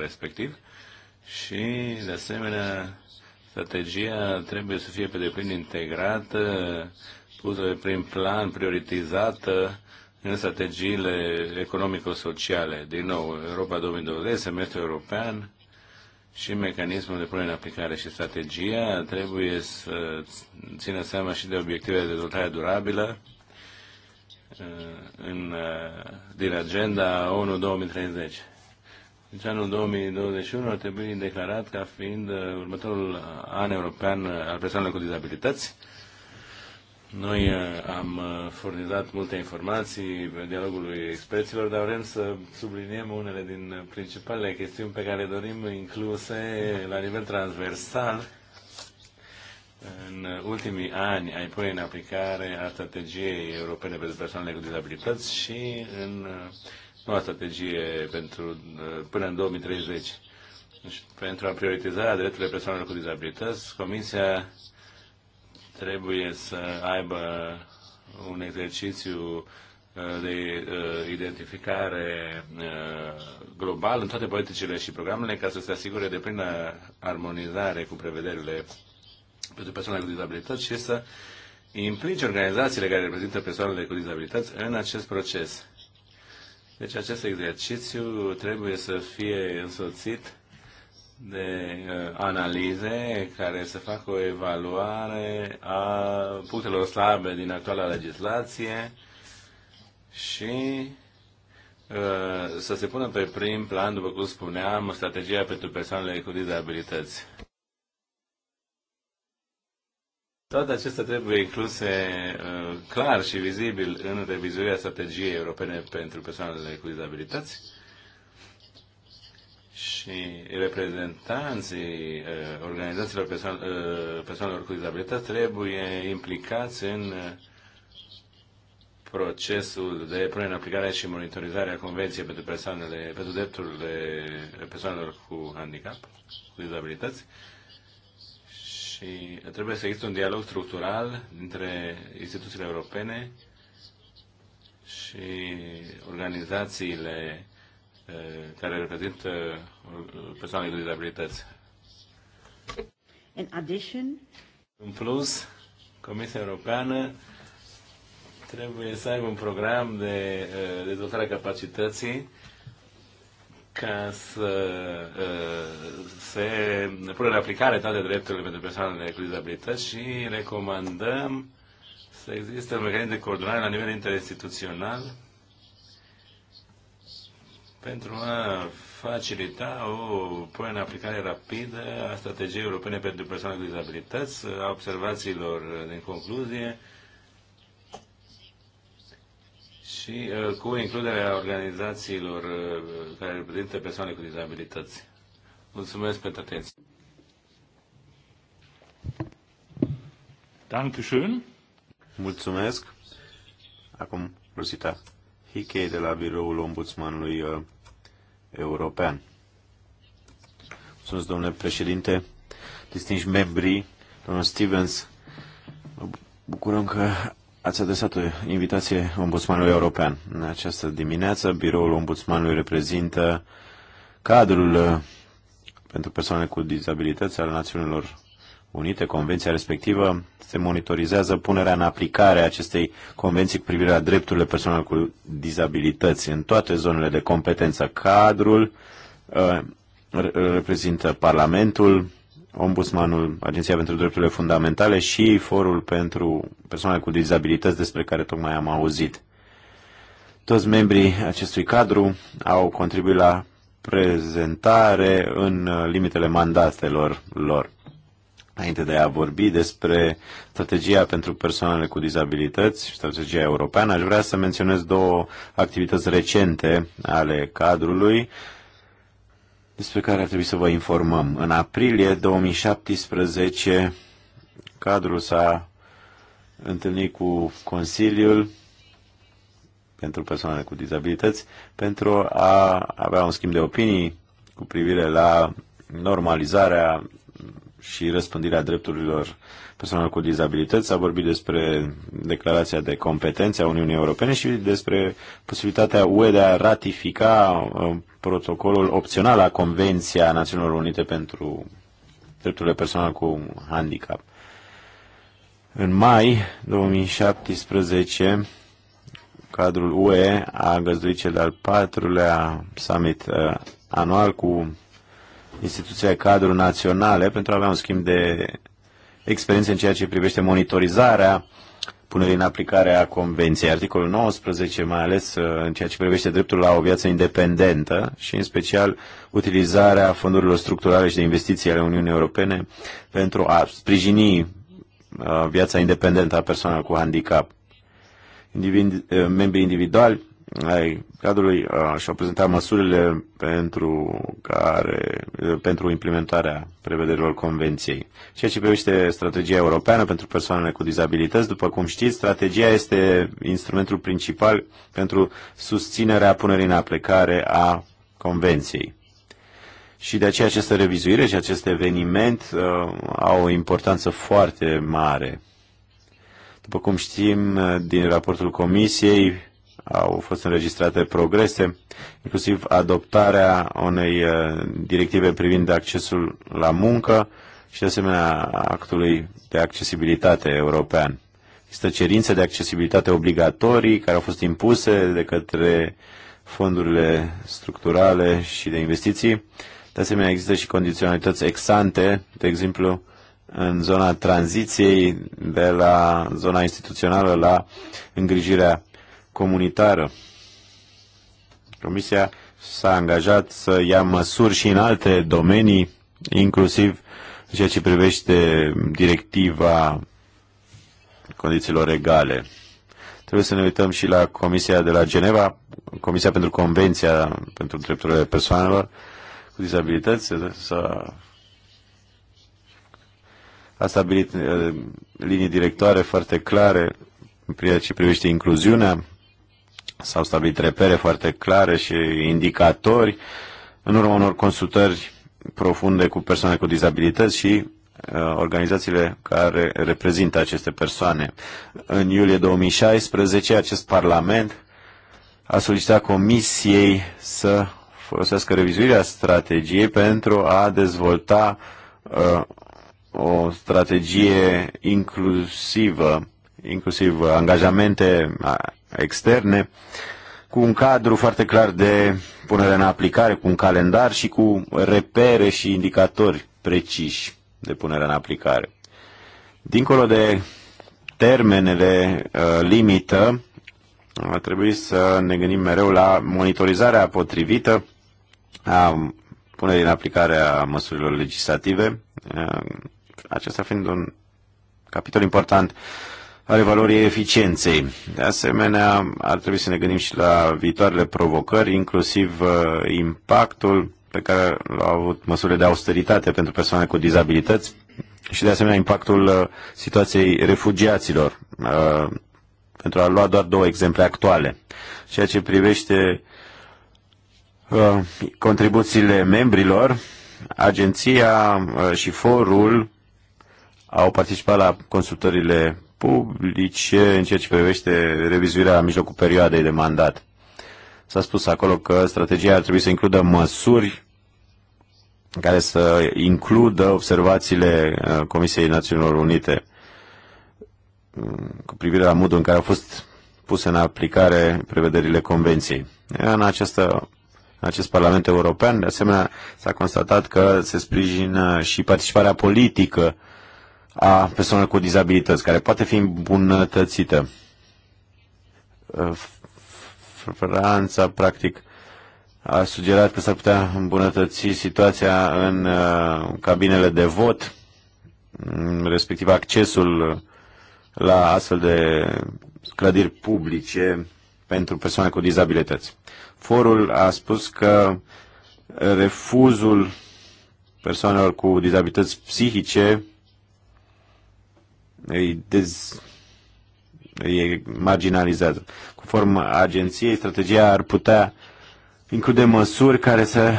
S1: respectiv și, de asemenea, strategia trebuie să fie pe deplin integrată spuse, prin plan, prioritizat uh, în strategiile economico-sociale. Din nou, Europa 2020, semestrul european și mecanismul de punere în aplicare și strategia trebuie să țină seama și de obiectivele de dezvoltare durabilă uh, în, uh, din agenda ONU 2030. Deci anul 2021 ar trebui declarat ca fiind următorul an european al persoanelor cu dizabilități noi uh, am uh, furnizat multe informații pe dialogului experților, dar vrem să subliniem unele din principalele chestiuni pe care dorim incluse la nivel transversal în ultimii ani ai pune în aplicare a strategiei europene pentru persoanele cu dizabilități și în uh, noua strategie pentru, până în 2030. Deci, pentru a prioritiza drepturile persoanelor cu dizabilități, Comisia trebuie să aibă un exercițiu uh, de uh, identificare uh, global în toate politicile și programele ca să se asigure de plină armonizare cu prevederile pentru persoane cu dizabilități și să implice organizațiile care reprezintă persoanele cu dizabilități în acest proces. Deci acest exercițiu trebuie să fie însoțit de uh, analize care să facă o evaluare a punctelor slabe din actuala legislație și uh, să se pună pe prim plan, după cum spuneam, strategia pentru persoanele cu dizabilități. Toate acestea trebuie incluse uh, clar și vizibil în revizuirea strategiei europene pentru persoanele cu dizabilități și reprezentanții uh, organizațiilor uh, persoanelor cu dizabilitate trebuie implicați în uh, procesul de punere în aplicare și monitorizare a Convenției pentru, persoanele, pentru drepturile persoanelor cu handicap, cu dizabilități. Și trebuie să existe un dialog structural între instituțiile europene și organizațiile care reprezintă uh, persoane cu dizabilități.
S2: In addition,
S1: în plus, Comisia Europeană trebuie să aibă un program de uh, dezvoltare a capacității ca să uh, se pună în aplicare toate drepturile pentru persoanele cu dizabilități și recomandăm să existe un mecanism de coordonare la nivel interinstituțional pentru a facilita o punere în aplicare rapidă a strategiei europene pentru persoane cu dizabilități, a observațiilor din concluzie și uh, cu includerea organizațiilor uh, care reprezintă persoane cu dizabilități. Mulțumesc pentru atenție. Dankeschön.
S4: Mulțumesc. Acum, Rosita Hickey de la biroul ombudsmanului uh, european. Sunt domnule președinte, distinși membrii, domnul Stevens, mă bucurăm că ați adresat o invitație ombudsmanului european. În această dimineață, biroul ombudsmanului reprezintă cadrul uh, pentru persoane cu dizabilități al Națiunilor Unite, convenția respectivă, se monitorizează punerea în aplicare a acestei convenții cu privire la drepturile persoanelor cu dizabilități în toate zonele de competență. Cadrul uh, reprezintă Parlamentul, Ombudsmanul, Agenția pentru Drepturile Fundamentale și Forul pentru Persoane cu Dizabilități, despre care tocmai am auzit. Toți membrii acestui cadru au contribuit la prezentare în limitele mandatelor lor înainte de a vorbi despre strategia pentru persoanele cu dizabilități și strategia europeană, aș vrea să menționez două activități recente ale cadrului despre care ar trebui să vă informăm. În aprilie 2017, cadrul s-a întâlnit cu Consiliul pentru persoanele cu dizabilități pentru a avea un schimb de opinii cu privire la normalizarea și răspândirea drepturilor persoanelor cu dizabilități. S-a vorbit despre declarația de competențe a Uniunii Europene și despre posibilitatea UE de a ratifica uh, protocolul opțional la Convenția Națiunilor Unite pentru drepturile persoanelor cu handicap. În mai 2017, cadrul UE a găzduit cel de-al patrulea summit uh, anual cu Instituția cadru naționale pentru a avea un schimb de experiențe în ceea ce privește monitorizarea punerii în aplicare a Convenției. Articolul 19, mai ales uh, în ceea ce privește dreptul la o viață independentă și în special utilizarea fondurilor structurale și de investiții ale Uniunii Europene pentru a sprijini uh, viața independentă a persoanelor cu handicap. Individ, uh, membrii individuali ai cadrului și-au prezentat măsurile pentru, care, pentru implementarea prevederilor convenției. Ceea ce privește strategia europeană pentru persoanele cu dizabilități, după cum știți, strategia este instrumentul principal pentru susținerea punerii în aplicare a convenției. Și de aceea această revizuire și acest eveniment uh, au o importanță foarte mare. După cum știm din raportul Comisiei, au fost înregistrate progrese, inclusiv adoptarea unei uh, directive privind accesul la muncă și de asemenea actului de accesibilitate european. Există cerințe de accesibilitate obligatorii care au fost impuse de către fondurile structurale și de investiții. De asemenea, există și condiționalități exante, de exemplu, în zona tranziției de la zona instituțională la îngrijirea comunitară. Comisia s-a angajat să ia măsuri și în alte domenii, inclusiv în ceea ce privește directiva condițiilor egale. Trebuie să ne uităm și la Comisia de la Geneva, Comisia pentru Convenția pentru Drepturile Persoanelor cu Dizabilități, să a stabilit eh, linii directoare foarte clare în ceea ce privește incluziunea, S-au stabilit repere foarte clare și indicatori în urma unor consultări profunde cu persoane cu dizabilități și uh, organizațiile care reprezintă aceste persoane. În iulie 2016, acest Parlament a solicitat Comisiei să folosească revizuirea strategiei pentru a dezvolta uh, o strategie inclusivă, inclusiv angajamente externe, cu un cadru foarte clar de punere în aplicare, cu un calendar și cu repere și indicatori preciși de punere în aplicare. Dincolo de termenele uh, limită, ar uh, trebui să ne gândim mereu la monitorizarea potrivită a punerii în aplicare a măsurilor legislative, uh, acesta fiind un capitol important ale valorii eficienței. De asemenea, ar trebui să ne gândim și la viitoarele provocări, inclusiv uh, impactul pe care l-au avut măsurile de austeritate pentru persoane cu dizabilități și, de asemenea, impactul uh, situației refugiaților, uh, pentru a lua doar două exemple actuale. Ceea ce privește contribuțiile membrilor, agenția și forul au participat la consultările publice în ceea ce privește revizuirea la mijlocul perioadei de mandat. S-a spus acolo că strategia ar trebui să includă măsuri care să includă observațiile uh, Comisiei Națiunilor Unite mm, cu privire la modul în care au fost puse în aplicare prevederile Convenției. În, această, în acest Parlament European, de asemenea, s-a constatat că se sprijină și participarea politică a persoanelor cu dizabilități, care poate fi îmbunătățită. Ă, Franța, practic, a sugerat că s-ar putea îmbunătăți situația în ă, cabinele de vot, respectiv accesul la astfel de clădiri publice pentru persoane cu dizabilități. Forul a spus că refuzul persoanelor cu dizabilități psihice îi, dez, îi marginalizează. Conform agenției, strategia ar putea include măsuri care să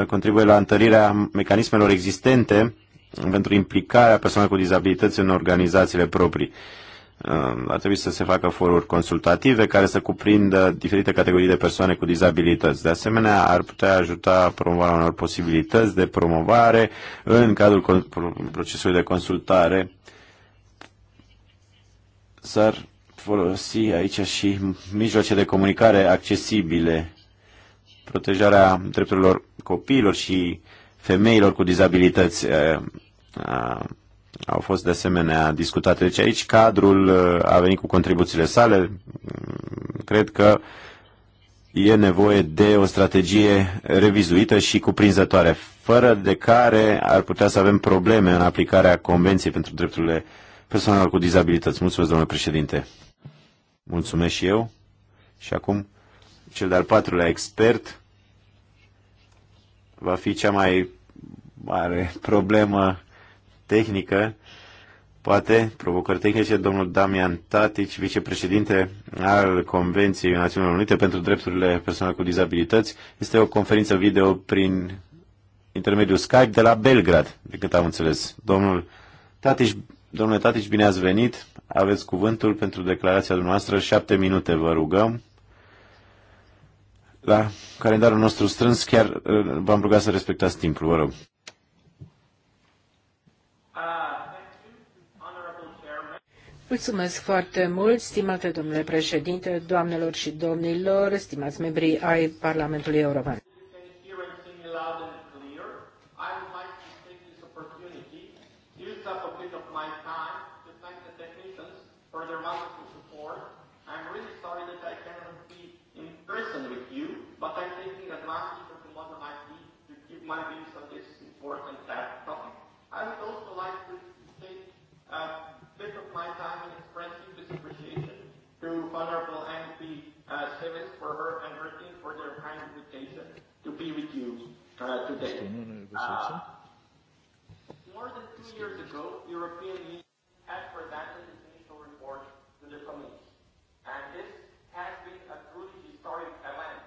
S4: uh, contribuie la întărirea mecanismelor existente pentru implicarea persoanelor cu dizabilități în organizațiile proprii. Uh, ar trebui să se facă foruri consultative care să cuprindă diferite categorii de persoane cu dizabilități. De asemenea, ar putea ajuta promovarea unor posibilități de promovare în cadrul procesului de consultare s-ar folosi aici și mijloace de comunicare accesibile, protejarea drepturilor copiilor și femeilor cu dizabilități eh, eh, au fost de asemenea discutate. Deci aici cadrul eh, a venit cu contribuțiile sale. Mm, cred că e nevoie de o strategie revizuită și cuprinzătoare, fără de care ar putea să avem probleme în aplicarea Convenției pentru drepturile persoanelor cu dizabilități. Mulțumesc, domnule președinte. Mulțumesc și eu. Și acum, cel de-al patrulea expert va fi cea mai mare problemă tehnică, poate, provocări tehnice, domnul Damian Tatic, vicepreședinte al Convenției Națiunilor Unite pentru Drepturile Persoanelor cu Dizabilități. Este o conferință video prin intermediul Skype de la Belgrad, de cât am înțeles. Domnul Tatic, Domnule Tatici, bine ați venit. Aveți cuvântul pentru declarația dumneavoastră. Șapte minute vă rugăm. La calendarul nostru strâns, chiar uh, v-am rugat să respectați timpul, vă rog.
S2: Mulțumesc foarte mult, stimate domnule președinte, doamnelor și domnilor, stimați membrii ai Parlamentului European.
S3: Might be on this important topic. I would also like to take a bit of my time in expressing this appreciation to Honorable MP uh, Simmons for her and her team for their kind invitation to be with you uh, today. Uh, more than two years ago, European Union had presented its initial report to the Committee, and this has been a truly historic event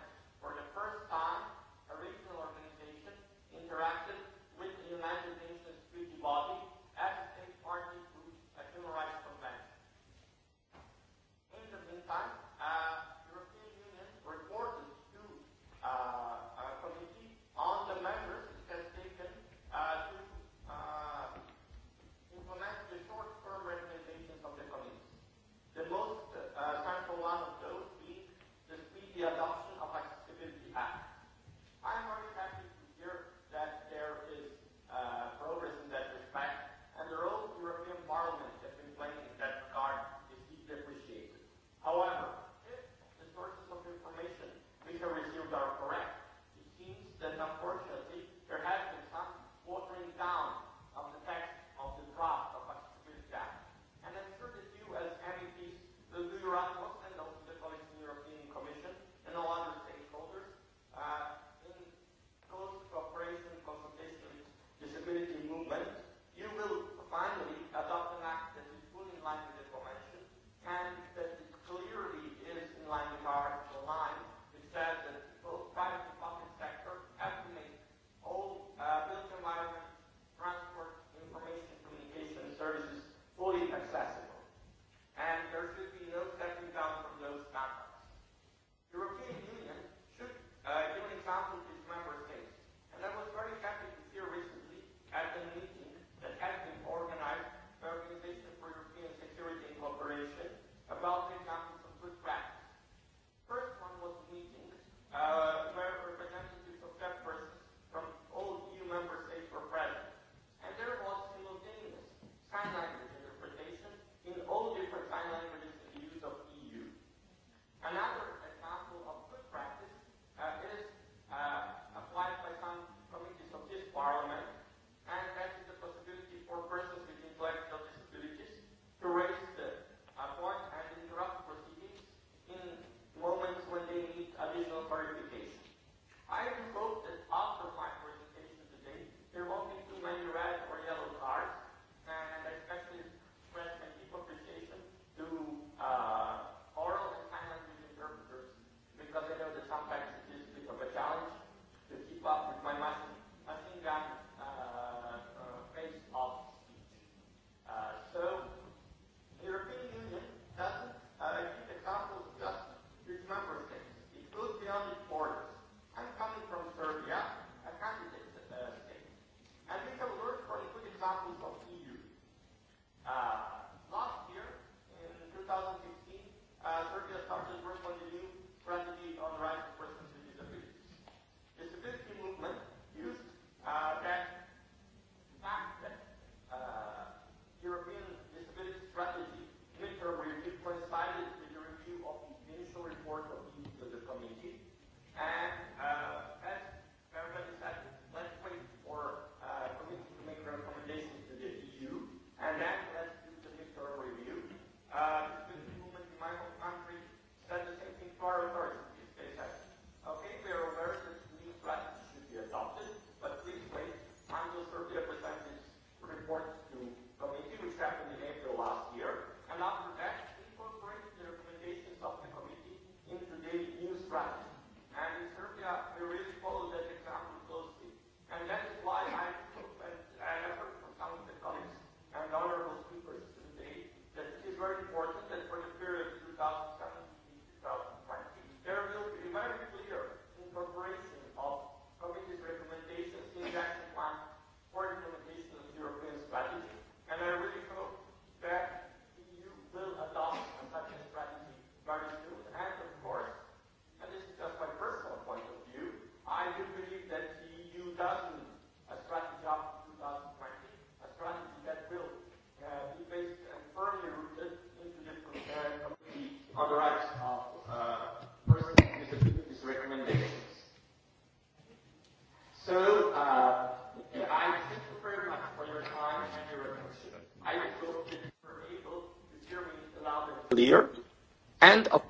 S3: And of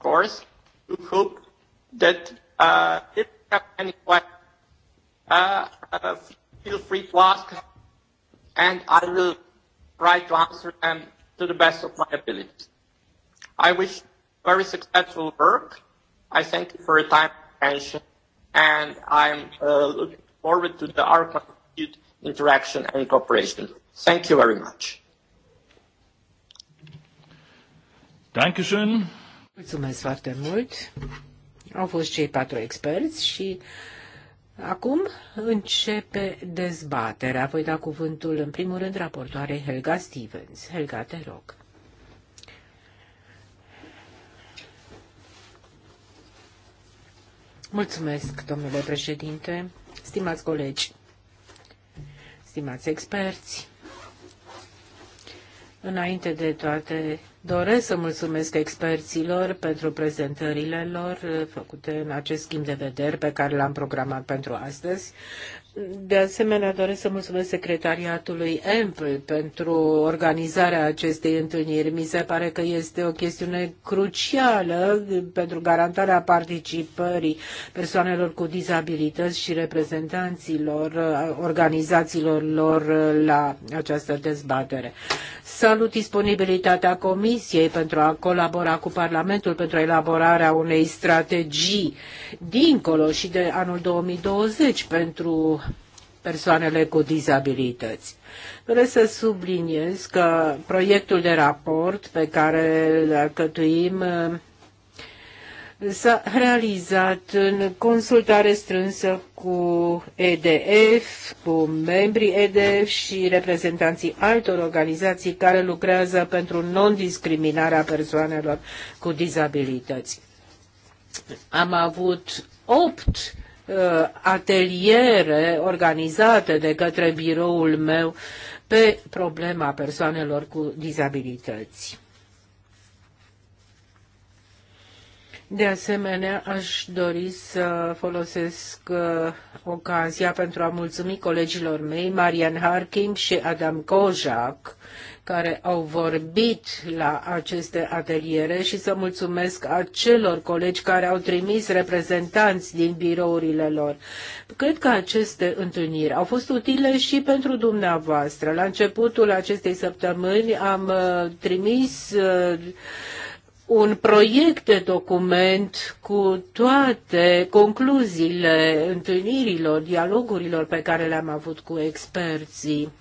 S3: course, we hope that uh, if you have any questions, uh, uh, feel free to ask, and I will try to answer them to the best of my abilities. I wish very successful work. I thank you for your time and attention, and I'm uh, looking forward to the our continued interaction and cooperation. Thank you very much.
S2: Dankeschön. Mulțumesc foarte mult. Au fost cei patru experți și acum începe dezbaterea. Voi da cuvântul în primul rând raportoarei Helga Stevens. Helga, te rog. Mulțumesc, domnule președinte, stimați colegi, stimați experți. Înainte de toate, Doresc să mulțumesc experților pentru prezentările lor eh, făcute în acest schimb de vederi pe care l-am programat pentru astăzi. De asemenea, doresc să mulțumesc secretariatului EMPL pentru organizarea acestei întâlniri. Mi se pare că este o chestiune crucială pentru garantarea participării persoanelor cu dizabilități și reprezentanților eh, organizațiilor lor eh, la această dezbatere. Salut disponibilitatea Comisiei Comisiei pentru a colabora cu Parlamentul pentru elaborarea unei strategii dincolo și de anul 2020 pentru persoanele cu dizabilități. Vreau să subliniez că proiectul de raport pe care îl cătuim s-a realizat în consultare strânsă cu EDF, cu membrii EDF și reprezentanții altor organizații care lucrează pentru non-discriminarea persoanelor cu dizabilități. Am avut opt uh, ateliere organizate de către biroul meu pe problema persoanelor cu dizabilități. De asemenea, aș dori să folosesc uh, ocazia pentru a mulțumi colegilor mei, Marian Harkin și Adam Kojak, care au vorbit la aceste ateliere și să mulțumesc acelor colegi care au trimis reprezentanți din birourile lor. Cred că aceste întâlniri au fost utile și pentru dumneavoastră. La începutul acestei săptămâni am uh, trimis uh, un proiect de document cu toate concluziile întâlnirilor, dialogurilor pe care le-am avut cu experții.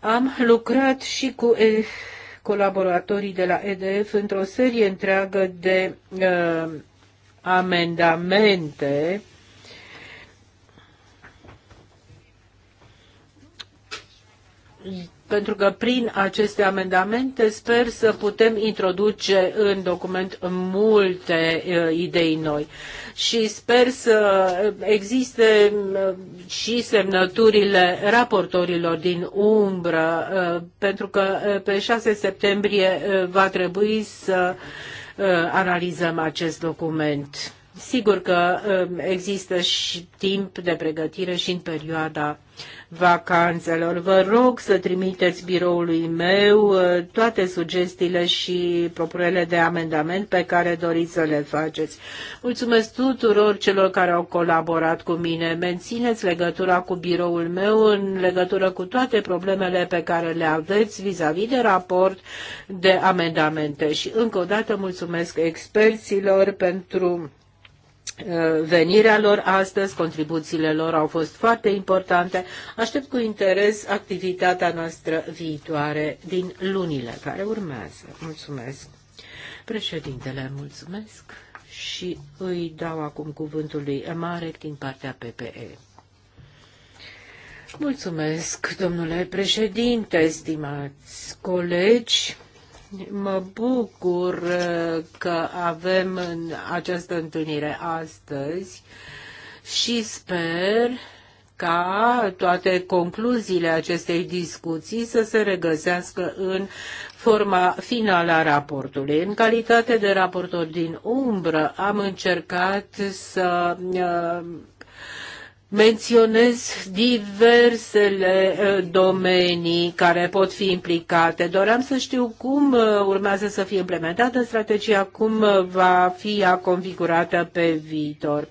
S2: Am lucrat și cu eh, colaboratorii de la EDF într-o serie întreagă de uh, amendamente pentru că prin aceste amendamente sper să putem introduce în document multe uh, idei noi. Și sper să existe uh, și semnăturile raportorilor din umbră, uh, pentru că pe 6 septembrie va trebui să analizăm acest document. Sigur că există și timp de pregătire și în perioada vacanțelor. Vă rog să trimiteți biroului meu uh, toate sugestiile și propunerile de amendament pe care doriți să le faceți. Mulțumesc tuturor celor care au colaborat cu mine. Mențineți legătura cu biroul meu în legătură cu toate problemele pe care le aveți vis-a-vis -vis de raport de amendamente. Și încă o dată mulțumesc experților pentru Eh, venirea lor astăzi, contribuțiile lor au fost foarte importante. Aștept cu interes activitatea noastră viitoare din lunile care urmează. Mulțumesc. Președintele, mulțumesc și îi dau acum cuvântul lui Marek din partea PPE. Mulțumesc, domnule președinte, stimați colegi. Mă bucur uh, că avem această întâlnire astăzi și sper ca toate concluziile acestei discuții să se regăsească în forma finală a raportului. În calitate de raportor din umbră am încercat să uh, menționez diversele domenii care pot fi implicate. Doream să știu cum urmează să fie implementată strategia, cum va fi ea configurată pe viitor.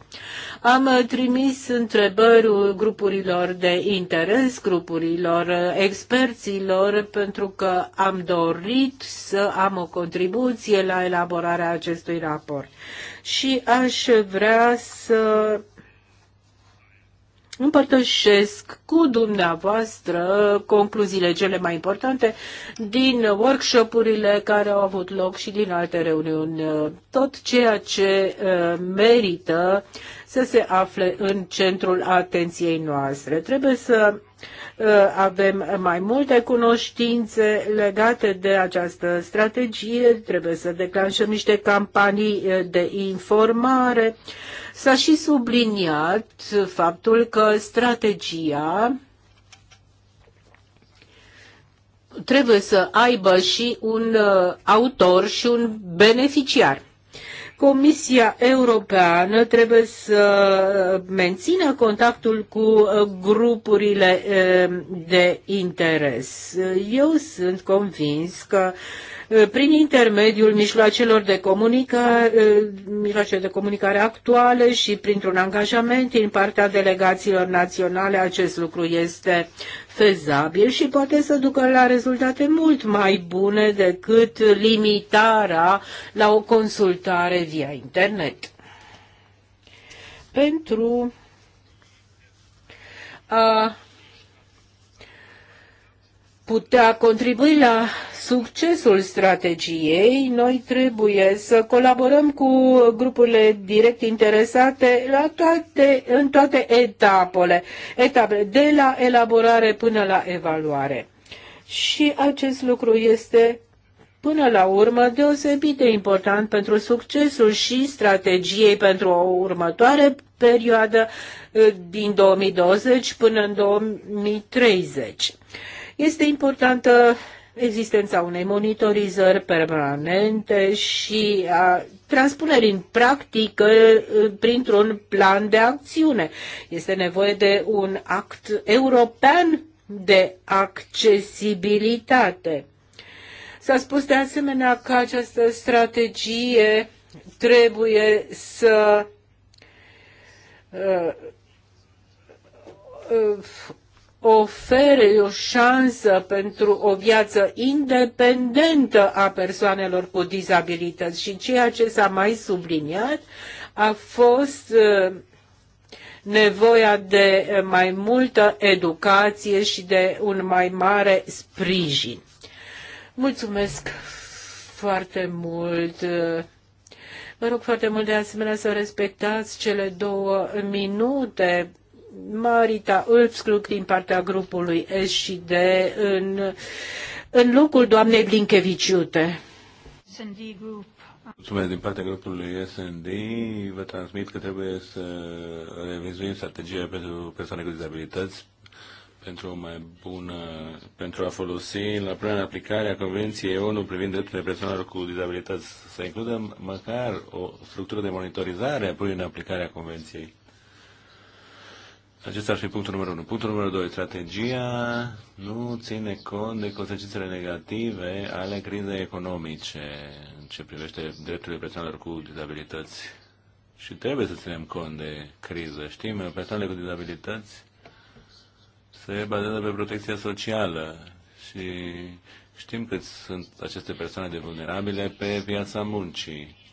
S2: Am trimis întrebări grupurilor de interes, grupurilor experților, pentru că am dorit să am o contribuție la elaborarea acestui raport. Și aș vrea să împărtășesc cu dumneavoastră concluziile cele mai importante din workshopurile care au avut loc și din alte reuniuni. Tot ceea ce uh, merită să se afle în centrul atenției noastre. Trebuie să uh, avem mai multe cunoștințe legate de această strategie, trebuie să declanșăm niște campanii uh, de informare S-a și subliniat faptul că strategia trebuie să aibă și un uh, autor și un beneficiar. Comisia Europeană trebuie să mențină contactul cu uh, grupurile uh, de interes. Eu sunt convins că Uh, prin intermediul mijloacelor de comunicare, uh, mijloacelor de comunicare actuale și printr-un angajament din partea delegațiilor naționale, acest lucru este fezabil și poate să ducă la rezultate mult mai bune decât limitarea la o consultare via internet. Pentru a putea contribui la succesul strategiei, noi trebuie să colaborăm cu grupurile direct interesate la toate, în toate etapele, etapele, de la elaborare până la evaluare. Și acest lucru este până la urmă deosebit de important pentru succesul și strategiei pentru o următoare perioadă eh, din 2020 până în 2030. Este importantă existența unei monitorizări permanente și a transpunerii în practică printr-un plan de acțiune. Este nevoie de un act european de accesibilitate. S-a spus de asemenea că această strategie trebuie să uh, uh, ofere o șansă pentru o viață independentă a persoanelor cu dizabilități. Și ceea ce s-a mai subliniat a fost uh, nevoia de mai multă educație și de un mai mare sprijin. Mulțumesc foarte mult. Vă rog foarte mult de asemenea să respectați cele două minute Marita Ulfsclug din partea grupului S și D în, în locul doamnei Blinkeviciute.
S1: Mulțumesc din partea grupului S&D. Vă transmit că trebuie să revizuim strategia pentru persoane cu dizabilități pentru o mai bună, pentru a folosi la plenă aplicare a Convenției ONU privind drepturile persoanelor cu dizabilități, să includem măcar o structură de monitorizare a punerii în aplicare a Convenției. Acesta ar fi punctul numărul 1. Punctul numărul 2. Strategia nu ține cont de consecințele negative ale crizei economice în ce privește drepturile persoanelor cu dizabilități. Și trebuie să ținem cont de criză. Știm, persoanele cu dizabilități se bazează pe protecția socială și știm că sunt aceste persoane de vulnerabile pe piața muncii.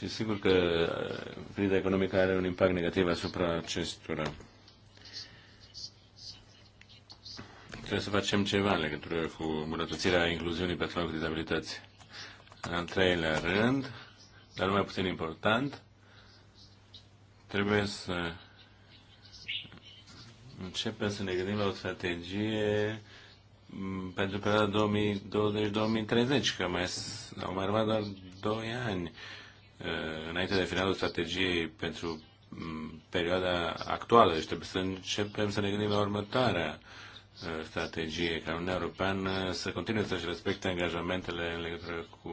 S1: Și sigur că uh, criza economică are un impact negativ asupra acestora. Trebuie să facem ceva în legătură cu îmbunătățirea incluziunii pe cu dizabilități. În treilea rând, dar nu mai puțin important, trebuie să începem să ne gândim la o strategie mm, pentru perioada 2020-2030, că mai, au mai rămas doar 2 ani. Uh, înainte de finalul strategiei pentru mm, perioada actuală. Deci trebuie să începem să ne gândim la următoarea uh, strategie, ca Uniunea Europeană să continue să-și respecte angajamentele în legătură cu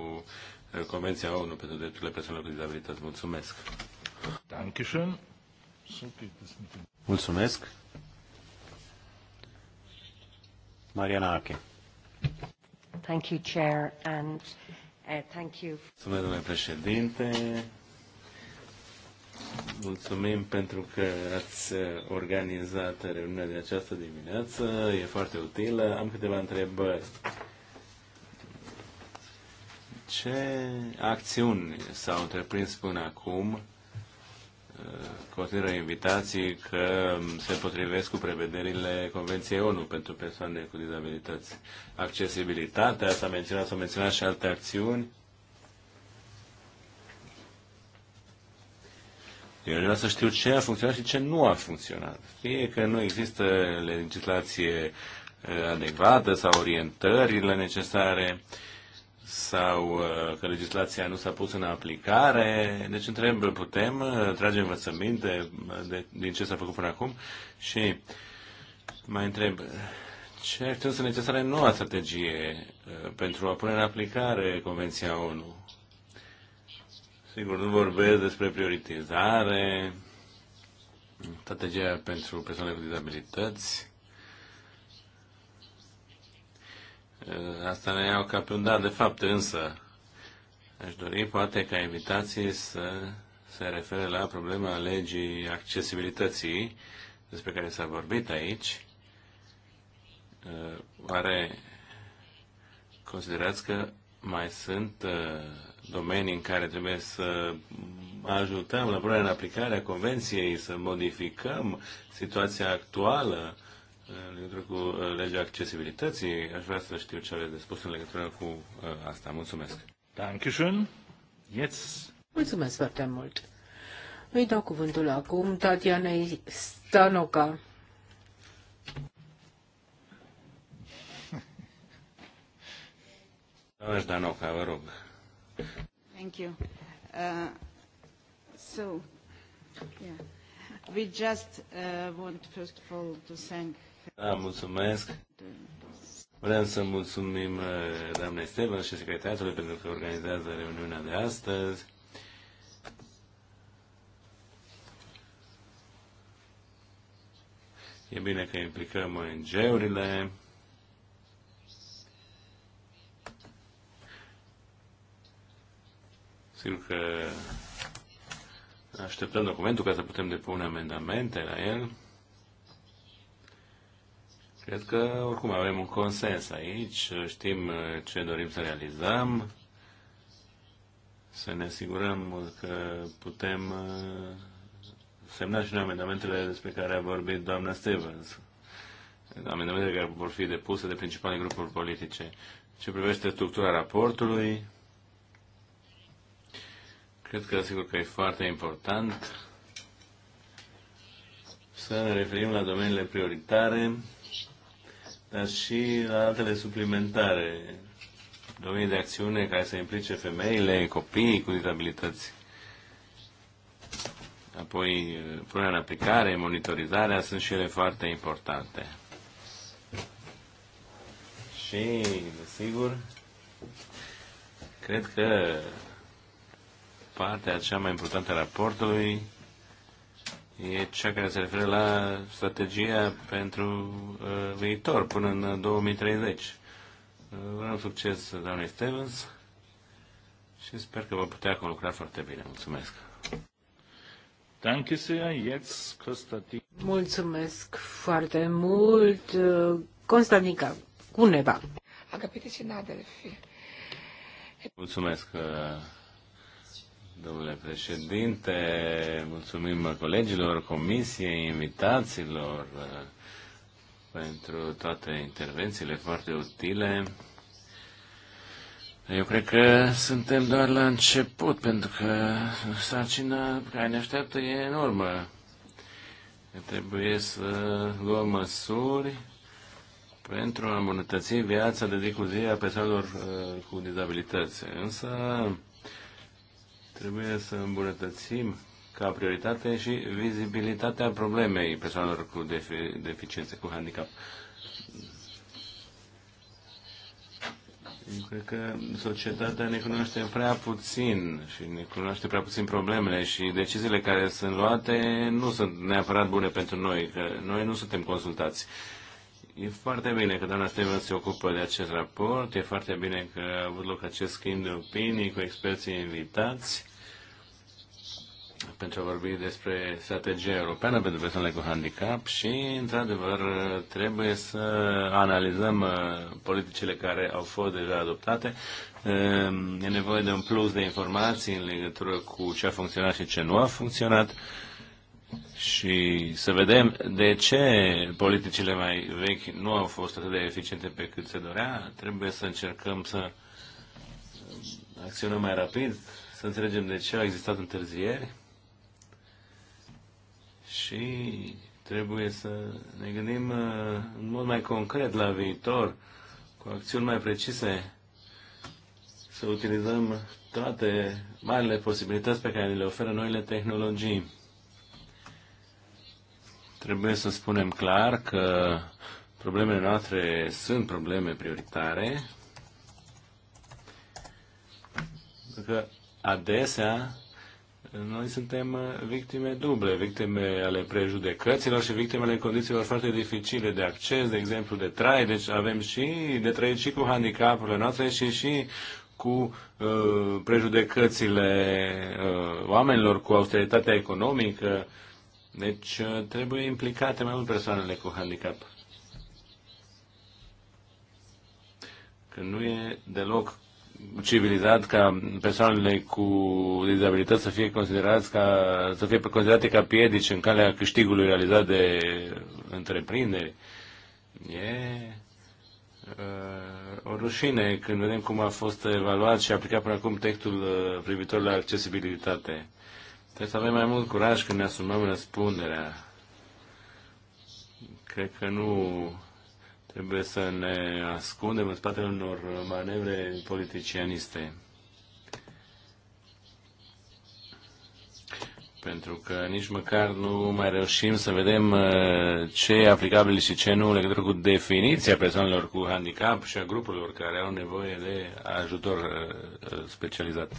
S1: uh, Convenția ONU pentru drepturile persoanelor cu dizabilități. Mulțumesc!
S4: Mulțumesc! Mariana Ache.
S2: Thank you, Chair, and Eh, thank you.
S1: Mulțumesc, domnule președinte. Mulțumim pentru că ați organizat reuniunea de această dimineață. E foarte utilă. Am câteva întrebări. Ce acțiuni s-au întreprins până acum consideră invitații că se potrivesc cu prevederile Convenției ONU pentru persoane cu dizabilități. Accesibilitatea, s-a menționat, s a menționat și alte acțiuni. Eu vreau să știu ce a funcționat și ce nu a funcționat. Fie că nu există legislație eh, adecvată sau orientările necesare, uh, sau uh, că legislația nu s-a pus în aplicare. Deci întreb, putem uh, trage învățăminte uh, de, din ce s-a făcut până acum? Și mai întreb, ce acțiuni sunt necesare în noua strategie pentru a pune în aplicare Convenția ONU? Sigur, nu vorbesc despre prioritizare, strategia pentru persoanele cu dizabilități, Asta ne iau ca pe un dat de fapt, însă aș dori poate ca invitații să se refere la problema legii accesibilității despre care s-a vorbit aici. Uh, oare considerați că mai sunt uh, domenii în care trebuie să ajutăm la punerea în aplicare a Convenției, să modificăm situația actuală în legătură cu uh, legea accesibilității, aș vrea să știu ce aveți de spus în legătură cu uh, asta. Mulțumesc. Dankeschön. Jetzt.
S2: Mulțumesc foarte mult. Îi dau cuvântul acum Tatianei Stanoca.
S1: Doamna Stanoca, vă rog.
S2: Thank you. Uh, so, yeah. We just uh, want first of all to thank da,
S1: mulțumesc. Vreau să mulțumim eh, doamne Esteban și secretariatului pentru că organizează reuniunea de astăzi. E bine că implicăm ONG-urile. Sigur că așteptăm documentul ca să putem depune amendamente la el. Cred că oricum avem un consens aici, știm uh, ce dorim să realizăm, să ne asigurăm că putem uh, semna și noi amendamentele despre care a vorbit doamna Stevens, amendamentele care vor fi depuse de principale grupuri politice. Ce privește structura raportului, cred că sigur că e foarte important să ne referim la domeniile prioritare dar și la altele suplimentare, domenii de acțiune care să implice femeile, copiii cu dizabilități. Apoi, eh, punerea în aplicare, monitorizarea sunt și ele foarte importante. Și, desigur, cred că partea cea mai importantă a raportului e cea care se referă la strategia pentru uh, viitor până în 2030. Uh, uh, vreau succes, doamne Stevens, și sper că vă putea lucra foarte bine. Mulțumesc!
S2: Mulțumesc foarte mult, uh, Constantica cu neva. și
S1: Mulțumesc, uh, domnule președinte, mulțumim colegilor, comisiei, invitațiilor uh, pentru toate intervențiile foarte utile. Eu cred că suntem doar la început, pentru că sarcina care ne așteaptă e enormă. Trebuie să luăm măsuri pentru a îmbunătăți viața de zi cu zi a persoanelor uh, cu dizabilități. Însă, Trebuie să îmbunătățim ca prioritate și vizibilitatea problemei persoanelor cu deficiențe, cu handicap. Eu cred că societatea ne cunoaște prea puțin și ne cunoaște prea puțin problemele și deciziile care sunt luate nu sunt neapărat bune pentru noi, că noi nu suntem consultați. Uh, E foarte bine că doamna Steven se ocupă de acest raport, e foarte bine că a avut loc acest schimb de opinii cu experții invitați pentru a vorbi despre strategia europeană pentru persoanele cu handicap și, într-adevăr, trebuie să analizăm uh, politicile care au fost deja adoptate. Uh, e nevoie de un plus de informații în legătură cu ce a funcționat și ce nu a funcționat și să vedem de ce politicile mai vechi nu au fost atât de eficiente pe cât se dorea. Trebuie să încercăm să acționăm mai rapid, să înțelegem de ce au existat întârzieri și trebuie să ne gândim uh, în mod mai concret la viitor, cu acțiuni mai precise, să utilizăm toate marile posibilități pe care le oferă noile tehnologii Trebuie să spunem clar că problemele noastre sunt probleme prioritare, că adesea noi suntem victime duble, victime ale prejudecăților și victime ale condițiilor foarte dificile de acces, de exemplu, de trai. Deci avem și de trăit și cu handicapurile noastre și și cu uh, prejudecățile uh, oamenilor, cu austeritatea economică, deci uh, trebuie implicate mai mult persoanele cu handicap. Că nu e deloc civilizat ca persoanele cu dizabilități să fie considerați ca, să fie considerate ca piedici în calea câștigului realizat de întreprinderi. E uh, o rușine când vedem cum a fost evaluat și aplicat până acum textul uh, privitor la accesibilitate. Trebuie să avem mai mult curaj când ne asumăm răspunderea. Cred că nu trebuie să ne ascundem în spatele unor manevre politicianiste. pentru că nici măcar nu mai reușim să vedem uh, ce e aplicabil și ce nu în legătură cu definiția persoanelor cu handicap și a grupurilor care au nevoie de ajutor uh, uh, specializat.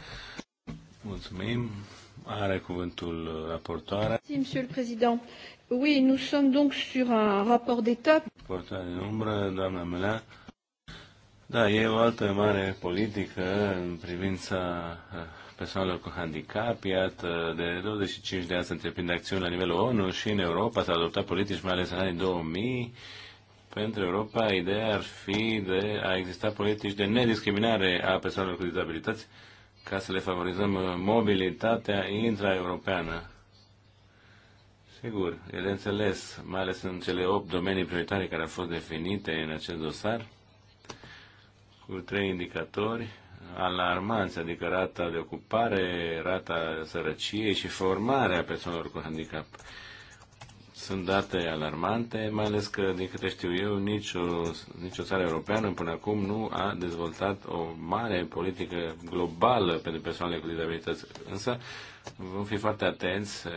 S1: Mulțumim. Are cuvântul raportoarea.
S2: Monsieur le Président. Oui, nous sommes donc sur un rapport d'étape.
S1: Raportoarea din umbră, doamna Melea. Da, e o altă mare politică în privința uh, persoanelor cu handicap. Iată, de 25 de ani se întreprinde acțiuni la nivelul ONU și în Europa s-au adoptat politici, mai ales în anii 2000. Pentru Europa, ideea ar fi de a exista politici de nediscriminare a persoanelor cu dizabilități ca să le favorizăm uh, mobilitatea intraeuropeană. Sigur, e de înțeles, mai ales în cele 8 domenii prioritare care au fost definite în acest dosar, cu trei indicatori alarmanți, adică rata de ocupare, rata sărăciei și formarea persoanelor cu handicap. Sunt date alarmante, mai ales că, din câte știu eu, nicio, nicio țară europeană până acum nu a dezvoltat o mare politică globală pentru persoanele cu dizabilități. Însă vom fi foarte atenți, eh,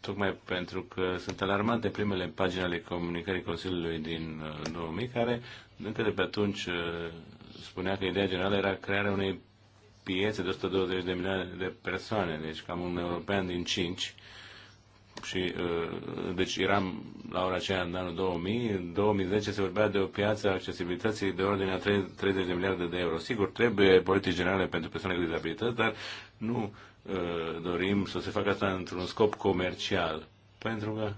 S1: tocmai pentru că sunt alarmante primele pagini ale comunicării Consiliului din 2000, eh, care încă de pe atunci eh, spunea că ideea generală era crearea unei piețe de 120 de milioane de persoane, deci cam un european din 5 și uh, deci eram la ora aceea în anul 2000, în 2010 se vorbea de o piață a accesibilității de ordinea 30 de miliarde de euro. Sigur, trebuie politici generale pentru persoanele cu dizabilități, dar nu uh, dorim să se facă asta într-un scop comercial, pentru că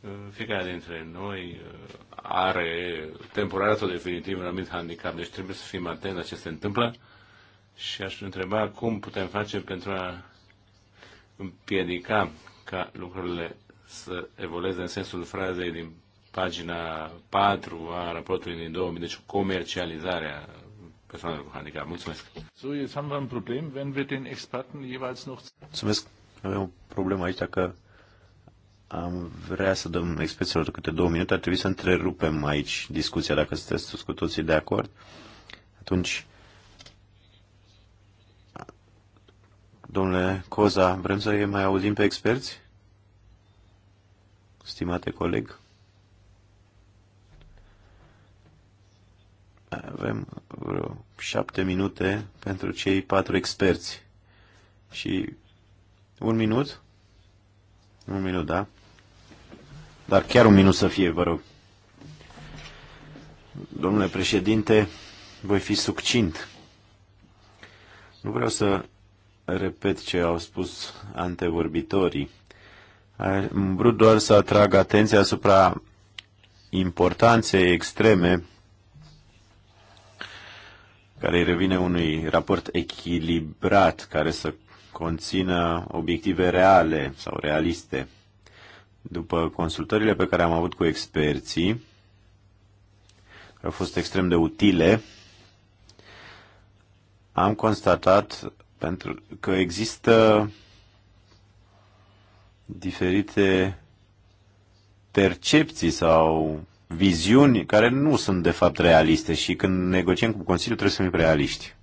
S1: uh, fiecare dintre noi are temporar sau definitiv un anumit handicap, deci trebuie să fim atenți la ce se întâmplă și aș întreba cum putem face pentru a împiedica ca lucrurile să evolueze în sensul frazei din pagina 4 a raportului din 2000, deci comercializarea persoanelor cu handicap. Mulțumesc. So, jetzt haben wir ein Problem, wenn wir den Experten jeweils noch...
S4: Mulțumesc. Avem o problemă aici, dacă am vrea să dăm experților câte două minute, ar trebui să întrerupem aici discuția, dacă sunteți cu toții de acord. Atunci, Domnule Coza, vrem să mai auzim pe experți? Stimate coleg? Avem vreo șapte minute pentru cei patru experți. Și un minut? Un minut, da? Dar chiar un minut să fie, vă rog. Domnule președinte, voi fi succint. Nu vreau să repet ce au spus antevorbitorii. Am vrut doar să atrag atenția asupra importanței extreme care îi revine unui raport echilibrat care să conțină obiective reale sau realiste. După consultările pe care am avut cu experții, care au fost extrem de utile, am constatat pentru că există diferite percepții sau viziuni care nu sunt de fapt realiste și când negociem cu Consiliul trebuie să fim realiști.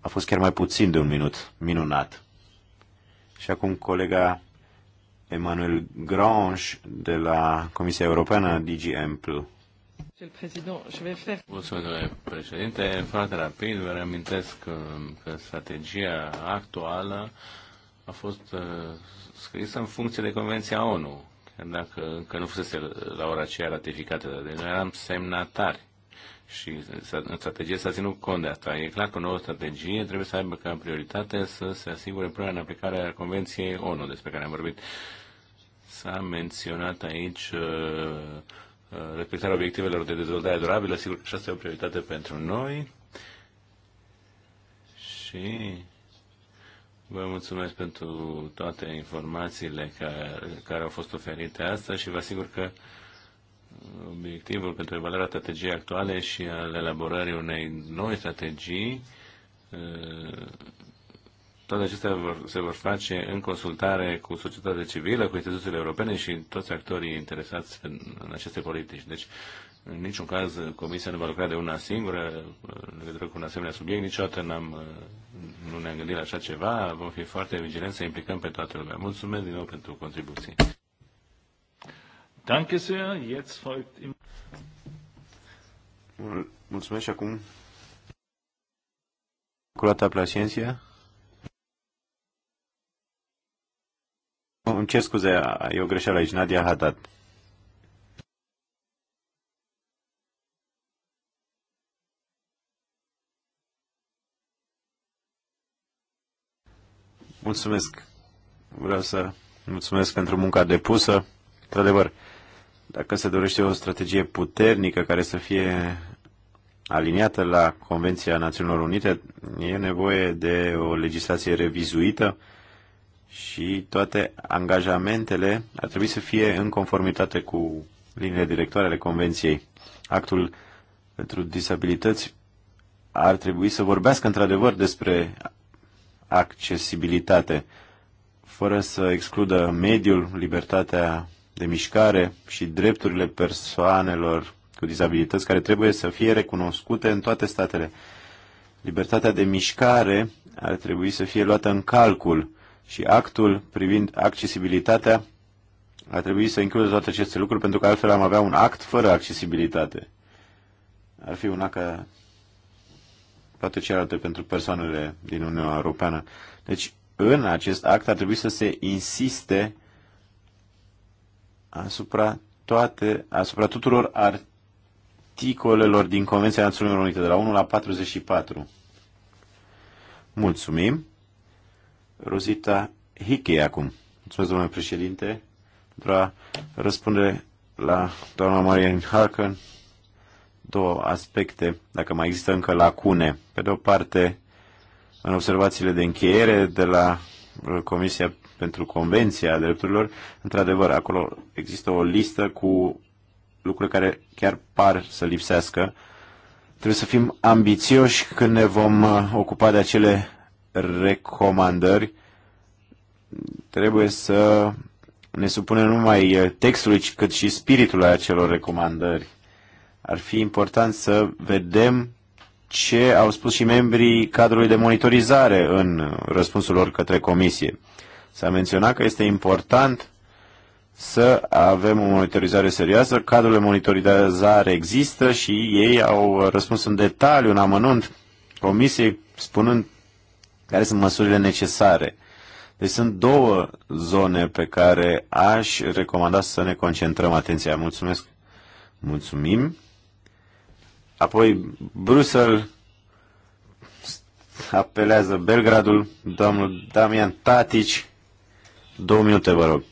S4: A fost chiar mai puțin de un minut. Minunat. Și acum colega Emmanuel Grange de la Comisia Europeană DG Ample.
S3: Mulțumesc,
S1: domnule președinte. Foarte rapid, vă reamintesc uh, că, strategia actuală a fost uh, scrisă în funcție de Convenția ONU, chiar dacă încă nu fusese la ora aceea ratificată, dar deja deci eram semnatari și în strategie s-a ținut cont de asta. E clar că o nouă strategie trebuie să aibă ca prioritate să se asigure până în aplicarea Convenției ONU despre care am vorbit. S-a menționat aici uh, Uh, respectarea obiectivelor de dezvoltare durabilă, sigur, și asta e o prioritate pentru noi. Și vă mulțumesc pentru toate informațiile care, care au fost oferite astăzi și vă asigur că obiectivul pentru evaluarea strategiei actuale și al elaborării unei noi strategii uh, toate acestea vor, se vor face în consultare cu societatea civilă, cu instituțiile europene și toți actorii interesați în, în aceste politici. Deci, în niciun caz, Comisia nu va lucra de una singură în legătură cu un asemenea subiect. Niciodată n-am, nu ne-am gândit la așa ceva. Vom fi foarte vigilenți să implicăm pe toată lumea. Mulțumesc din nou pentru contribuții. Danke sehr. Jetzt folgt im... Mulțumesc acum.
S4: Curata Plasencia. Îmi cer scuze, e o greșeală aici, Nadia Haddad.
S1: Mulțumesc. Vreau să
S4: mulțumesc pentru munca depusă. Într-adevăr, dacă se dorește o strategie puternică care să fie aliniată la Convenția Națiunilor Unite, e nevoie de o legislație revizuită și toate angajamentele ar trebui să fie în conformitate cu liniile directoare ale Convenției. Actul pentru disabilități ar trebui să vorbească într-adevăr despre accesibilitate, fără să excludă mediul, libertatea de mișcare și drepturile persoanelor cu dizabilități care trebuie să fie recunoscute în toate statele. Libertatea de mișcare ar trebui să fie luată în calcul și actul privind accesibilitatea ar trebui să includă toate aceste lucruri, pentru că altfel am avea un act fără accesibilitate. Ar fi un act ca toate celelalte pentru persoanele din Uniunea Europeană. Deci, în acest act ar trebui să se insiste asupra, toate, asupra tuturor articolelor din Convenția Națiunilor Unite, de la 1 la 44. Mulțumim! Rosita Hickey acum. Mulțumesc, domnule președinte, pentru a răspunde la doamna Marian Harkin două aspecte, dacă mai există încă lacune. Pe de o parte, în observațiile de încheiere de la Comisia pentru Convenția Drepturilor, într-adevăr, acolo există o listă cu lucruri care chiar par să lipsească. Trebuie să fim ambițioși când ne vom uh, ocupa de acele recomandări trebuie să ne supunem numai eh, textului, cât și spiritului acelor recomandări. Ar fi important să vedem ce au spus și membrii cadrului de monitorizare în răspunsul lor către comisie. S-a menționat că este important să avem o monitorizare serioasă, cadrul de monitorizare există și ei au răspuns în detaliu, în amănunt, comisiei, spunând care sunt măsurile necesare. Deci sunt două zone pe care aș recomanda să ne concentrăm atenția. Mulțumesc! Mulțumim! Apoi Bruxelles apelează Belgradul, domnul Damian Tatici. Două minute, vă rog.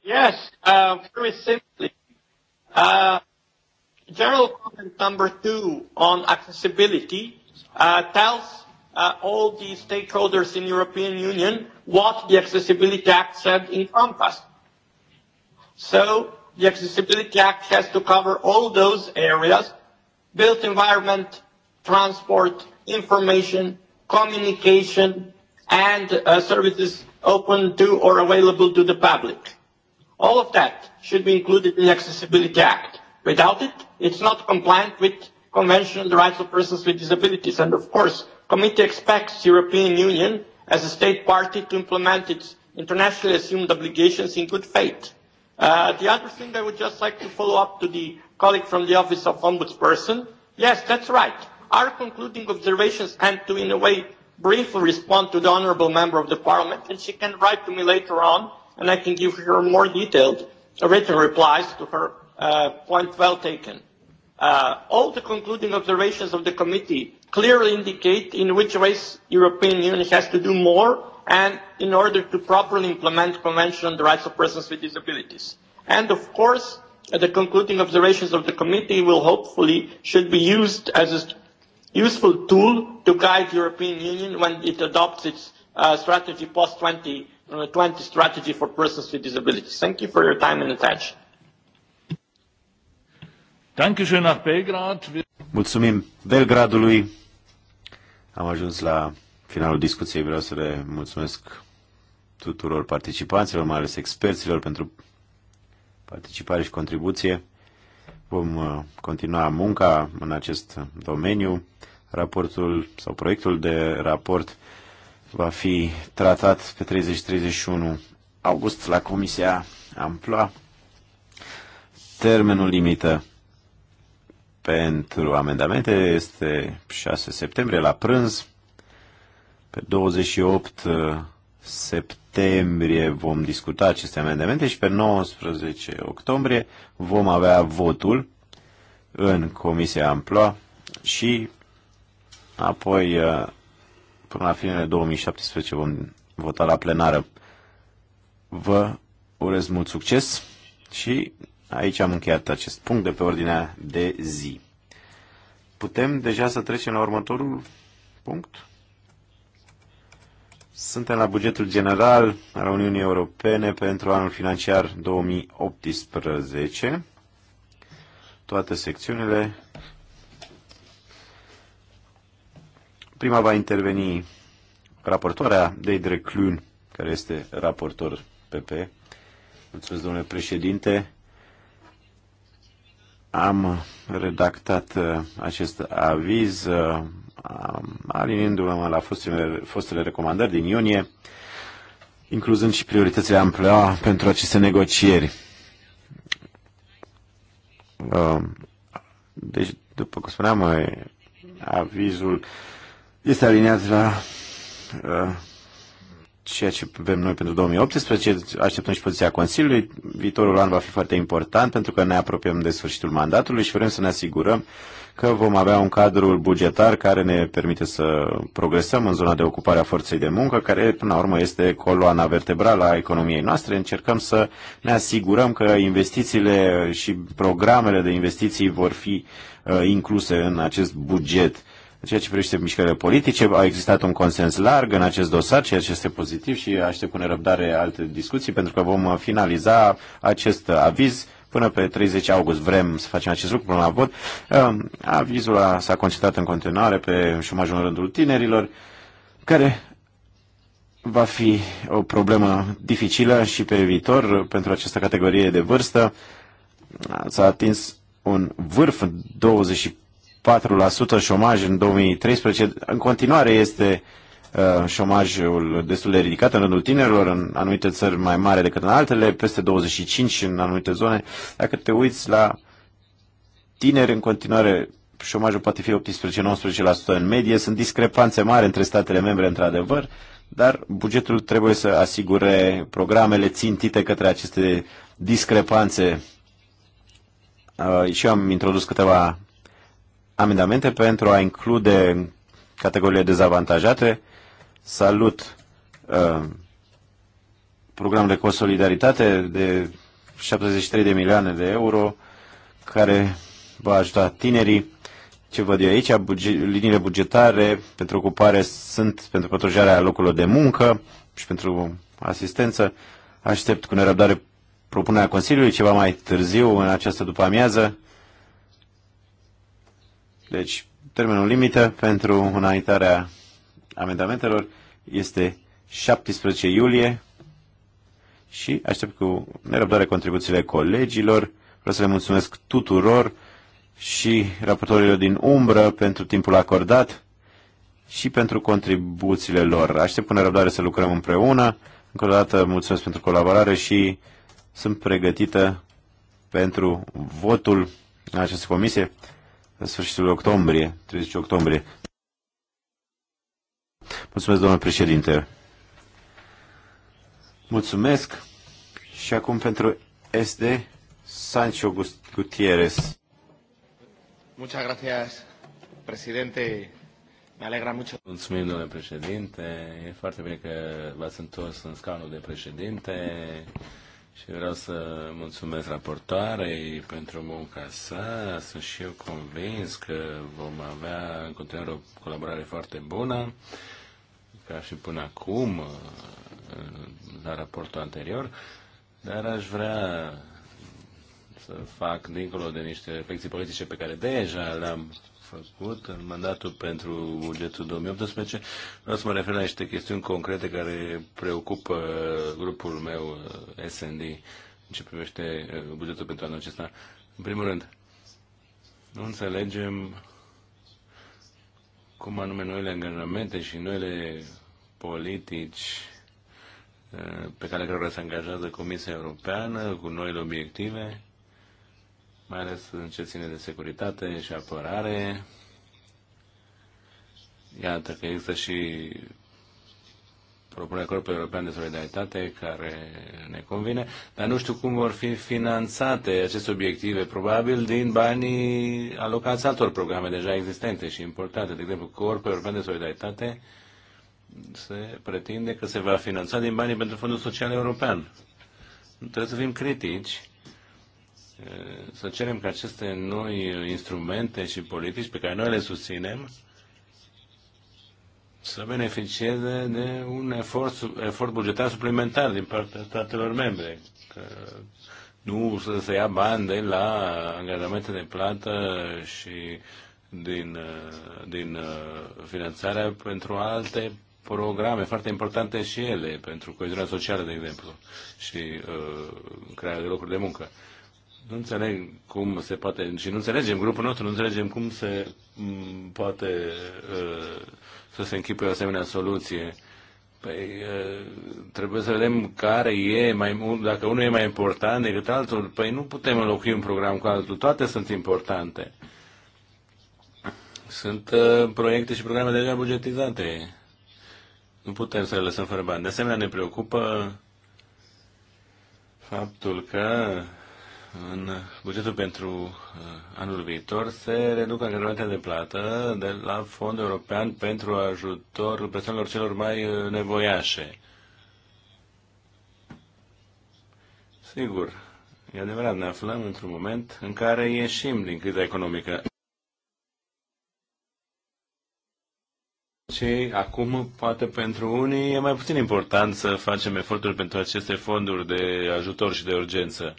S3: Yes, uh, very simply. Uh, general comment number two on accessibility uh, tells uh, all the stakeholders in European Union what the Accessibility Act said in compass. So the Accessibility Act has to cover all those areas, built environment, transport, information, communication, and uh, services open to or available to the public. All of that should be included in the Accessibility Act. Without it, it's not compliant with Convention on the Rights of Persons with Disabilities. And of course, committee expects the European Union as a state party to implement its internationally assumed obligations in good faith. Uh, the other thing I would just like to follow up to the colleague from the Office of Ombudsperson. Yes, that's right. Our concluding observations and to, in a way, briefly respond to the Honourable Member of the Parliament, and she can write to me later on, and I can give her more detailed written replies to her uh, point well taken. Uh, all the concluding observations of the committee clearly indicate in which ways European Union has to do more and in order to properly implement Convention on the Rights of Persons with Disabilities. And of course, the concluding observations of the committee will hopefully should be used as a useful tool to guide European Union when it adopts its uh, strategy post 2020 uh, strategy for persons with disabilities. Thank you for your time and attention.
S1: Dankeschön nach Belgrad.
S4: Mulțumim Belgradului. Am ajuns la finalul discuției. Vreau să le mulțumesc tuturor participanților, mai ales experților, pentru participare și contribuție. Vom uh, continua munca în acest domeniu. Raportul sau proiectul de raport va fi tratat pe 30-31 august la Comisia Ampla. Termenul limită pentru amendamente este 6 septembrie la prânz. Pe 28 uh, septembrie vom discuta aceste amendamente și pe 19 octombrie vom avea votul în Comisia Amploa și apoi uh, până la finele 2017 vom vota la plenară. Vă urez mult succes și Aici am încheiat acest punct de pe ordinea de zi. Putem deja să trecem la următorul punct? Suntem la bugetul general al Uniunii Europene pentru anul financiar 2018. Toate secțiunile. Prima va interveni raportoarea Deidre Clun, care este raportor PP. Mulțumesc, domnule președinte. Am redactat uh, acest aviz uh, alinindu mă la fostele, fostele recomandări din iunie, incluzând și prioritățile amplea pentru aceste negocieri. Um, deci, după cum spuneam, uh, avizul este aliniat la ceea ce avem noi pentru 2018, așteptăm și poziția Consiliului. Viitorul an va fi foarte important pentru că ne apropiem de sfârșitul mandatului și vrem să ne asigurăm că vom avea un cadru bugetar care ne permite să progresăm în zona de ocupare a forței de muncă, care până la urmă este coloana vertebrală a economiei noastre. Încercăm să ne asigurăm că investițiile și programele de investiții vor fi uh, incluse în acest buget în ceea ce privește mișcările politice, a existat un consens larg în acest dosar, ceea ce este pozitiv și aștept cu nerăbdare alte discuții, pentru că vom finaliza acest aviz până pe 30 august. Vrem să facem acest lucru până la vot. Ehm, avizul s-a concentrat în continuare pe șomajul în rândul tinerilor, care va fi o problemă dificilă și pe viitor pentru această categorie de vârstă. S-a atins un vârf, 24 4% șomaj în 2013. În continuare este uh, șomajul destul de ridicat în rândul tinerilor, în anumite țări mai mare decât în altele, peste 25 în anumite zone. Dacă te uiți la tineri, în continuare șomajul poate fi 18-19% în medie. Sunt discrepanțe mari între statele membre, într-adevăr, dar bugetul trebuie să asigure programele țintite către aceste discrepanțe. Uh, și eu am introdus câteva amendamente pentru a include categoriile dezavantajate. Salut uh, programul de consolidaritate de 73 de milioane de euro care va ajuta tinerii. Ce văd eu aici, buge, liniile bugetare pentru ocupare sunt pentru protejarea locurilor de muncă și pentru asistență. Aștept cu nerăbdare propunerea Consiliului ceva mai târziu în această după amiază deci, termenul limită pentru înaintarea amendamentelor este 17 iulie și aștept cu nerăbdare contribuțiile colegilor. Vreau să le mulțumesc tuturor și raportorilor din umbră pentru timpul acordat și pentru contribuțiile lor. Aștept cu nerăbdare să lucrăm împreună. Încă o dată mulțumesc pentru colaborare și sunt pregătită pentru votul în această comisie în sfârșitul octombrie, 30 octombrie. Mulțumesc, domnule președinte. Mulțumesc și acum pentru SD, Sancho Gutierrez.
S3: Muchas gracias, presidente. Me alegra mucho.
S1: Mulțumim, domnule președinte. E foarte bine că v-ați întors în scaunul de președinte și vreau să mulțumesc raportoarei pentru munca sa. Sunt și eu convins că vom avea în continuare o colaborare foarte bună, ca și până acum, la raportul anterior, dar aș vrea să fac, dincolo de niște reflexii politice pe care deja le-am făcut în mandatul pentru bugetul 2018. Vreau să mă refer la niște chestiuni concrete care preocupă grupul meu eh, SND în ce privește eh, bugetul pentru anul acesta. În primul rând, nu înțelegem cum anume noile angajamente și noile politici eh, pe care, le să angajează Comisia Europeană cu noile obiective mai ales în ce ține de securitate și apărare. Iată că există și propunerea Corpului European de Solidaritate care ne convine, dar nu știu cum vor fi finanțate aceste obiective, probabil din banii alocați altor programe deja existente și importante. De exemplu, Corpul European de Solidaritate se pretinde că se va finanța din banii pentru Fondul Social European. Trebuie să fim critici să cerem ca aceste noi instrumente și politici pe care noi le susținem să beneficieze de un efort, efort bugetar suplimentar din partea statelor membre. Că nu să se ia bani de la angajamente de plată și din, din finanțarea pentru alte programe foarte importante și ele, pentru coeziunea socială, de exemplu, și uh, crearea de locuri de muncă. Uh, nu înțeleg cum se poate, și nu înțelegem, grupul nostru nu înțelegem cum se poate uh, să se închipă o asemenea soluție. Păi, uh, trebuie să vedem care e mai mult, dacă unul e mai important decât altul, păi nu putem înlocui un program cu altul, toate sunt importante. Sunt uh, proiecte și programe deja bugetizate. Nu putem să le lăsăm fără bani. De asemenea, ne preocupă faptul că în bugetul pentru uh, anul viitor se reduc angajamente de plată de la Fondul European pentru ajutorul persoanelor celor mai uh, nevoiașe. Sigur, e adevărat, ne aflăm într-un moment în care ieșim din criza economică. Și acum, poate pentru unii, e mai puțin important să facem eforturi pentru aceste fonduri de ajutor și de urgență.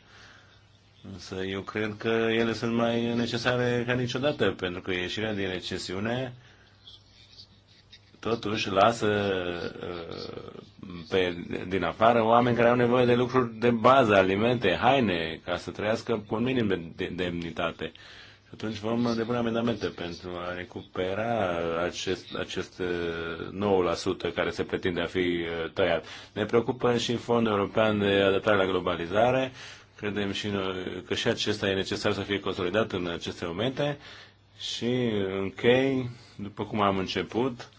S1: Însă eu cred că ele sunt mai necesare ca niciodată, pentru că ieșirea din recesiune totuși lasă uh, pe, din afară oameni care au nevoie de lucruri de bază, alimente, haine, ca să trăiască cu un minim de, demnitate. Și atunci vom depune amendamente pentru a recupera acest, acest 9% care se pretinde a fi uh, tăiat. Ne preocupă și Fondul European de Adaptare la Globalizare Credem și noi că și acesta e necesar să fie consolidat în aceste momente și închei, după cum am început,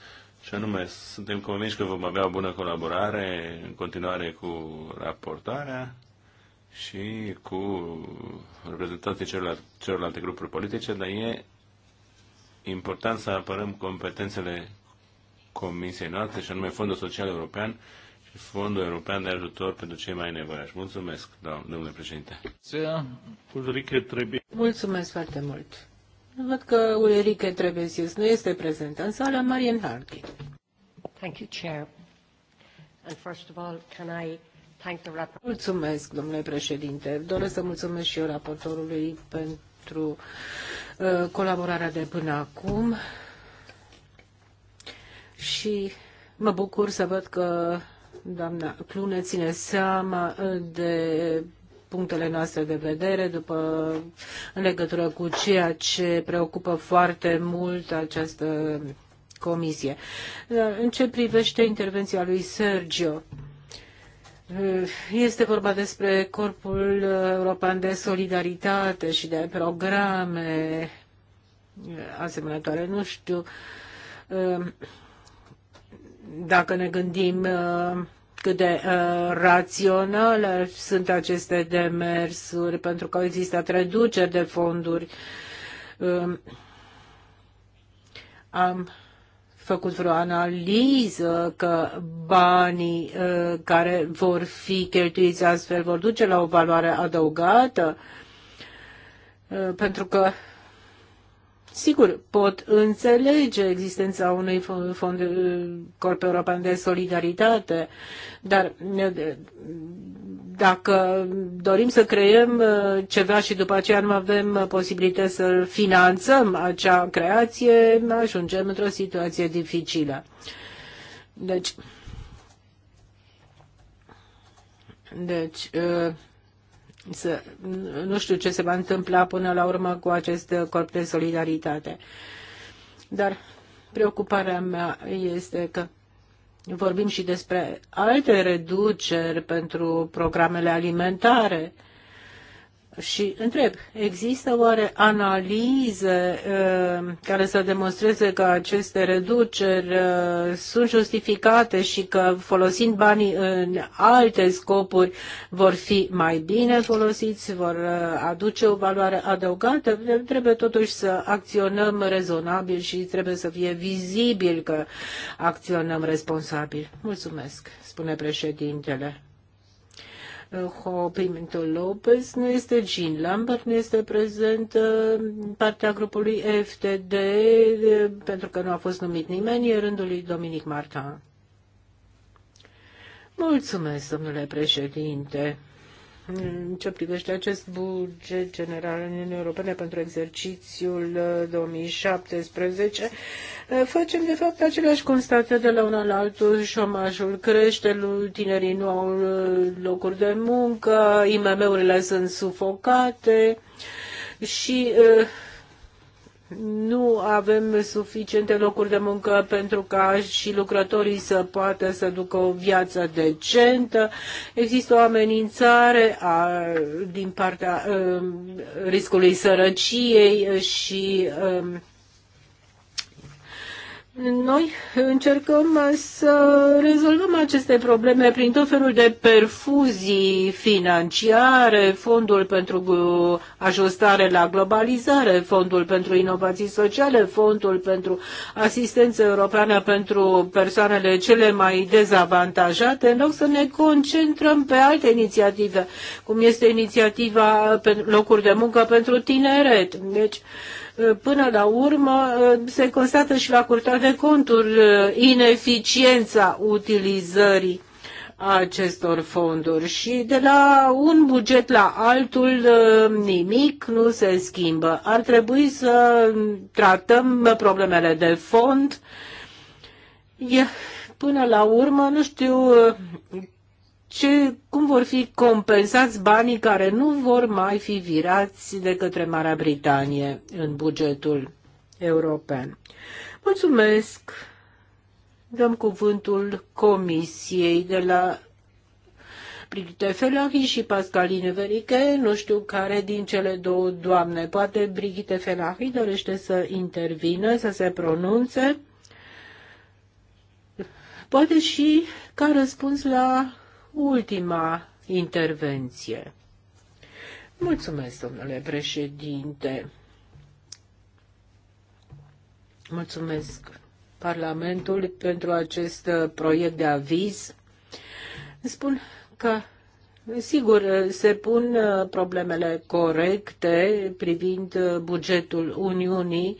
S1: și anume, suntem convinși că vom avea o bună colaborare în continuare cu raportarea și cu reprezentanții celorlalte, celorlalte grupuri politice, dar e important să apărăm competențele Comisiei noastre, și anume Fondul Social European, și Fondul European de Ajutor pentru cei mai nevoiași. Mulțumesc, da, domnule președinte.
S2: Mulțumesc foarte mult. Văd că Ulrike Trebesius nu este prezent în sală, Marian Harkin. Thank you, Chair. And first of all, can I thank the Mulțumesc, domnule președinte. Doresc să mulțumesc și eu raportorului pentru uh, colaborarea de până acum și mă bucur să văd că Doamna Clune ține seama uh, de punctele noastre de vedere după, în legătură cu ceea ce preocupă foarte mult această comisie. În ce privește intervenția lui Sergio, uh, este vorba despre Corpul European de Solidaritate și de programe uh, asemănătoare. Nu știu dacă ne gândim uh, cât de uh, raționale sunt aceste demersuri, pentru că au existat reduceri de fonduri. Um, am făcut vreo analiză că banii uh, care vor fi cheltuiți astfel vor duce la o valoare adăugată, uh, pentru că Sigur, pot înțelege existența unui fond eh, Corp European de Solidaritate, dar eh, dacă dorim să creăm eh, ceva și după aceea nu avem posibilități să finanțăm acea creație, ajungem într-o situație dificilă. Deci, deci să, nu știu ce se va întâmpla până la urmă cu acest corp de solidaritate. Dar preocuparea mea este că vorbim și despre alte reduceri pentru programele alimentare. Uh, și întreb, există oare analize uh, care să demonstreze că aceste reduceri uh, sunt justificate și că folosind banii în alte scopuri vor fi mai bine folosiți, vor uh, aduce o valoare adăugată? Trebuie totuși să acționăm rezonabil și trebuie să fie vizibil că acționăm responsabil. Mulțumesc, spune președintele. Jo Pimento Lopez nu este, Jean Lambert nu este prezent, uh, partea grupului FTD, uh, pentru că nu a fost numit nimeni, e rândul lui Dominic Marta. Mulțumesc, domnule președinte în ce privește acest buget general în Uniunea Europene pentru exercițiul 2017, uh, uh, facem de fapt aceleași constatări de la un la altul. Șomajul crește, tinerii nu au uh, locuri de muncă, IMM-urile sunt sufocate și uh, nu avem suficiente locuri de muncă pentru ca și lucrătorii să poată să ducă o viață decentă. Există o amenințare a, din partea a, um, riscului sărăciei și a, um, noi încercăm să rezolvăm aceste probleme prin tot felul de perfuzii financiare, fondul pentru ajustare la globalizare, fondul pentru inovații sociale, fondul pentru asistență europeană pentru persoanele cele mai dezavantajate, în loc să ne concentrăm pe alte inițiative, cum este inițiativa locuri de muncă pentru tineret. Deci, până la urmă uh, se constată și la Curtea de Conturi uh, ineficiența utilizării acestor fonduri și de la un buget la altul uh, nimic nu se schimbă. Ar trebui să tratăm problemele de fond. Până la urmă, nu știu ce, cum vor fi compensați banii care nu vor mai fi virați de către Marea Britanie în bugetul european. Mulțumesc! Dăm cuvântul Comisiei de la Brigitte Felahi și Pascaline Verică. nu știu care din cele două doamne. Poate Brigitte Felahi dorește să intervină, să se pronunțe. Poate și ca răspuns la ultima intervenție. Mulțumesc, domnule președinte. Mulțumesc Parlamentul pentru acest uh, proiect de aviz. Spun că Sigur, uh, se pun uh, problemele corecte privind bugetul Uniunii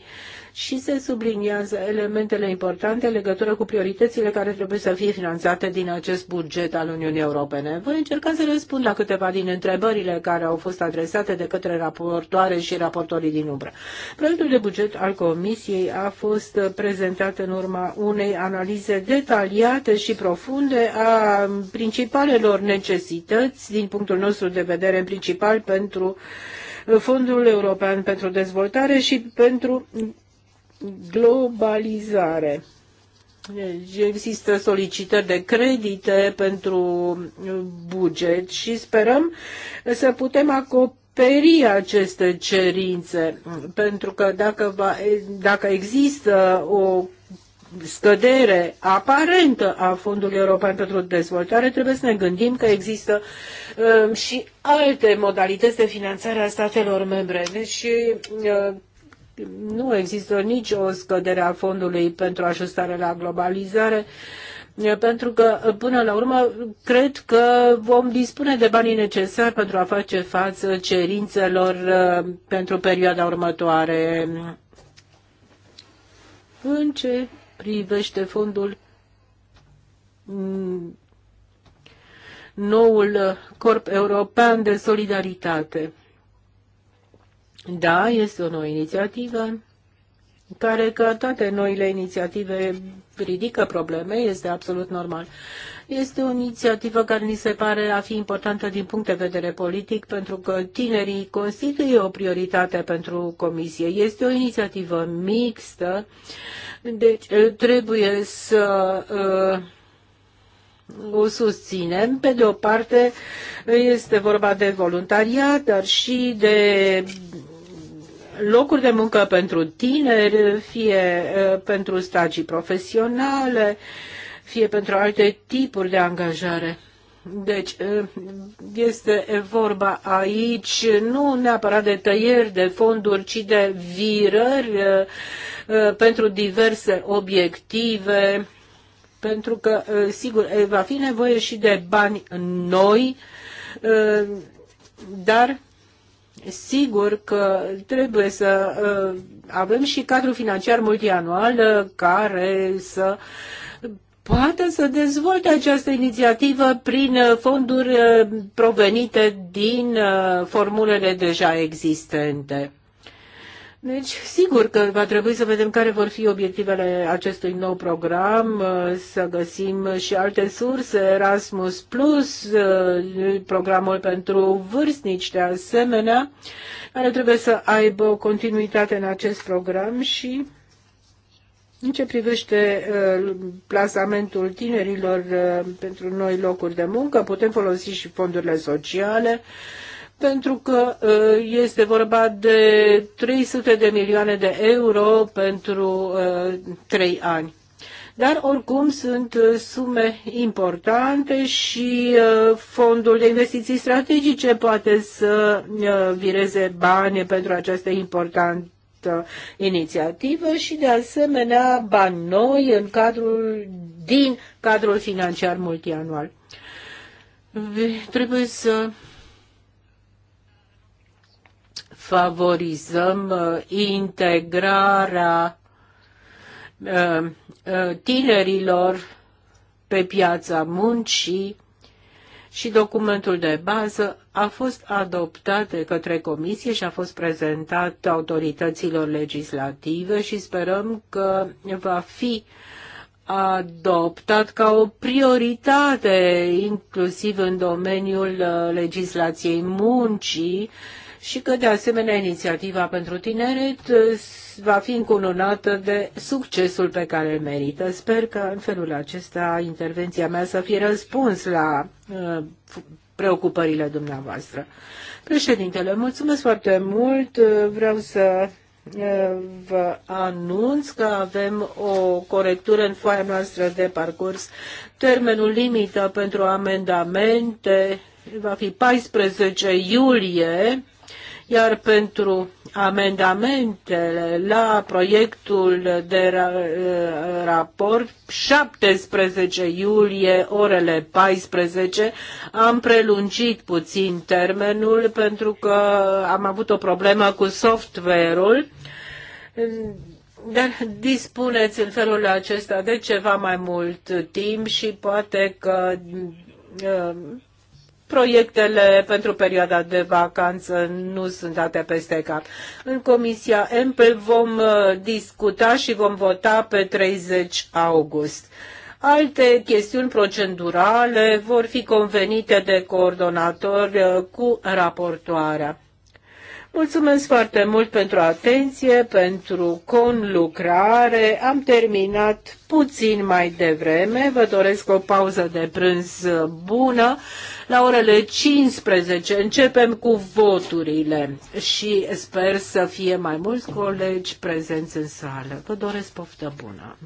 S2: și se subliniază elementele importante în legătură cu prioritățile care trebuie să fie finanțate din acest buget al Uniunii Europene. Voi încerca să răspund la câteva din întrebările care au fost adresate de către raportoare și raportorii din umbră. Proiectul de buget al Comisiei a fost prezentat în urma unei analize detaliate și profunde a principalelor necesități din punctul nostru de vedere, în principal pentru Fondul European pentru Dezvoltare și pentru globalizare. Deci există solicitări de credite pentru buget și sperăm să putem acoperi acoperi aceste cerințe, pentru că dacă, va, dacă există o scădere aparentă a Fondului European pentru Dezvoltare, trebuie să ne gândim că există um, și alte modalități de finanțare a statelor membre. Deci uh, nu există nicio scădere a fondului pentru ajustare la globalizare, pentru că, până la urmă, cred că vom dispune de banii necesari pentru a face față cerințelor uh, pentru perioada următoare. În ce privește fondul mm, noul Corp European de Solidaritate. Da, este o nouă inițiativă care, ca toate noile inițiative, ridică probleme, este absolut normal. Este o inițiativă care ni se pare a fi importantă din punct de vedere politic, pentru că tinerii constituie o prioritate pentru Comisie. Este o inițiativă mixtă, deci eh, trebuie să uh, o susținem. Pe de o parte, este vorba de voluntariat, dar și de locuri de muncă pentru tineri, fie pentru stagii profesionale, fie pentru alte tipuri de angajare. Deci este vorba aici nu neapărat de tăieri de fonduri, ci de virări pentru diverse obiective, pentru că, sigur, va fi nevoie și de bani noi, dar Sigur că trebuie să uh, avem și cadrul financiar multianual uh, care să poată să dezvolte această inițiativă prin uh, fonduri provenite din formulele deja existente. Deci, sigur că va trebui să vedem care vor fi obiectivele acestui nou program, uh, să găsim și alte surse, Erasmus Plus, uh, programul pentru vârstnici de asemenea, care trebuie să aibă o continuitate în acest program și în ce privește uh, plasamentul tinerilor pentru noi locuri de muncă, putem folosi și fondurile sociale, pentru că uh, este vorba de 300 de milioane de euro pentru 3 uh, ani. Dar oricum sunt uh, sume importante și fondul de investiții strategice poate să vireze bani pentru această importantă inițiativă și de asemenea bani noi în cadrul, din cadrul financiar multianual. Trebuie să favorizăm uh, integrarea uh, uh, tinerilor pe piața muncii și documentul de bază a fost adoptat de către comisie și a fost prezentat autorităților legislative și sperăm că va fi adoptat ca o prioritate, inclusiv în domeniul legislației muncii și că, de asemenea, inițiativa pentru tineret uh, va fi încununată de succesul pe care îl merită. Sper că, în felul acesta, intervenția mea să fie răspuns la uh, preocupările dumneavoastră. Președintele, mulțumesc foarte mult. Uh, vreau să uh, vă anunț că avem o corectură în foaia noastră de parcurs. Termenul limită pentru amendamente va fi 14 iulie iar pentru amendamentele la proiectul de ra- uh, raport, 17 iulie, orele 14, am prelungit puțin termenul pentru că am avut o problemă cu software-ul. Dar dispuneți în felul acesta de ceva mai mult timp și poate că uh, proiectele pentru perioada de vacanță nu sunt date peste cap. În Comisia Empel vom uh, discuta și vom vota pe 30 august. Alte chestiuni procedurale vor fi convenite de coordonatori uh, cu raportoarea. Mulțumesc foarte mult pentru atenție, pentru conlucrare. Am terminat puțin mai devreme. Vă doresc o pauză de prânz bună. La orele 15 începem cu voturile și sper să fie mai mulți colegi prezenți în sală. Vă doresc poftă bună!